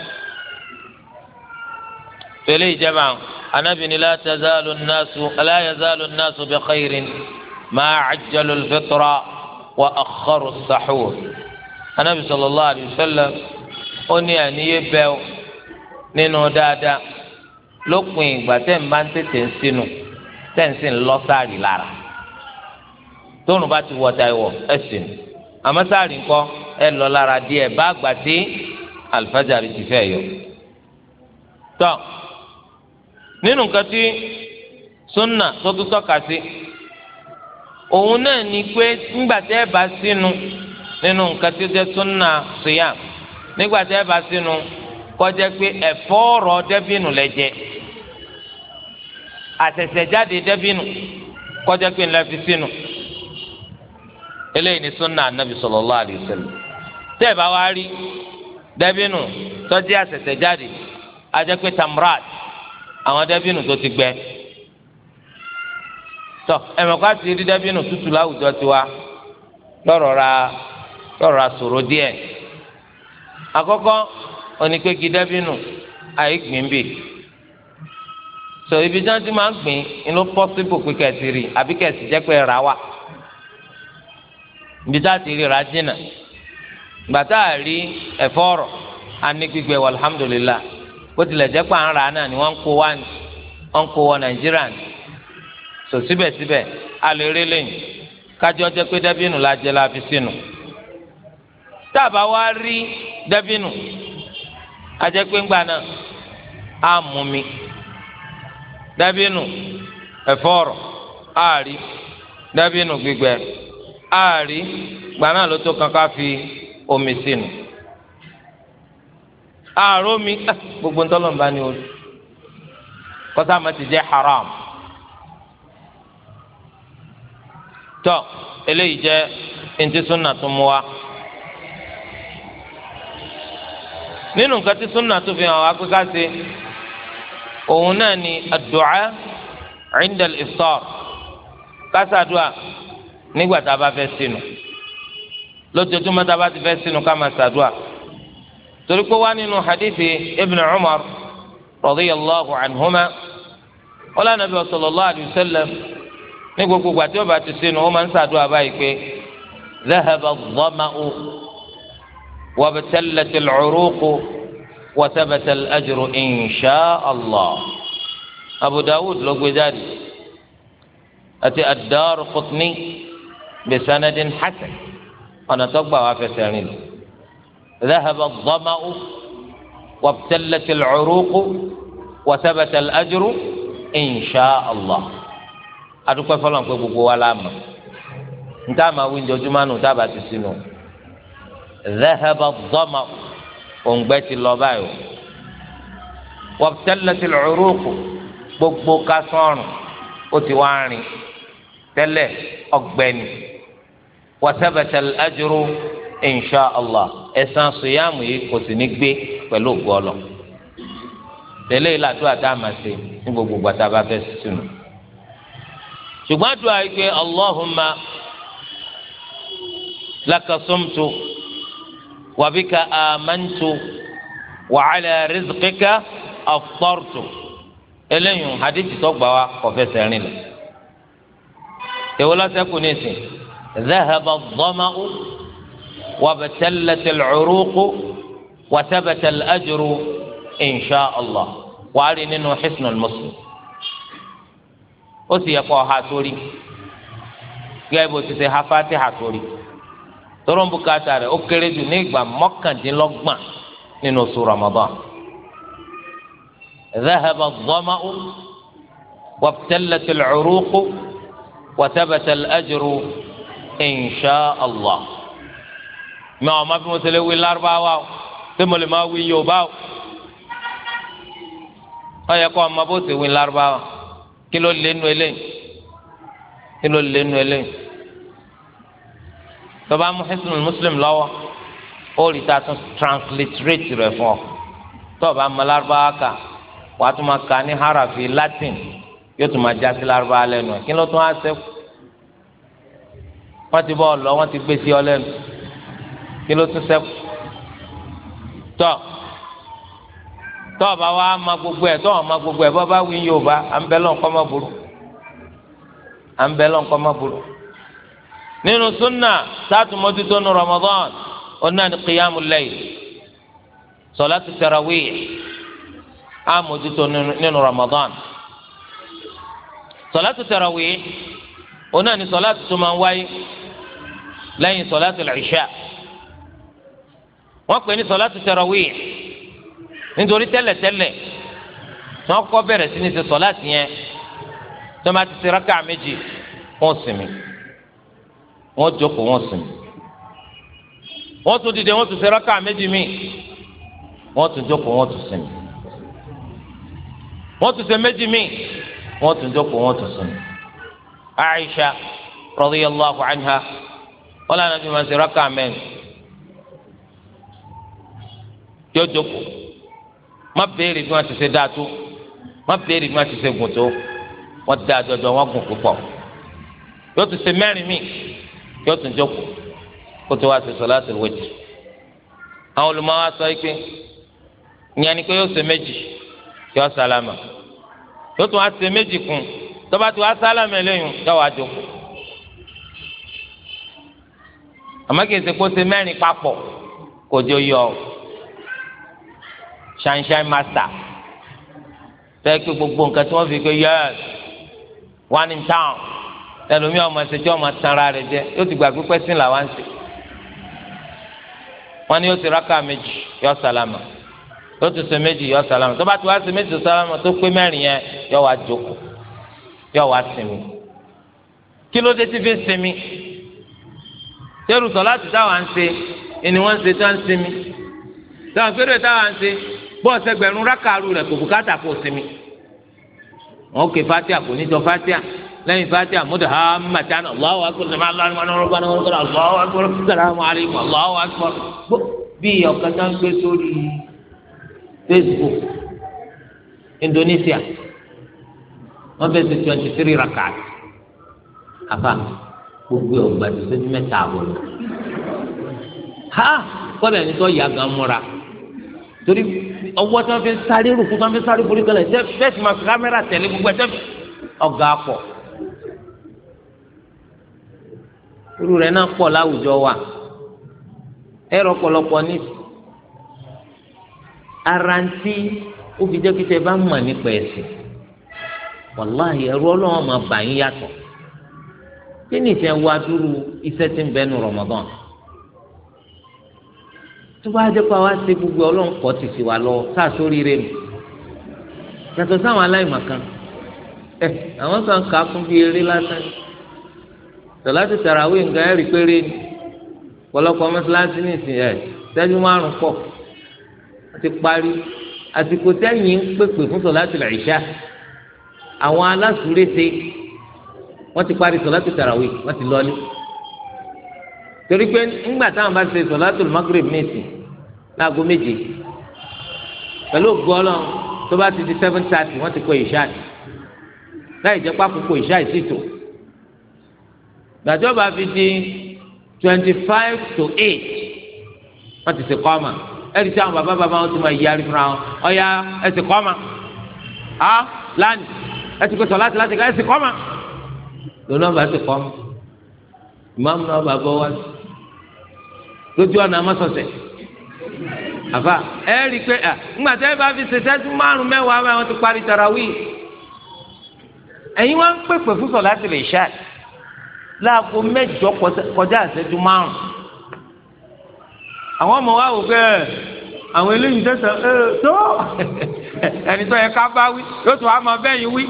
tẹ̀lé ìjẹba àwọn anábìnrin la tazalu nnasu la yazalu nnasu bi khairin ma ajjalu al wa akharu sahur anabi sallallahu alayhi wa sallam ó ní àníyé bẹ́ẹ̀ nínú dáadáa lópin ìgbà tẹ́ ń bá ń tètè ń sínú tẹ́ ń sì ń lọ sáàrì lára tóun bá ti wọta ìwọ ẹ sìn àmọ́ sáàrì ńkọ́ ẹ lọ lára díẹ̀ bá àgbà tí alifájàre ti fẹ́ yọ. tọ́ nínú nǹkan tí sunna tó tún tọ́ka sí. òun náà ni pé nígbà tẹ́ ẹ bá sínú nínú nǹkan tó jẹ́ súnà síyàm nígbà tẹ́ ẹ bá sínú kọjá pé ẹ̀fọ́ ọ̀rọ̀ dẹ́bìnù lẹ́jẹ̀ àtẹ̀sẹ̀jáde kọjá pé sínú eléyìí súnà sallallahu alaihi wasallam tẹ́ ẹ bá wá rí tamrat àwọn dẹ́bìnù tó ti gbẹ tọ ẹ̀mọ̀kọ́ àti rí dàbínù tútù láwùjọ tiwa lọ́rọ̀ ra lọ́rọ̀ ra sòro díẹ̀ àkọ́kọ́ oníkéki dàbínù àìgbìn bì so ibi tí wọ́n ti máa ń gbìn inú pọ́sibù pé kẹ̀sì rí àbí kẹ̀sì jẹ́ pé rà wá ibi tí wọ́n ti rí rà jìnnà gbàtà rí ẹ̀fọ́ ani gbígbẹ wà bó tilẹ̀ jẹ́ pé à ń rà náà ni wọ́n ń kó wá ń kó wọ nàìjíríà ní sò síbẹ̀síbẹ̀ a lè rí lẹ́yìn kájọ jẹ́ pé dẹ́bìnù la jẹ́ la sínú tá a bá wá rí dẹ́bìnù a jẹ́ pé ńgbà náà a mú mi dẹ́bìnù ẹ̀fọ́ ọ̀rọ̀ a rí dẹ́bìnù gbígbẹ a rí gbà náà ló tó kankan fi omi sínú àrò mi ah, gbogbo ntọ́lọ́mbá ni o kọ́sá ma ti jẹ́ haram. tọ́ eléyìí jẹ́ ntí súnà tó mú wa. nínú nǹkan tí súnà tó fi hàn wá pé ká òun náà ni adu'a inda al-iftar nígbà tá a bá fẹ́ sínú lójoojúmọ́ tá a bá ti fẹ́ hadithi ibn umar radiyallahu anhuma wala nabi ní gbogbo ìgbà tí ọba ti sínú ó máa ń ṣàdúrà báyìí pé ذهب الظمأ وابتلت العروق وثبت الأجر إن شاء الله أبو داود ló gbé jáde àti الدارقطني بسند حسن ọ̀nà tó gbà wá fẹsẹ̀ rìn lọ ذهب الظمأ وابتلت العروق وثبت الأجر إن شاء الله. adúpẹ́ fọlọ́n pé gbogbo wa la mọ̀ níta máa wí njojúmọ́ nù tá a bá ti sinú zahaba dọ́mà òǹgbẹ́ ti lọ báyìí o wọ́pẹ́tẹ́lẹ̀ ti lọ́rùkù gbogbo kásánrùn ó ti wá rìn tẹ́lẹ̀ ọgbẹ́ni wọ́sẹ̀bẹ̀tẹ̀ ajúrú insha allah ẹ̀sán sùyàmù yìí kò sì ní gbé pẹ̀lú ògbọ́lọ̀ tẹ́lẹ̀ ìlàdúrà tá a ní gbogbo gbàtà bá fẹ́ sínú. ṣùgbọ́n àdúrà yìí pé ọlọ́hùnmá lakasomtu sumtu wa amantu wàhálà ala rizqika aftartu eléyìí hadithi tó gbà wá kọfẹ́ sẹ́rin lẹ̀. lọ. kù ní ìsìn ذهب الظمأ وابتلت العروق وثبت الأجر إن شاء الله وعلي ننو حسن المسلم ó sì yẹ kó ha sórí gẹ́gẹ́ bó ti ṣe ha fatiha sórí tọ́rọ̀mbùkátà rẹ̀ ó kéré jù ní ìgbà mọ́kàndínlọ́gbọ̀n nínú oṣù Ramadan dhahaba adh-dhama'u wabtallat al-'uruqu wa thabata al-ajru insha Allah àwọn ọmọ bí mo ti wí lárúbáwá o tí mo lè máa wí yorùbá o ó yẹ kó ọmọ bó ti wí lárúbáwá o kí ló lé nu eléyìí kí ló lé nu eléyìí tọba muhisul muslim lọ́wọ́ ó rí ta tún transliterate rẹ̀ fún ọ tọba malarbawa kà wàá tún máa kà ní harafi latin yóò tún máa jásí Lárúbáwá lẹ́nu ẹ kí ló tún á ṣẹ́kù wọ́n ti bọ ọ lọ wọ́n ti gbé ọ lẹ́nu kí ló tún ṣẹ́kù tọ. So, tọ́ọ̀bá wa ma gbogbo ẹ̀ tọ́ọ̀ ma gbogbo ẹ̀ bọ́ba wí yóò bá à ń bẹ lọ́n kọ́ má burú à ń bẹ lọ́n kọ́ má burú. nínú súnà sáàtù mọ́tútù ní Ramadan ọ̀nà ní kìyàmù lẹ́yìn sọ̀látù tarawih á mọ́tútù nínú Ramadan. sọ̀látù tarawih ọ̀nà ní sọ̀látù tó máa wáyé lẹ́yìn sọ̀látù al-Isha wọ́n pè ní sọ̀látù tarawih nítorí tẹ́lẹ̀tẹ́lẹ̀ tí wọ́n kọ́ bẹ̀rẹ̀ sí ní ṣe sọ láti yẹn tí wọ́n bá ti ṣe rákà méjì wọ́n sinmi wọ́n jókòó wọ́n sinmi wọ́n tún dìde wọ́n tún ṣe rákà méjì míì wọ́n tún jókòó wọ́n tún sinmi wọ́n tún ṣe méjì míì wọ́n tún jókòó wọ́n tún sinmi. Aisha radiyallahu anha wọ́n lànà bí wọ́n ṣe rákà mẹ́rin yóò má béèrè bí wọ́n ti ṣe dáa tó má béèrè bí wọ́n ti ṣe gùn tó wọ́n dáa jọjọ wọ́n gùn púpọ̀ yóò tún ṣe mẹ́rin míì yóò tún jókòó kó tó wá ṣe solatul witr àwọn olùmọ̀wá sọ pé ìyẹn ni pé yóò ṣe méjì yóò sálámà yóò tún wá ṣe méjì kún tó bá ti wá sálámà lẹ́yìn yóò wá jókòó àmọ́ kì í ṣe kó ṣe mẹ́rin papọ̀ kò jó yọ ọ́ ṣanṣan master fẹ́ẹ́ pé gbogbo nǹkan tí wọ́n fi pé yes one in town ẹlòmíì ọmọ ẹsẹ̀ tí ọmọ tanra rẹ̀ jẹ́ yóò ti gbà pípẹ́ sí làwọn ń sè wọ́n ní yóò ti rákà méjì yọ sàlámà yóò ti sè méjì yọ sàlámà tó bá ti wá sè méjì sàlámà tó pé mẹ́rin yẹn yọ wá jókòó yọ wá sinmi kí ló dé tí fi sinmi tẹ́rù sọ láti táwa ń ṣe ẹni wọ́n ń ṣe tá ń sinmi táwọn fẹ́rẹ̀ táwa ń ṣe bọ́ọ̀sì ẹgbẹ̀rún rákàrú rẹ̀ kò bùkátà kò sinmi wọn kè fatia kò ní jọ fatia lẹ́yìn fatia mọ́tò ha mẹ́tàn Allahu akbar sọ̀rọ̀ aláwọ̀ bí ń gbé sórí Facebook Indonesia wọ́n fẹ́ ṣe twenty three rakat afa gbogbo ọgbà tó ṣe ha ní sọ yàgàn torí ọwọ́ tí wọ́n fi ń sáré rúkú tí wọ́n fi ń sáré borí kalẹ̀ ṣe fẹ́ẹ̀sì máa fi kámẹ́rà tẹ̀lé gbogbo ẹ̀ ṣe ọ̀gá pọ̀ irú rẹ̀ náà pọ̀ láwùjọ wa ẹ̀rọ pọ̀lọpọ̀ ní ara ń tí ó fi jẹ́ kí tẹ bá mọ̀ nípa ẹ̀sìn wàláhì ẹ̀rọ ọlọ́run máa bà yín yàtọ̀ kí ni ìfẹ́ wa dúró iṣẹ́ tí ń bẹ́nu Ramadan tó bá jẹ́ pé àwa ṣe gbogbo ọlọ́run kọ́ ti sì wà lọ sáà sórí rẹ̀ mi yàtọ̀ sáwọn aláìmọ̀kan ẹ àwọn kan kà á kún bí eré lásán tọ́lá ti tàràwé nǹkan ẹ̀rí péré ni pọ̀lọpọ̀ mọ́sálásí nìsín ẹ̀ sẹ́jú márùn pọ̀ àti parí àsìkò tẹ́yìn ń pèpè fún sọ̀lá ti làìṣá àwọn aláṣúrése wọ́n ti parí sọ̀lá ti tàràwé wọ́n ti lọ́lé torí pé ńgbà táwọn bá ṣe sọ̀lá tó lùmọ́gírèbì nìsín láago méje pẹ̀lú gbọ́lọ́ tó bá ti di seven thirty wọ́n ti kọ ìṣáàtì láì jẹ́ pákókò ìṣáàtì sì tò gbàjọba fi di twenty five to eight wọ́n ti sì kọ́ ọmọ ẹ̀rí tí àwọn bàbá bàbá wọn ti máa yíyá rí fúnra wọn ọ̀ya ẹ̀sìn kọ́ ọmọ á láǹdì ẹ̀sìn kọ́ sọ láti láti ká ẹ̀sìn kọ́ ọmọ lónà bá ti kọ́ ọmọ ìmáàmù náà bàbá wa lójú ọ̀nà amásọ̀sẹ̀ àfa ẹ rí i pé ńgbà tí ẹ bá fi ṣèṣẹ́jú márùn mẹ́wàá wọn ti parí tarawí ẹ̀yin wọn ń pèpè fún sọ̀láàtì lè ṣáà láago mẹ́jọ kọjá àṣẹjú márùn àwọn ọmọ wa wò pé àwọn eléyìí tẹsán ẹ tó ẹni tó yẹ ká bá wí yóò tún wá máa bẹ́yìn wí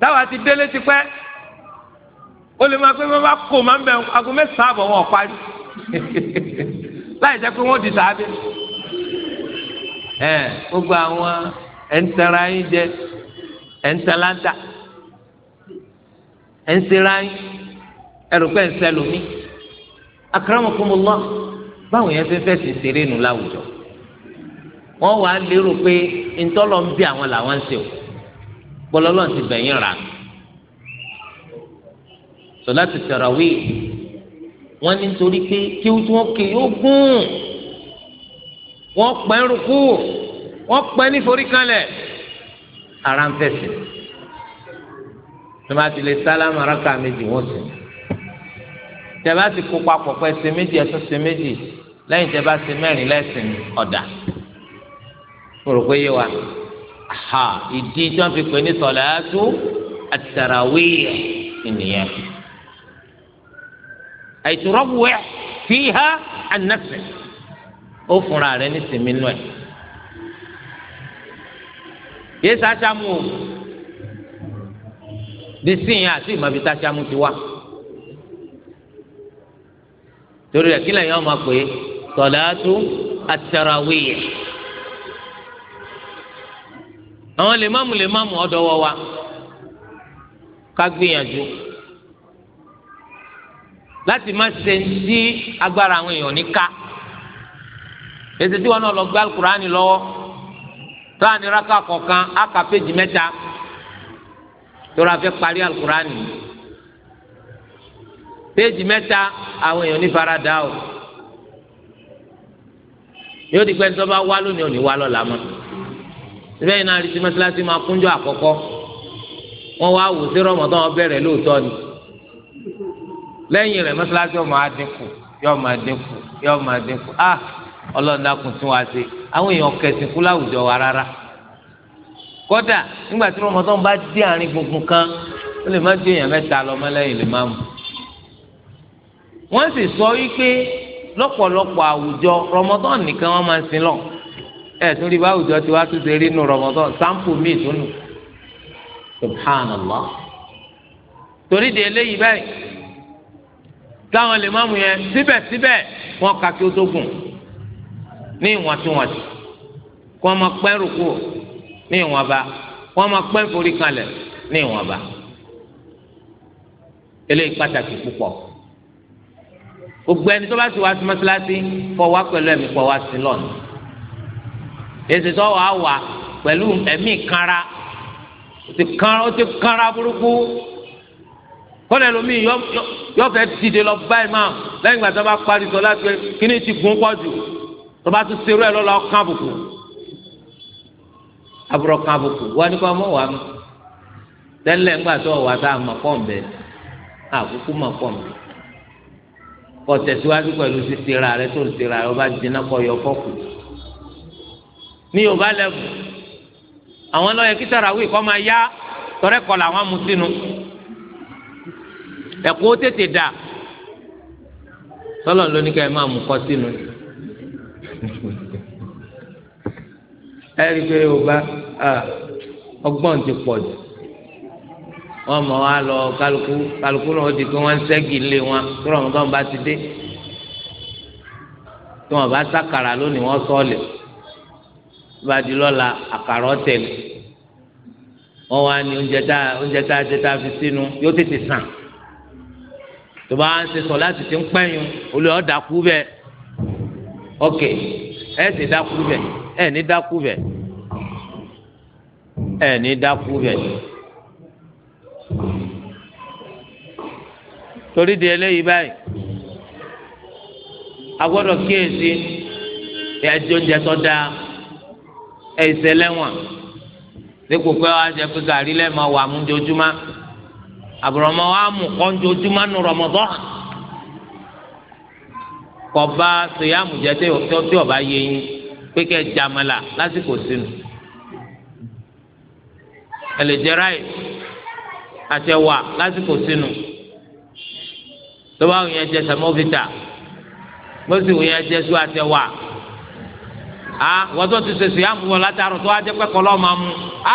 táwa ti délé ti pẹ́ ó lè máa pé bá kó máa ń bẹ̀ aago mẹ́sàn-án àbọ̀ wọn ò parí. <laughs> láì jẹ́ pé wọ́n di sàábé ẹ gbogbo àwọn ẹ̀ńtẹ̀ra yín jẹ ẹ̀ńtẹ̀láńtà ẹ̀ńtẹ̀ra yín ẹ̀rù pé ẹ̀ńtẹ̀lómi akramakumullah báwọn yẹn fẹ́ fẹ́sìn ṣeré nù láwùjọ wọ́n wàá lérò pé ntọ́lọ́ ń bí àwọn làwọn ń ṣe o bọ́lọ́lọ́ ti bẹ̀yìn rà sọ̀látù tarawih wọ́n ní nítorí pé kí wọ́n tí wọ́n kè yóò gùn wọ́n pẹ́ ń rúkú wọ́n pẹ́ ní foríkanlẹ̀ ara ń fẹ̀sìn tọ́ba ti lè sálámà rákà méjì wọ́n sìn tẹ́bá ti kó papọ̀ pẹ́ ṣe méjì ẹ̀sùn ṣe méjì lẹ́yìn tẹ́bá ṣe mẹ́rin lẹ́sìn ọ̀dà rò pé yé wa ìdí tí wọ́n fi pè ní sọ̀lá tó àtàràwé nìyẹn àìtúrọ́wẹ̀ fíhá ànáfẹ̀ ó fúnra rẹ̀ ní sinmi nù ẹ̀ yé sàṣàmù o bí sìn àti ìmọ̀bi sàṣàmù ti wá torí rẹ̀ kí lẹ́yìn ọmọ pé tọ̀láàtú àtàràwíyẹ àwọn lèmọ́mù lèmọ́mù ọ̀dọ́wọ́ wa ká gbìyànjú láti má ṣe ń tí agbára àwọn èèyàn ní ká èsì tí wọn náà lọ gbé alukurani lọ́wọ́ táwọn ìraka kọ̀ọ̀kan aka péjì mẹ́ta tóra fẹ́ parí alukurani péjì mẹ́ta àwọn èèyàn ní farada o yóò di pé ní sọ́ba wá lónìí ò wá lọ́la mọ́ síbẹ̀ yìí náà rí sí mọ́sálásí máa kúnjọ́ àkọ́kọ́ wọ́n wá wò sí rọ́mọ́tọ́ wọn bẹ̀rẹ̀ lóòótọ́ ni lẹ́yìn rẹ̀ mọ́sálásí yóò máa dínkù yóò máa dínkù yóò máa dínkù ah ọlọ́run dákun tún wá sí àwọn èèyàn kẹsìn kú láwùjọ wa rárá kódà nígbà tí rọmọdún bá dé àárín gbùngbùn kan ó lè má ju èèyàn mẹ́ta lọ mọ́lẹ́yìn lè má mú wọ́n sì sọ wípé lọ́pọ̀lọpọ̀ àwùjọ rọmọdún nìkan wọ́n máa ń sin lọ ẹ̀ tún rí bá àwùjọ tí wàá tún ṣe rí nu rọmọdún sáǹpù míì tún nù subhanallah torí de eléyìí báyìí táwọn lè má mu yẹn síbẹ̀síbẹ̀ wọ́n kà kí ó tó gùn ní ìwọ̀ntúnwọ̀nsì kí wọ́n máa pẹ́ rúkú ní ìwọ̀nba kí wọ́n máa pẹ́ forí kalẹ̀ ní ìwọ̀nba eléyìí pàtàkì púpọ̀ gbogbo ẹni tó bá sì wá sí mọ́sálásí kọ́ wá pẹ̀lú ẹ̀mí kọ́ wá sí lọ́nà èsì tó wàá wà pẹ̀lú ẹ̀mí kanra ó ti kanra burúkú kọ́lẹ̀ lomi yọ̀fẹ́ dìde lọ bá imam lẹ́yìn ìgbà tó bá parí sọ láti pé kíní ti gùn pọ̀ jù tó bá tún serú ẹ̀ lọ́la ọ̀kan àbùkù àbúrò kan àbùkù wọ́n ní kọ́ mọ́ wà mí tẹ́lẹ̀ ńgbà tó wà tá a mọ̀ pọ̀nbẹ́ àkókò mọ̀ pọ̀nbẹ́ kọ́ tẹ̀síwájú pẹ̀lú sísera rẹ tó ń sera rẹ ọba jiná kọ́ yọ fọ́kù ní yorùbá lẹ́bù àwọn lọ́yẹ kí tàràwí kọ́ máa yá ẹ̀kọ́ tètè dà sọlọ ló ní ká ẹ máa mú kọ sínú ẹ rí i pé yorùbá ọgbọ́n ti pọ̀ jù wọ́n mọ̀ wá lọ kálukú kálukú náà ti pé wọ́n ń ṣẹ́gi lé wọn tó rọ̀ mọ́tò wọn bá ti dé tí wọ́n bá sàkàrà lónìí wọ́n sọ̀ọ̀lẹ̀ tó bá di lọ́la àkàrà ọ̀tẹ̀lẹ̀ wọ́n wá ní oúnjẹ tá a tá a fi sínú yóò tètè sàn tó bá ń ṣe sọ láti ti ń pẹ́yìn olè ọ́ dákú bẹ́ẹ̀ ok ẹ sì dákú bẹ́ẹ̀ ẹ ní dákú bẹ́ẹ̀ ẹ ní dákú bẹ́ẹ̀ torí di eléyìí báyìí a gbọ́dọ̀ kíyèsí ẹ jẹ oúnjẹ tó dáa ẹ ìṣẹlẹ wọn dípò pé wàá jẹ pé gàrí lẹẹma wà mú ojoojúmọ́ àbùrọ̀mọ wa mú kọ́njojúmọ́ nu Ramadan kọba sèyàmù jẹ tí ọba yẹ yín pé kẹ jàmàlà lásìkò sínú ẹ lè jẹ ráì àtẹwà lásìkò sínú lọ́wọ́ àwọn yẹn jẹ sàmóvita mọ́sí wọ́n yẹn jẹ sùn àtẹwà a ah, wọ́n ti sèso yàmù wọ́n látàrọ̀ tó wá jẹ́ pẹ́ kọ́ a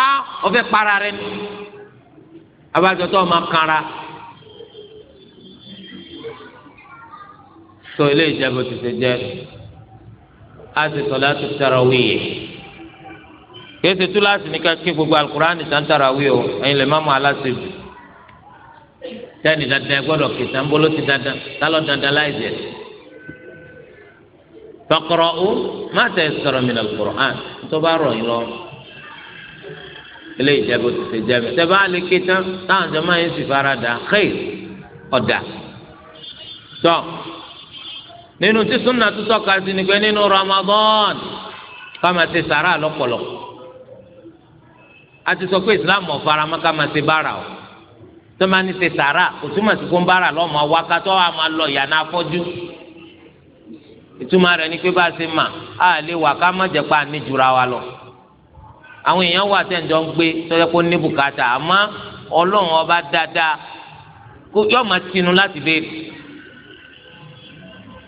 ah, ọ̀fẹ́ para abájọ tó máa kanra tó ilé ìjẹbù ti ṣe jẹ a ti sọlá tó tarawih kéésì túláàsì ní kí gbogbo alukur'an ní sàn tarawih o ẹ̀yin lè má mú aláṣẹ bù tẹ́ni dandan gbọ́dọ̀ kì í sàn bolo ti dandan tálọ́ dandan láì jẹ tọkọrọ o má tẹ sọ̀rọ̀ mi lọ alukur'an tó bá rọ̀ yín lọ eléyìí jẹ́ bó ti ṣe jẹ́ mi tẹ́ bá lè ké tán táwọn jọ máa ń sì fara dà xèé ọ̀dà tọ́ nínú tí súnà tó tọ́ka sí ni pé nínú Ramadan ká máa ṣe sàrà lọ́pọ̀lọ́ a ti sọ pé Islam ọ̀farama ká máa ṣe bára o tó máa ní ṣe sàrà kò túmọ̀ sí fún bára lọ́mọ wákàtọ́ wa máa lọ ìyànà afọ́jú ìtumọ̀ rẹ̀ ni pé bá a ṣe mà á lè wà ká má jẹ́ pa àníjura wa lọ àwọn èèyàn wà tẹ̀jọ́ ń gbé tọ́jọ́ pé ó ní bùkátà àmọ́ ọlọ́run ọba dáadáa kó yọ máa tinú láti béèrè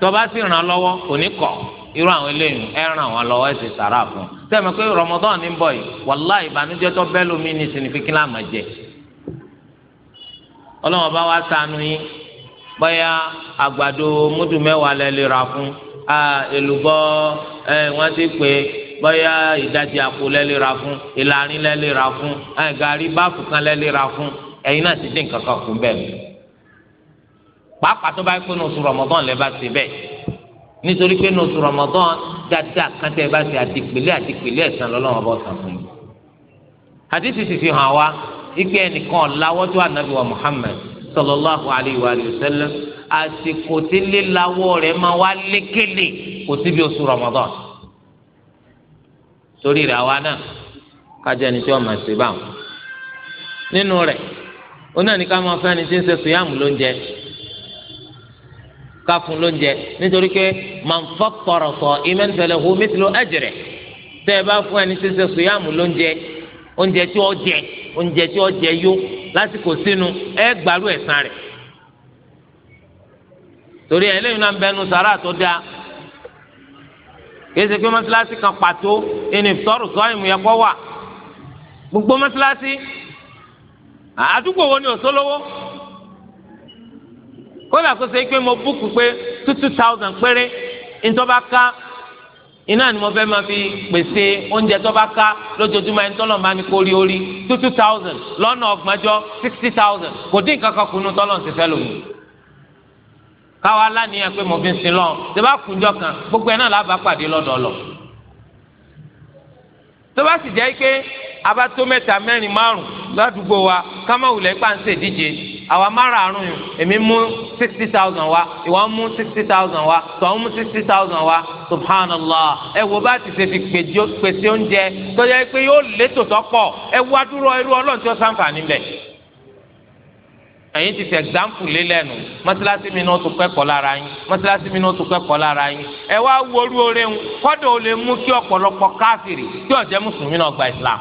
tọba sì ràn lọ́wọ́ kò ní kọ̀ irú àwọn eléyìí ẹ ràn wọn lọ́wọ́ ẹ sàrà fún un pé Ramadan ní bọ̀ yìí wàláhì ìbànújẹ́ tó bẹ́ẹ̀ lómi ní sinmi pé kí láà máa jẹ ọlọ́run ọba wa ṣàánú yín bóyá àgbàdo múdù mẹ́wàá lẹ́ lè ra fún ah, èlùbọ́ ẹ̀ wọ́n ti pè é bóyá ìdajì àpò lẹ́lẹ́ra fún ìlàrin lẹ́lẹ́ra fún gàrí báàfù kan lẹ́lẹ́ra fún ẹ̀yin náà ti dín nǹkan kan kún bẹ́ẹ̀ pàápàá tó bá pé ní oṣù rọmọdán lẹ bá ṣe bẹ́ẹ̀ nítorí pé ní oṣù rọmọdán dáadáa kan tẹ bá ṣe àdìpẹ̀lẹ́ àdìpẹ̀lẹ́ ẹ̀san lọ́lọ́wọ́ bọ́ sàn fún yín àdìsí sì fi hàn wá ike ẹnìkan lawọ́ ànábì wa Muhammad sallallahu alayhi wa sallam àsìkò tí lílawọ́ rẹ̀ máa wá lékele kò síbi oṣù rọmọdán torí rẹ̀ àwa náà kájẹ́ ẹni tí wọ́n máa ṣe báwọn. nínú rẹ̀ ó náà ní ká máa fẹ́ ẹni tí ń ṣe sùyàmù lóúnjẹ ká fún lóúnjẹ nítorí pé màá fọ́ pọ̀rọ̀pọ̀ ìmẹ́nifẹ̀lẹ̀ hu mithlu ajri tẹ́ ẹ bá fún ẹni tí ń ṣe sùyàmù lóúnjẹ oúnjẹ tí ó jẹ oúnjẹ tí ó jẹ yó lásìkò sínú ẹ gbàlú ẹ̀san rẹ̀ torí ẹ̀ lẹ́yìn náà ń bẹnu sàrà tó dáa kéésì pé mọ́sálásí kan pàtó ẹni sọ́ọ̀rù sọ́ọ̀mù yẹn kọ́ wà gbogbo mọ́sálásí àdúgbò wo ni òṣòlówó kódà kó ṣe pé mo búkù pé two two thousand péré ntọ́ba ká iná ni mo fẹ́ máa fi pèsè oúnjẹ tọ́ba ká lójoojúmọ́ ẹni tọ́lọ̀ máa ní kó orí two two thousand lọ́nà ọgbọ́njọ́ sixty thousand kò dín nǹkan kan kunu tọ́lọ̀ ń ṣe fẹ́ lòun. káwa aláníyàn pé mo fi ń sin lọ tó bá kan gbogbo ẹ náà lábàá pàdé lọ tó bá sì jẹ́ pé abató mẹ́ta mẹ́rin márùn ládùúgbò wa kámáwùlẹ̀ ipá ń ṣèdíje àwa márààrún yìí èmi mú sixty wa ìwà mú sixty wa tọ́hún mú sixty wa subhanallah ẹ wo bá ti ṣe fi pèsè oúnjẹ tó yẹ pé yóò ẹ wá dúró irú ọlọ́run tí ó sàǹfààní ẹ̀yin ti fi ẹ̀gbáǹpù lé lẹ́nu mọ́sálásí mi náà tún kẹ́kọ̀ọ́ lára yín mọ́sálásí mi náà tún kẹ́kọ̀ọ́ lára yín ẹ wá worú oore ń kọ́dọ̀ ò lè mú kí ọ̀pọ̀lọpọ̀ káfìrì kí ọ̀jẹ́ mùsùlùmí náà gba islam.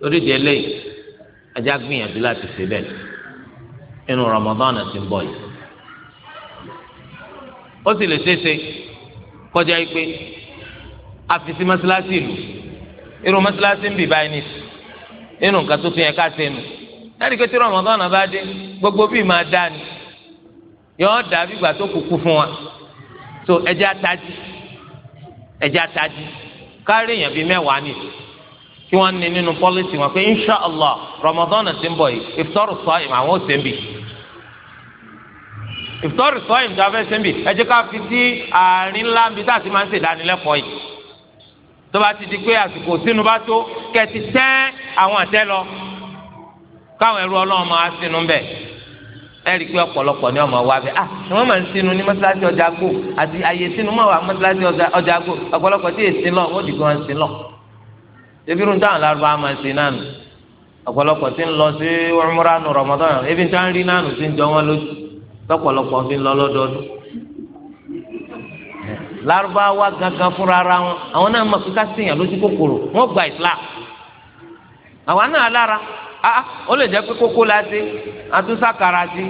torí di eléyìí ajá gbìyànjú láti ṣe bẹ́ẹ̀ nínú Ramadan ti ń bọ̀ yìí. ó sì lè ṣeéṣe kọjá yìí pé a fi sí mọ́sálásí ìlú irú mọ́sálásí ń bì báyìí nínú nǹkan tó fi yẹn ká ṣe nù láti pé tí rọmọdọ́nà bá dé gbogbo bíi máa dá ni yọ̀ọ́ dàbí ìgbà tó kúkú fún wa so ẹja tají ẹja tají kárí èèyàn bíi mẹ́wàá ni kí wọ́n ní nínú pọ́lísì wọn pé insha allah rọmọdọ́nà ti ń bọ̀ yìí ìfitọ́rù sọ ìmọ̀ àwọn ò sẹ́ńbì ìfitọ́rù sọ ìmọ̀ àwọn ò sẹ́ńbì ẹ jẹ́ ká fi sí àárín ńlá bíi tá a ti máa ń ṣèdánilẹ́kọ̀ọ́ yìí tó bá ti di pé àsìkò sínú bá tó kẹ́ ti tẹ́ àwọn àtẹ́ lọ káwọn ẹrú ọlọ́run máa sínú bẹ́ẹ̀ ẹ̀rí pé ọpọlọpọ ni ọmọ wa bẹ́ẹ̀ ah ni wọ́n máa ń sínú ní ọjà àgò àti àyè sínú mọ́ wa ọjà àgò ọ̀pọ̀lọpọ̀ tí èsì lọ wọ́n sí lọ. ebi irun táwọn máa tí ń lọ sí ọmúra nù Ramadan ebi tá ń rí sí ń jọ gangan fúnra ara wọn àwọn náà lójú kòkòrò gba ìsìlá náà Ah, ah ó lè jẹ́ pé kókó la ṣe àtúnṣàkàrà sí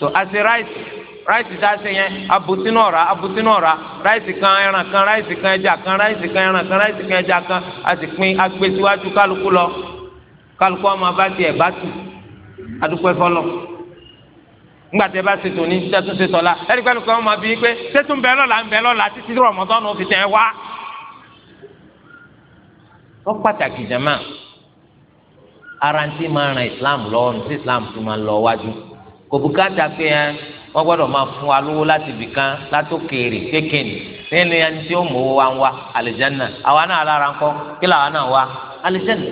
so ase ráìsì ráìsì tá a yẹn abuti ọ̀rá abuti ọ̀rá ráìsì kan ẹran kan ráìsì kan ẹja kan ráìsì kan ẹran kan ráìsì kan ẹja kan Ati sì pín agbésíwájú kálukú lọ kaluku ọmọ bá tiẹ̀ bá tù adúpẹ́ fọlọ́ ngba tẹ bá ṣètò ní tẹtún ṣètò la ẹni pẹ́ nìkan ọmọ bíi pé tẹtún bẹ lọ́la ń bẹ lọ́la títí rọmọdọ́nù fi tẹ wá. wọ́n pàtàkì jama ara ti ma ran islam lọ ní islam ti ma lọ wájú kò bùkátà pé ẹ wọ́n gbọ́dọ̀ máa fún wa lówó láti ibìkan látòkèèrè kékeré nínú ẹni tí ó mú owó wa ń wá àlìjánà àwa náà lára ńkọ́ kí làwa náà wá àlìjánà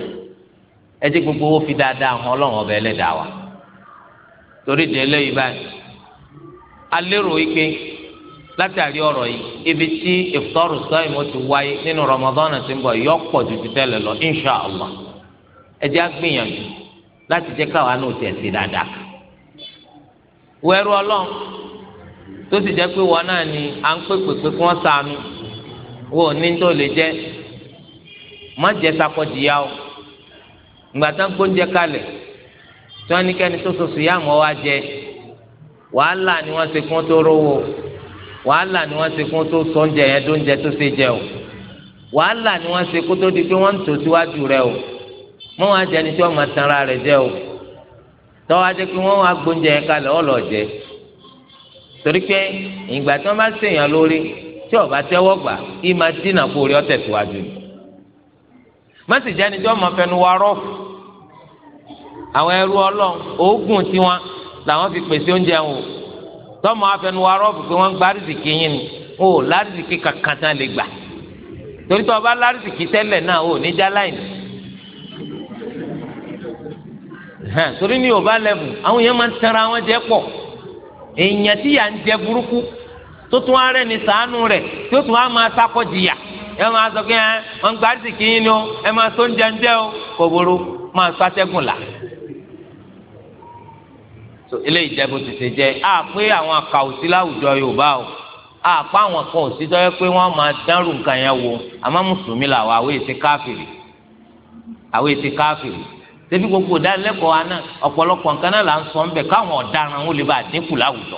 ẹ jẹ́ gbogbo owó fi dáadáa hàn torí báyìí ike látàrí yìí ibi tí ti wáyé nínú ti ń yọ pọ̀ ju ẹ jẹ́ àgbìyànjú láti jẹ́ káwa náà tẹ̀ sí dáadáa wọ ẹrú ọlọ́run tó sì jẹ́ pé wọn náà ni à ń pèpè pé kí wọ́n sànù wọn ò ní tó lè jẹ́ má jẹ́ sakọ́jìyà o ìgbà tán gbóúnjẹ kalẹ̀ tí wọ́n ní kẹ́ni tó so sùyàmù ọ wá jẹ wàhálà ni wọ́n ṣe kí tó rówó wàhálà ni wọ́n ṣe kó tó sọ oúnjẹ yẹn tó oúnjẹ tó ṣe jẹ o wàhálà ni wọ́n ṣe kó tó di pé wọ́n ń tò síwájú rẹ o mọ́ wá jẹ ẹni tí wọ́n máa tan ara rẹ̀ jẹ o tọ́wọ́ adé pé wọ́n wá gbóúnjẹ yẹn kalẹ̀ ọ̀lọ́ jẹ torí pé ìgbà tí wọ́n bá ṣèyàn lórí tí ọba tẹ́wọ́ gbà kí máa dínà kó rí ọ̀tẹ̀ síwájú ni má sì jẹ́ ẹni tí wọ́n máa fẹnu wa rọ́ àwọn ẹrú ọlọ́run òógùn tiwọn làwọn fi pèsè oúnjẹ wọn o tọ́mọ afẹnuwa rọ́ọ̀bù pé wọ́n gba rìsìkì yín ni o lárìsìkì kankan tán lè gbà torí tọ́ ọba lárìsìkì tẹ́lẹ̀ náà o níjà láìní hàn torí ní yorùbá lẹ́bù àwọn èèyàn máa ń tẹ̀ra wọn jẹ pọ̀ èèyàn tí yà ń jẹ burúkú tó tún arẹ ní sàánú rẹ̀ tó tún á máa sakọ jìyà ẹ máa sọ pé ẹ wọn gba àrísìkì yín ni ó ẹ máa sọ ń jẹ ó kòboro máa sọ atẹ́gùn là. so eléyìí jẹ́ bó ti jẹ́ a pé àwọn àkàòsí láwùjọ yorùbá o a pa àwọn kan òsì tó yẹ pé wọ́n máa dánrù nǹkan yẹn wò àmọ́ mùsùlùmí làwọn àwọn èsì káfìrì àwọn èsì káfìrì ṣebí gbogbo ìdánilẹ́kọ̀ọ́ wa náà ọ̀pọ̀lọpọ̀ nǹkan náà là ń sọ ńbẹ káwọn ọ̀daràn wọn lè bá dínkù láwùjọ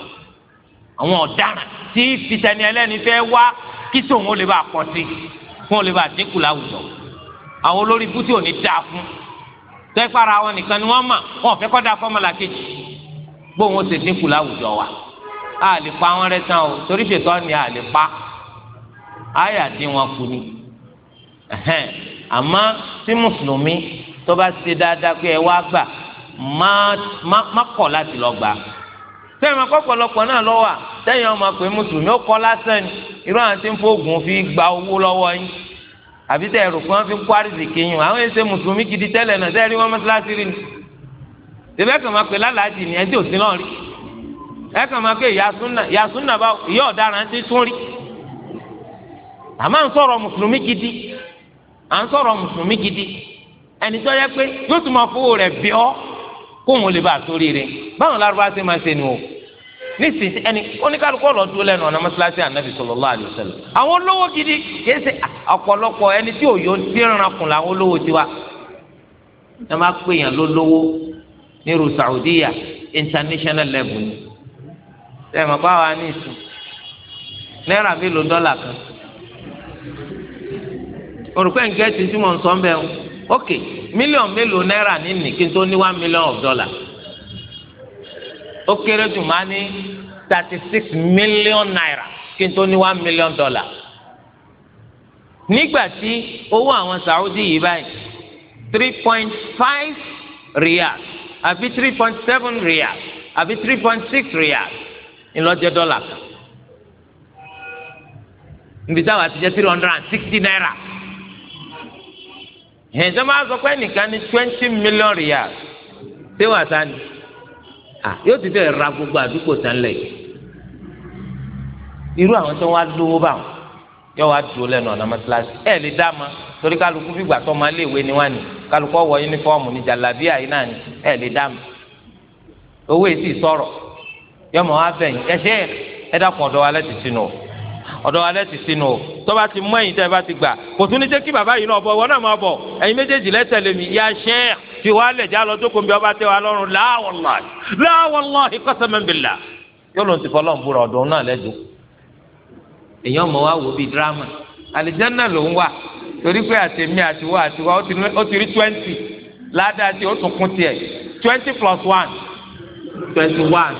àwọn ọ̀daràn tí fìtẹ́ni ẹlẹ́ni fẹ́ wá kí sóun ó lè bá pọ̀ sí fún ó lè bá dínkù láwùjọ àwọn olórí bútí ò ní dáa fún tẹ́pára wọn nìkan ni wọ́n mà wọn ò fẹ́ kọ́ da fọ́mọlà kejì gbóhùn ó ṣe dínkù láwùjọ wa a lè pa wọn rẹ tán o torí ṣètò ni a lè pa àyà dín wọn kù ni àmọ́ tí mùsùlùmí tó bá ṣe dáadáa pé ẹ wá gbà má kọ̀ láti lọ gbà sẹ́yìn máa kọ́pọ̀lọpọ̀ náà lọ́wọ́ à sẹ́yìn ọmọ pé mùsùlùmí ó kọ́ lásán ni irú àwọn tí ń fóògùn fi gba owó lọ́wọ́ yín àbí tẹ̀ ẹ̀rù kan fi ń kó àrísìkí yín àwọn èsè mùsùlùmí gidi tẹ́lẹ̀ náà sẹ́yìn wọn mọ́tíláṣí rí ni tẹ̀lé kàn máa pè lálàájì ni ẹ̀ńtí òsín náà rí ẹ kàn máa pè yasúnà bá ìyá ọ̀daràn ti tún rí àmọ́ à ń sọ̀rọ̀ mùsùlùmí gidi à ń sọ̀rọ̀ mùsùlùmí gidi ẹni tó yẹ pé yóò tún máa fowó rẹ̀ bí ọ́ kó òun lè bá a sórí rẹ̀ báwọn lárúbá ṣe máa ṣe ni o nísìsiyìí ẹni oníkálukú ọ̀rọ̀ dúró lẹ́nu ọ̀nà mọ́ṣáláṣí ànábì sallallahu alaihi wasallam àwọn olówó gidi kìí ṣe ọ̀pọ̀lọpọ̀ ẹni tí òyò ti ràn kùn làwọn olówó tiwa ẹ máa pè yàn lólówó nírú Saudiya international level ṣe é mọ̀ pé àwa ní ìsìn náírà mélòó dọ́là kan òrùkọ́ ẹ̀ ń gẹ́sì tí mò ń sọ ń bẹ̀ ok million mélòó náírà nínú kí n tó ní one million of dollar ó kéré jù máa ní thirty six million naira kí n tó ní one million dollar nígbà tí owó àwọn Saudi yìí báyìí three point five riyal àbí three point seven riyal àbí three point six riyal ńlọjẹ dọ́là kan nbí táwa ti jẹ́ three hundred and sixty naira ẹ̀ ṣe máa sọ pé ẹnìkan ní twenty million riyal ṣé wàá ta ni yóò ti fẹ́ ra gbogbo àdúgbò tán lẹ̀ irú àwọn tó wá lówó báwọn yóò wá dúró lẹ́nu ọ̀nà mọ́tíláṣí ẹ̀ lè dá ma torí kálukú fìgbà tó máa léèwé ni wá ní kálukú ọwọ́ yúnífọ́ọ̀mù ní jàlábíà yìí náà ní ẹ̀ lè dá ma owó èsì sọ̀rọ̀ yọmọ wa bẹ̀yìn ẹ̀ṣẹ́ ẹ̀dá kan ọ̀dọ́ wa lẹ́tì sínú o ọ̀dọ̀ alẹ́ ti sinú o tọ́ba ti mú ẹ̀yìn tẹ́ ẹ bá ti gbà kò tún ní jẹ́ kí bàbá yìí náà bọ̀ wọ́n náà máa bọ̀ ẹ̀yin méjèèjì lẹ́tẹ̀lé mi ya sheikh fi wá lẹ̀ já lọ jókòó mi ọba tẹ wa lọ́rùn la wallahi la wallahi yóò lóun ti fọ́ búra ọ̀dọ̀ náà lẹ́dùn èèyàn mọ̀ wá wò bíi dírámà àlìjáná lòún wà torí pé àtẹ̀mí àtiwọ́ àtiwọ́ ó ti rí twenty ládàá tí ó tún kún tiẹ̀ twenty plus one twenty one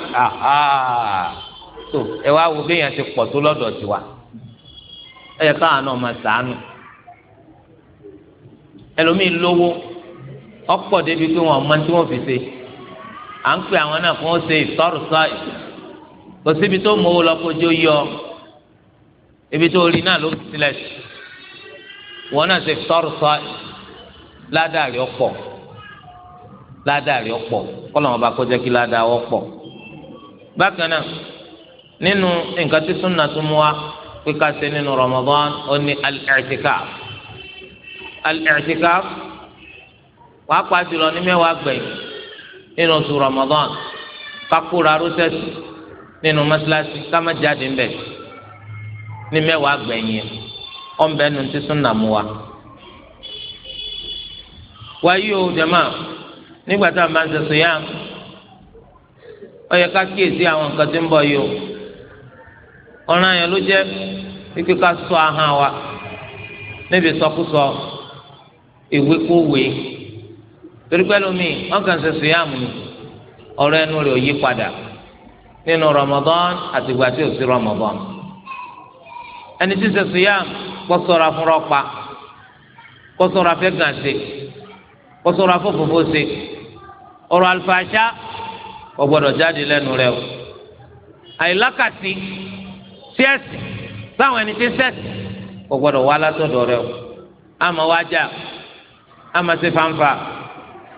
so ẹ wá wo béèyàn ti pọ̀ tó lọ́dọ̀ tiwa ẹ yẹ káwọn náà máa sàánù ẹlòmíì lówó ọ̀pọ̀ débi pé wọn mọ tí wọn fi ṣe à ń pè àwọn náà fún ó ṣe ìtọ́rù sọ́ọ̀ì kò síbi tó mọ owó lọ́kọ́jọ́ yọ ibi tó rí náà ló tilẹ̀ sí wọn náà ṣe ìtọ́rù ládàrí ọ̀pọ̀ ládàrí ọ̀pọ̀ kọ́ làwọn bá kọjá kí ládàá ọ̀pọ̀ bákan náà nínú nǹkan tí súnà tún mú wa pé ká ṣe nínú Ramadan ó ní al-i'tikaf al-i'tikaf wàá pa jùlọ ní mẹ́wàá gbẹ̀yìn nínú oṣù Ramadan kakura rosẹsì nínú mọ́ṣáláṣí kámájáde ńbẹ ní mẹ́wàá gbẹ̀yìn ọ̀nbẹ nu ti súnà mú wa. wáyé o jama nígbà tá a máa ń sẹ̀sọ̀ yá ọ yẹ ká kíyèsí àwọn nǹkan tí ń bọ̀ yìí o ọ̀ràn yẹn ló jẹ́ wípé ká ṣọ́ ahọ́n wa níbi sọkúsọ ìwé kó wé torí pẹ́ lómi wọ́n kàn ṣe sùyàmù ni ọ̀rọ̀ ẹnu rẹ̀ ò yí padà nínú Ramadan àtìgbà tí ò sí Ramadan ẹni tí ń ṣe sùyàmù kó ṣọ́ra fúnra pa kó ṣọ́ra fẹ́ gàn ṣe kó ṣọ́ra fófófó ṣe ọ̀rọ̀ àlùfàṣà kò gbọdọ̀ jáde lẹ́nu rẹ̀ o àìlákàtí. sí ẹ̀sìn báwọn ẹni tí ń sẹ̀sìn kò gbọdọ̀ wá látọ̀dọ̀ rẹ o àmọ́ wá jà àmọ́ sí fanfa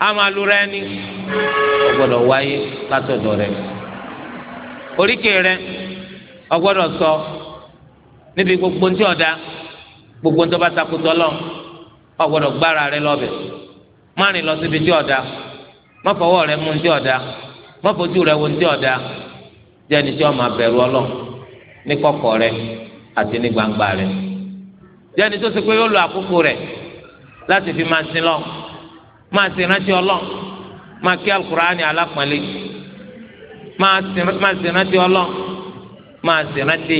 àmọ́ alúra ẹni kò gbọdọ̀ wáyé látọ̀dọ̀ rẹ oríkèé rẹ o gbọdọ̀ sọ níbi gbogbo ntí ọ̀dà gbogbo lọ gbọdọ̀ gbára rẹ lọ́bẹ̀ lọ síbi tí rẹ mú ntí rẹ wo ntí ní kọ̀kọ̀ rẹ̀ àti ní gbangba rẹ̀ jẹ́ni tó ṣe pé yóò lo àkókò rẹ̀ láti fi máa sin lọ máa sin rántí ọlọ máa kí alukur'ani alápọ̀nlé máa sin rántí ọlọ máa sin rántí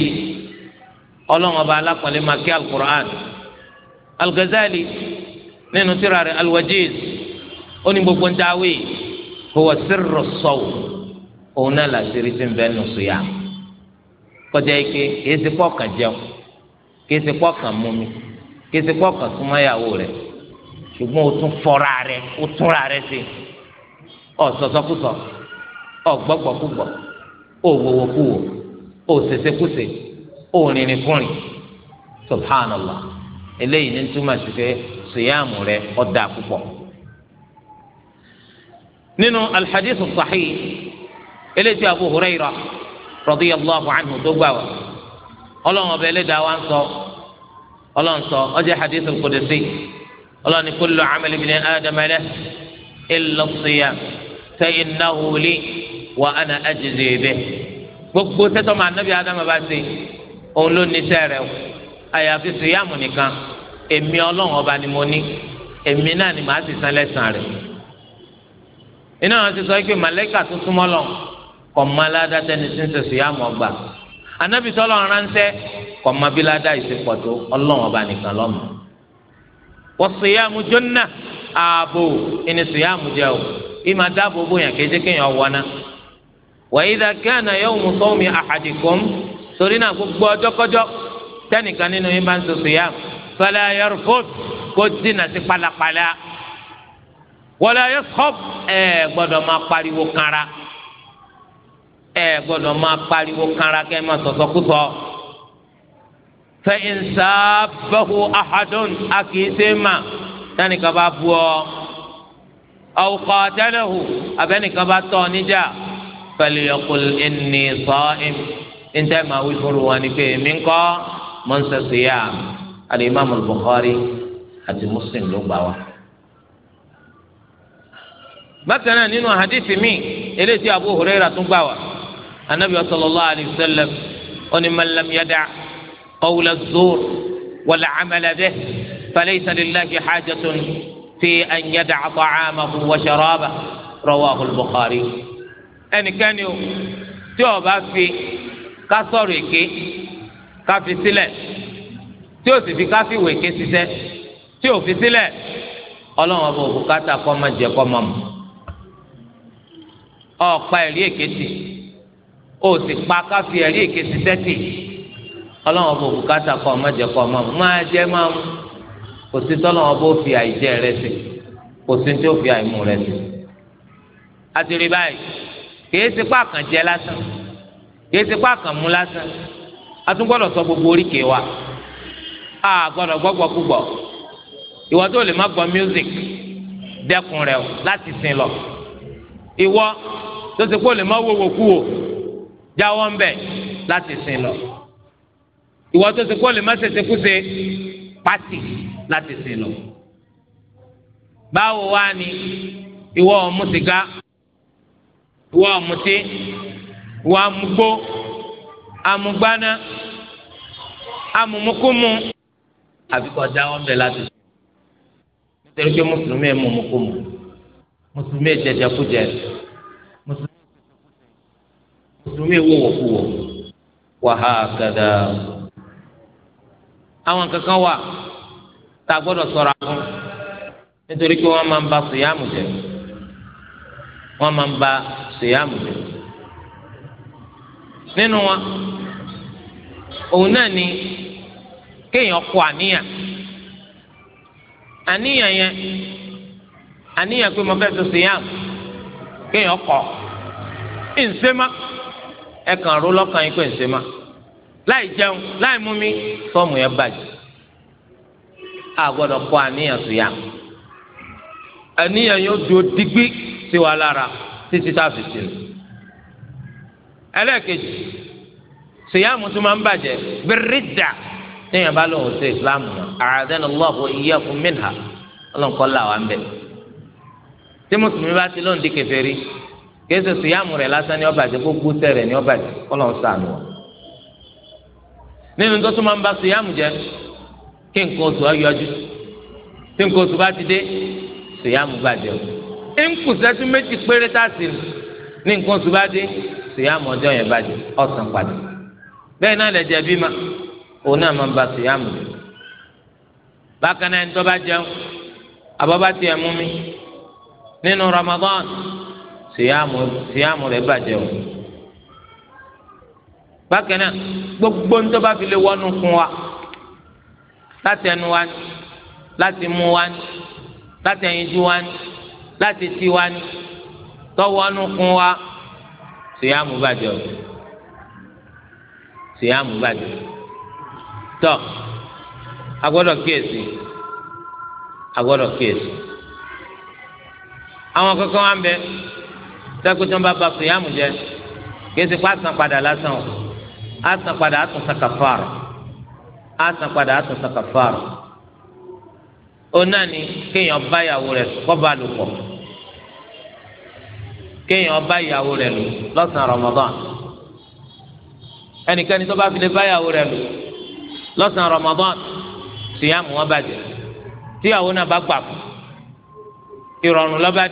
ọlọ́wọ́n ọba alápọ̀nlé máa kí alukur'ani Al-Ghazali nínú tírà rẹ̀ al gbogbo ntaawe huwa sirru sọ̀wọ́ òun náà làṣírí sí nbẹ́nu sùyà. So kọjá ike kìí ṣe pọ́ kàn jẹun kìí ṣe pọ́ kàn mumi kìí ṣe pọ́ kàn súnmọ́yàwó rẹ̀ ṣùgbọ́n o tún fọ́ra rẹ̀ o túnra rẹ̀ sí ọ sọsọkúsọ ọ gbọgbọkúgbọ ọ rìnrìnkùnrin subhanallah eléyìí túmọ̀ sí pé rẹ̀ púpọ̀ Abu Hurairah. radiyallahu anhu tó gbà wá ọlọ́run ọbẹ̀ ẹlẹ́dàá wa ń sọ ọlọ́run sọ ọjọ́ hadith al ọlọ́run kullu amal a adam lahu illa as-siyam fa innahu li wa ana ajzi gbogbo sẹ́tọ́ máa nábì ádámù bá ṣe òun ló ní sẹ́rẹ̀ o àyàfi nìkan èmi ọlọ́run ọba ni mo ní ni màá lẹ́sàn rẹ̀ iná wọn ti kọ̀ọ̀mọ́ aládá tẹni tí ń sẹ̀ sùn yá mọ̀ gbà anabi sọlọ ránṣẹ́ kọ̀ọ̀mọ́ bí ládá ìsìnkọ̀tò ọlọ́run ọba nìkan lọ́mọ. wọ́n sùn yá mu jọ́nà ààbò ìní sùn yá mu jẹ́ o ìmọ̀ dáàbò bóyá kéjé kéèyàn wọná. wàyí dà kẹ́hìn yóò mú sọ́wọ́mi àhàdìkọ́m torí náà gbogbo ọjọ́kọ́jọ́ tẹ́nìkan nínú yín bá ń sọ̀sọ̀ yá fẹlẹ́ ayọ́rọ̀ ẹ gbọ́dọ̀ máa pariwo kanra kẹ́ máa sọ̀sọ̀ kúsọ. fa in sabahu ahadun a kì í ṣe mà sẹ́nìkan bá bu ọ. aw qatalahu abẹ́nìkan bá tọ̀ níjà falyaqul inni sa'im níta máa wí fún wọn ni pé èmi ń kọ́ mọ́ yá al bukhari àti Muslim ló gbà wá. bákan náà nínú hadith mi eléyìí tí Abu Hurairah tún gbà wá anabi sallallahu alayhi wa sallam oni man lam yada qawla zuur wala camala bih falaysa lillahi xaajatun fi an yadaca tacaamahu wa sharaaba rawahu lbukhari ẹnikẹ́ni o tí ó bá fi ká sọ̀rọ̀ èké ká fi sílẹ̀ tí ó sì fi ká fi wèké ṣiṣẹ́ tí ó fi sílẹ̀ ọlọ́run ọba òkú káta kọ́ máa jẹ kọ́ máa mọ̀ ọ̀pá ẹ̀rí èké tì í o sì pa káfí ẹ̀rí èké ti sẹ́tì ọlọ́run ọba òbúkátà kọ́ ọ má jẹ́ kọ́ ọ má mu máa jẹ́ máa mu kò sí tọ́lọ́run ọba ó fi àìjẹ rẹ sí kò sí tí ó fi àìmu rẹ sí. àtìrí báyìí kìí ti pa jẹ lásán kìí ti pa àkàn lásán a sọ gbogbo oríkèé wa a gbọ́dọ̀ gbọ́gbọ́ púpọ̀ ìwọ tó lè má gbọ́ music dẹ́kun rẹ láti sin lọ ìwọ tó ti kó lè má wọ́wọ́ kú o jáwọ́ ń bẹ̀ láti sìn lọ ìwọ tó ti kó lè má ṣèṣe kúṣe pátì láti sìn lọ báwo wá ni ìwọ ọmú sìgá ìwọ ọmútí ìwọ amúgbó amúgbáná amumukumu àbí kò jáwọ́ ń bẹ̀ láti sìn nítorí pé mùsùlùmí ẹ̀ mú mukumu mùsùlùmí ẹ̀ jẹjẹ kú jẹ. mùsùlùmí m ewu kú wò àwọn kankan wa tá a gbọ́dọ̀ ṣọ́ra fún nítorí pé wọ́n máa ń ba sùyàmù jẹ́ wọ́n máa ń ba sùyàmù jẹ nínú wa òun náà ni kéèyàn kó àníyàn àníyàn yẹn àníyàn pé mo fẹ́ sọ kéèyàn ẹ kàn ró lọ́kàn yín pé ń ṣe má láì jẹun láì mú mi fọ́ọ̀mù yẹn bàjẹ́ a gbọ́dọ̀ kọ́ àníyàn sí ya àníyàn yóò dúró digbí sí wa lára títí tá a fi sinmi ẹlẹ́ẹ̀kejì sèyáàmù tó máa ń bàjẹ́ bírídà téèyàn bá lóun ṣe ìsìláàmù náà àràdẹ́nu lọ́ọ̀kọ́ iye fún mìíràn ọlọ́nkọ́ là wà ń bẹ̀ tí mùsùlùmí bá ti lóun di kèfèrí kéésì sùyàmù rẹ̀ lásán ní ó bàjẹ́ gbogbo tẹ̀rẹ̀ ní ó bàjẹ́ Ọlọ́run ṣàánú wa. nínú tó tún máa ń ba sùyàmù jẹ́ kí nǹkan oṣù ọyọjú tí nǹkan oṣù bá ti dé sùyàmù bàjẹ́ o nkù sẹ́tú méjì péré tá a sì ní nǹkan oṣù bá dé sùyàmù ọjọ́ yẹn bàjẹ́ ọ̀sán padà bẹ́ẹ̀ náà lẹ́jẹ̀ bí ma òun náà máa ń ba sùyàmù jẹ́ bákan náà ẹni tó bá jẹun àbọ̀ bá tiẹ̀ mú mi nínú Ramadan síyáàmù síyáàmù rẹ̀ bàjẹ́ o bákan náà gbogbo ń tó bá fi lè wọnú fún wa láti ẹnu wa ni láti mú wa ni láti ẹyinjú wa ni láti ti wa ni tọwọnú fún wa síyáàmù bàjẹ́ o síyáàmù bàjẹ́ tọ agbọ́dọ̀ kíyèsí agbọ́dọ̀ kíyèsí àwọn kankan wa ń bẹ sẹ́kùtì wọn bá ba sùyàmù jẹ kéésì kó àsàn padà lásán o àsàn padà àtún sàkàfàrọ̀ àsàn padà àtún sàkàfàrọ̀ onáni kéèyàn bá ìyàwó rẹ̀ kọ́ bá lò pọ̀ kéèyàn bá ìyàwó rẹ̀ lò lọ́sàn-án Ramadan ẹnikẹ́ni tó bá fi lè bá ìyàwó rẹ̀ lò lọ́sàn-án Ramadan sùyàmù wọn bàjẹ́ tíyàwó náà bá gbà kú ìrọ̀rùn lọ́ba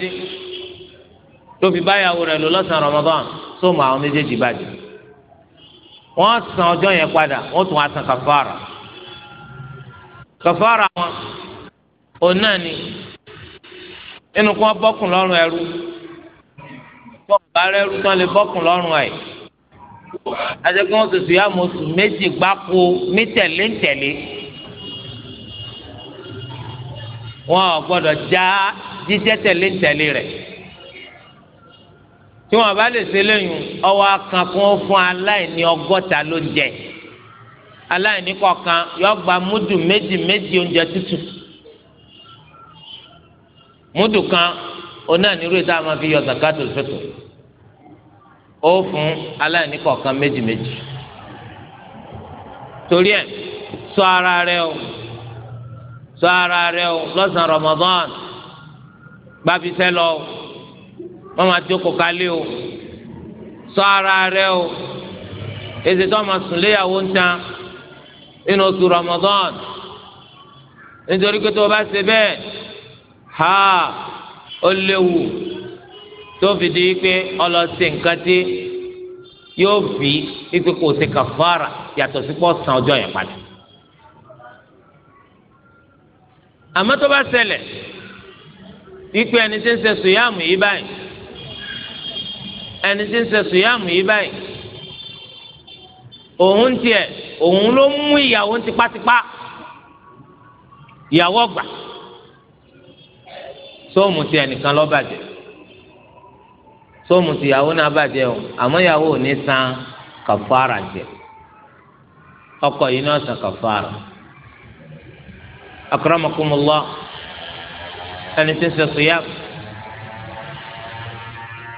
tó fi báyàwó rẹ̀ lò lọ́sàn-án Ramadan sóòmù àwọn méjèèjì bàjẹ́ wọ́n san ọjọ́ yẹn padà wọ́n tún wá san kàfàrà kàfàrà wọn òun náà ni inú kí wọ́n bọ́kùn lọ́rùn ẹrú tó ń bá rẹ́rú tán lè bọ́kùn lọ́rùn ẹ̀ àti kí wọ́n sòsò yá mọ̀ọ́sù méjì gbáko ní tẹ̀lé ní tẹ̀lé wọ́n gbọ́dọ̀ já jíjẹ́ tẹ̀lé tẹ̀lé rẹ̀ tí wọn bá lè ṣe lẹ́yìn ọwọ́ akankun fún aláìní ọgọ́ta ló jẹ aláìní kọ̀ọ̀kan yọ gba múdù méjì méjì oúnjẹ tútù múdù kan onánirú ìta máa fi yọ zakatul fitr ó fún aláìní kọ̀ọ̀kan méjì méjì torí ẹ ṣọ́ ara rẹ o ṣọ́ ara rẹ o lọ́sàn-án Ramadan gbàbíṣẹ́ lọ o wọn máa jókòó kálí o sọ ara rẹ o èsì tó máa sùn léyàwó ń tan nínú oṣù Ramadan nítorí pé tó o bá ṣe bẹ́ẹ̀ ha ó léwu tó fi di pé ọlọ́sìn nǹkan tí yóò fi ipe kò ṣe kàfàrà yàtọ̀ sí pọ̀ san ọjọ́ yẹn padà. àmọ́ tó bá ṣẹlẹ̀ ipe ẹni tí ń ṣe sùyàmù yìí báyìí ẹni tí ń ṣe sùyàmù yìí báyìí òun tiẹ̀ òun ló mú ìyàwó tipátipá ìyàwó ọgbà sóòmù tiẹ̀ nìkan ló bàjẹ́ sóòmù tìyàwó náà bàjẹ́ o àmọ́ ìyàwó ò ní san kàfàrà jẹ ọkọ yìí náà san kàfàrà akramakumullah ẹni tí ń ṣe sùyàmù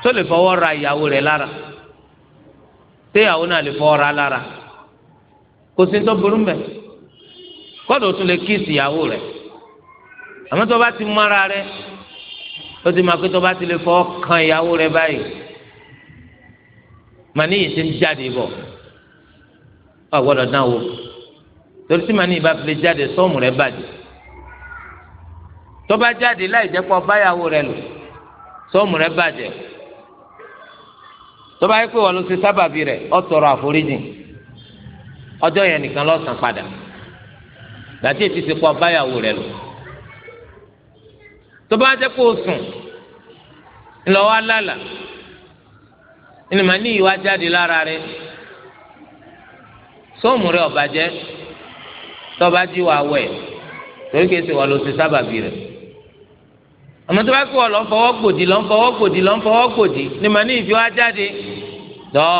tó lè fọwọ́ ra ìyàwó rẹ̀ lára téyàwó náà lè fọwọ́ ra lára kò sí tó burú mẹ́ kọ́dọ̀ tún lè kíìsì ìyàwó rẹ̀ àmọ́ tó bá ti mọ́ra rẹ̀ ó ti máa pé tó bá ti lè fọwọ́ kan ìyàwó rẹ̀ báyìí màníyì ti ń jáde bọ̀ ọ gbọ́dọ̀ dán wò torí tí màníyì bá fi lè jáde sọ́ọ̀mù rẹ̀ bàjẹ́ tó bá jáde láì jẹ́ pọ̀ báyàwó rẹ̀ lò sọ́ọ̀mù rẹ̀ bàjẹ́ tó bá yẹ pé wọn ló ṣe sábàbí rẹ̀ ọ tọrọ àforíjì ọjọ́ yẹn nìkan ló san padà gàtí ètí ti pọ báyàwó rẹ̀ lò tó bá jẹ́ pé o sùn ńlọwọ alálà ìnìmọ̀ ní ìwà jáde lára rẹ̀ sóòmù rẹ̀ ọ̀bàjẹ́ tó jí wàá wẹ̀ torí kìí ṣe wọn ló ṣe sábàbí rẹ̀ àmọ́ tó bá kó ọ lọ ń fọwọ́ gbòdì lọ ń fọwọ́ gbòdì lọ ń fọwọ́ gbòdì ni màá ní ìfi wá jáde tọ́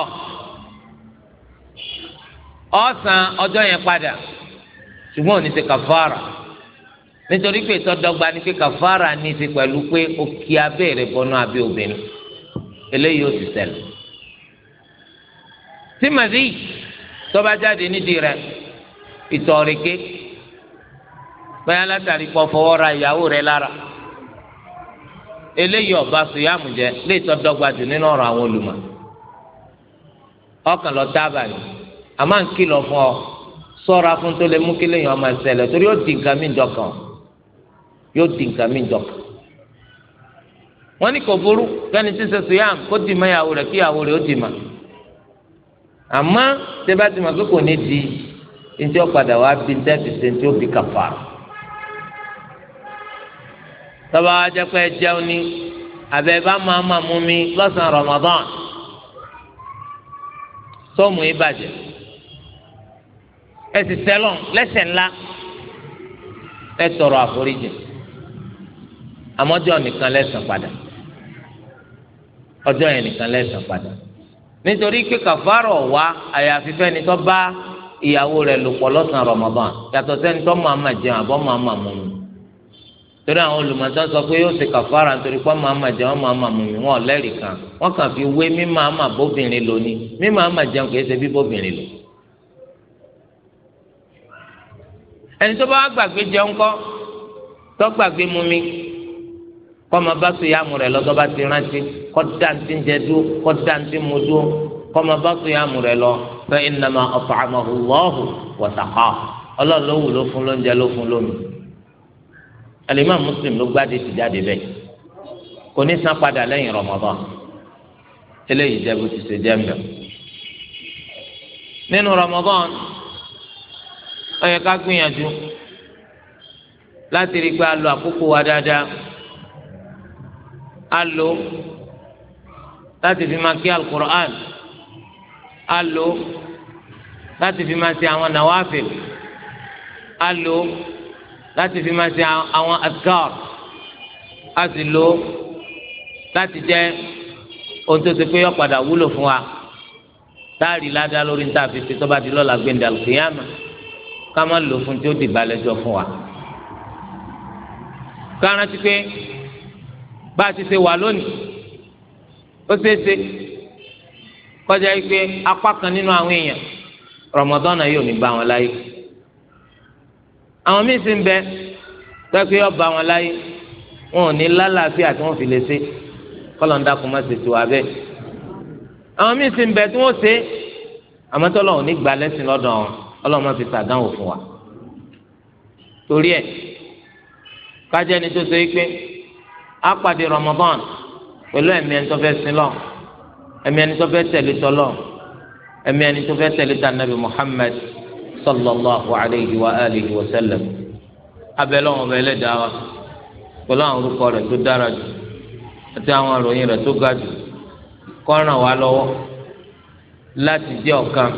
ọ san ọjọ́ yẹn padà ṣùgbọ́n ò ní ṣe kàfàrà nítorí pé ìtọ́dọ́gba ni pé kàfàrà ní ti pẹ̀lú pé ó abẹ́rẹ́ bọ́nú abẹ́ obìnrin eléyìí ó ti ṣẹlẹ̀ tí tó bá jáde nídìí rẹ̀ ìtọ̀ ké bẹ́ẹ̀ látàrí kọ́ fọwọ́ ra ìyàwó rẹ̀ lára eléyìí ọba sùyàmù jẹ lè tọ́ dọ́gba jù nínú ọ̀rọ̀ àwọn olùmọ̀ ọkàn lọ dábàá ni àmọ́ ń kìlọ̀ fún ọ sọ́ra fún tó lè mú kí lèyìn ọmọ ẹsẹ̀lẹ̀ torí yóò di nǹkan mí jọkàn yóò di nǹkan mí jọkàn wọ́n ní kò burú kẹ́ni tí ń sùyàmù kó dì mọ́ ìyàwó rẹ̀ kí ìyàwó rẹ̀ ó dì mọ́ àmọ́ tẹ́ kò ní di ntí ó padà wá bí ntẹ́ fi ṣe ntí ó bí kàfàrà tọ́ba wa jẹ́ pé jẹun ní abẹ́ bá máa máa mú mi lọ́sàn-án Ramadan sọ́ọ̀mù ìbàjẹ́ ẹ sì sẹ́lọ̀ lẹ́sẹ̀ ńlá ẹ tọrọ àforíjì àmọ́jọ́ nìkan lẹ́sàn padà ọjọ́ yẹn nìkan lẹ́sàn padà nítorí pé kàfárọ̀ wá àyàfi fẹ́ni tó bá ìyàwó rẹ̀ lò pọ̀ lọ́sàn-án Ramadan yàtọ̀ sẹ́ni tó máa máa jẹun àbọ̀ máa máa mú mi torí àwọn olùmọ̀tọ́ sọ pé yóò ṣe kàfàrà nítorí pé máa ma jẹun máa ma mú mi wọn lẹ́rìí kan wọ́n kàn fi wé mí máa ma bóbìnrin lò ní mí máa ma jẹun kì í ṣe bí bóbìnrin lò. ẹni tó bá gbàgbé jẹun kọ́ tó gbàgbé mú mi kọ́ máa bá sùyàmù rẹ̀ lọ́dọ́ bá ti rántí kọ́ dáńtí ń jẹ dúró kọ́ dáńtí mu dúró kọ́ máa bá sùyàmù rẹ̀ lọ fa innama at'amahu Allahu wa saqahu ọlọ́run ló wù ló fún lóúnjẹ ló fún lómi alimami muslim ló gbáde ti jáde bẹ́ẹ̀ kò ní san padà lẹ́yìn rọmọdán eléyìí jẹ́ bó ti ṣe jẹ́ mbẹ́ nínú rọmọdán ó yẹ ká gbìyànjú láti rí i pé a lo àkókò wa dáadáa a lo láti fi máa kí alukur'an a lo láti fi máa ṣe àwọn nàwáfẹ́ a lo láti fi máa ṣe àwọn adkar a sì lò láti jẹ́ ohun tó ti pé yọ padà wúlò fún wa táàrí ládàá lórí níta àfìsí tó bá di lọ́la gbẹ̀ndà lùkìyàmà ká má lò fún tí ó di balẹ̀jọ fún wa. ká rántí pé bá a ti ṣe wà lónìí ó ṣeéṣe kọjá yìí pé apá kan nínú àwọn èèyàn rọmọdọ́nà yóò ní bá wọn láyé àwọn míì sì ń bẹ tẹ́kí ọba wọn láyé wọn ò ní lálàáfíà tí wọ́n fi lè ṣe kọ́lọ̀ ń dákun má ṣe tiwa bẹ́ẹ̀ àwọn míì sì ń bẹ tí wọ́n ṣe àmọ́ tọ́lọ̀ ò ní gbà lẹ́sìn lọ́dọ̀ wọn ọlọ́run má fi ṣàdánwò fún wa torí ẹ̀ kájẹ́ni tó ṣe é pé á pàdé Ramadan pẹ̀lú ẹ̀mí ẹni tó fẹ́ sin lọ ẹ̀mí ẹni tó fẹ́ tẹ̀lé tọ́lọ́ ẹ̀mí ẹni tó fẹ́ tẹ̀lé tànàbí Muhammad sallallahu alayhi ala alihi wa sallam abẹ́lẹ́ wọn bẹ́ẹ̀ lẹ́dàá wa pẹ̀lú àwọn orúkọ dára jù àti àwọn àròyìn rẹ̀ ga jù lọ́wọ́ láti jẹ́ ọ̀kan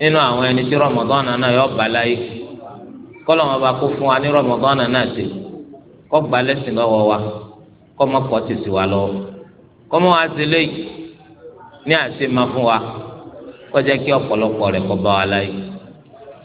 nínú àwọn ẹni tí rọmọdánà náà yọ bá láyé fún wa kọjá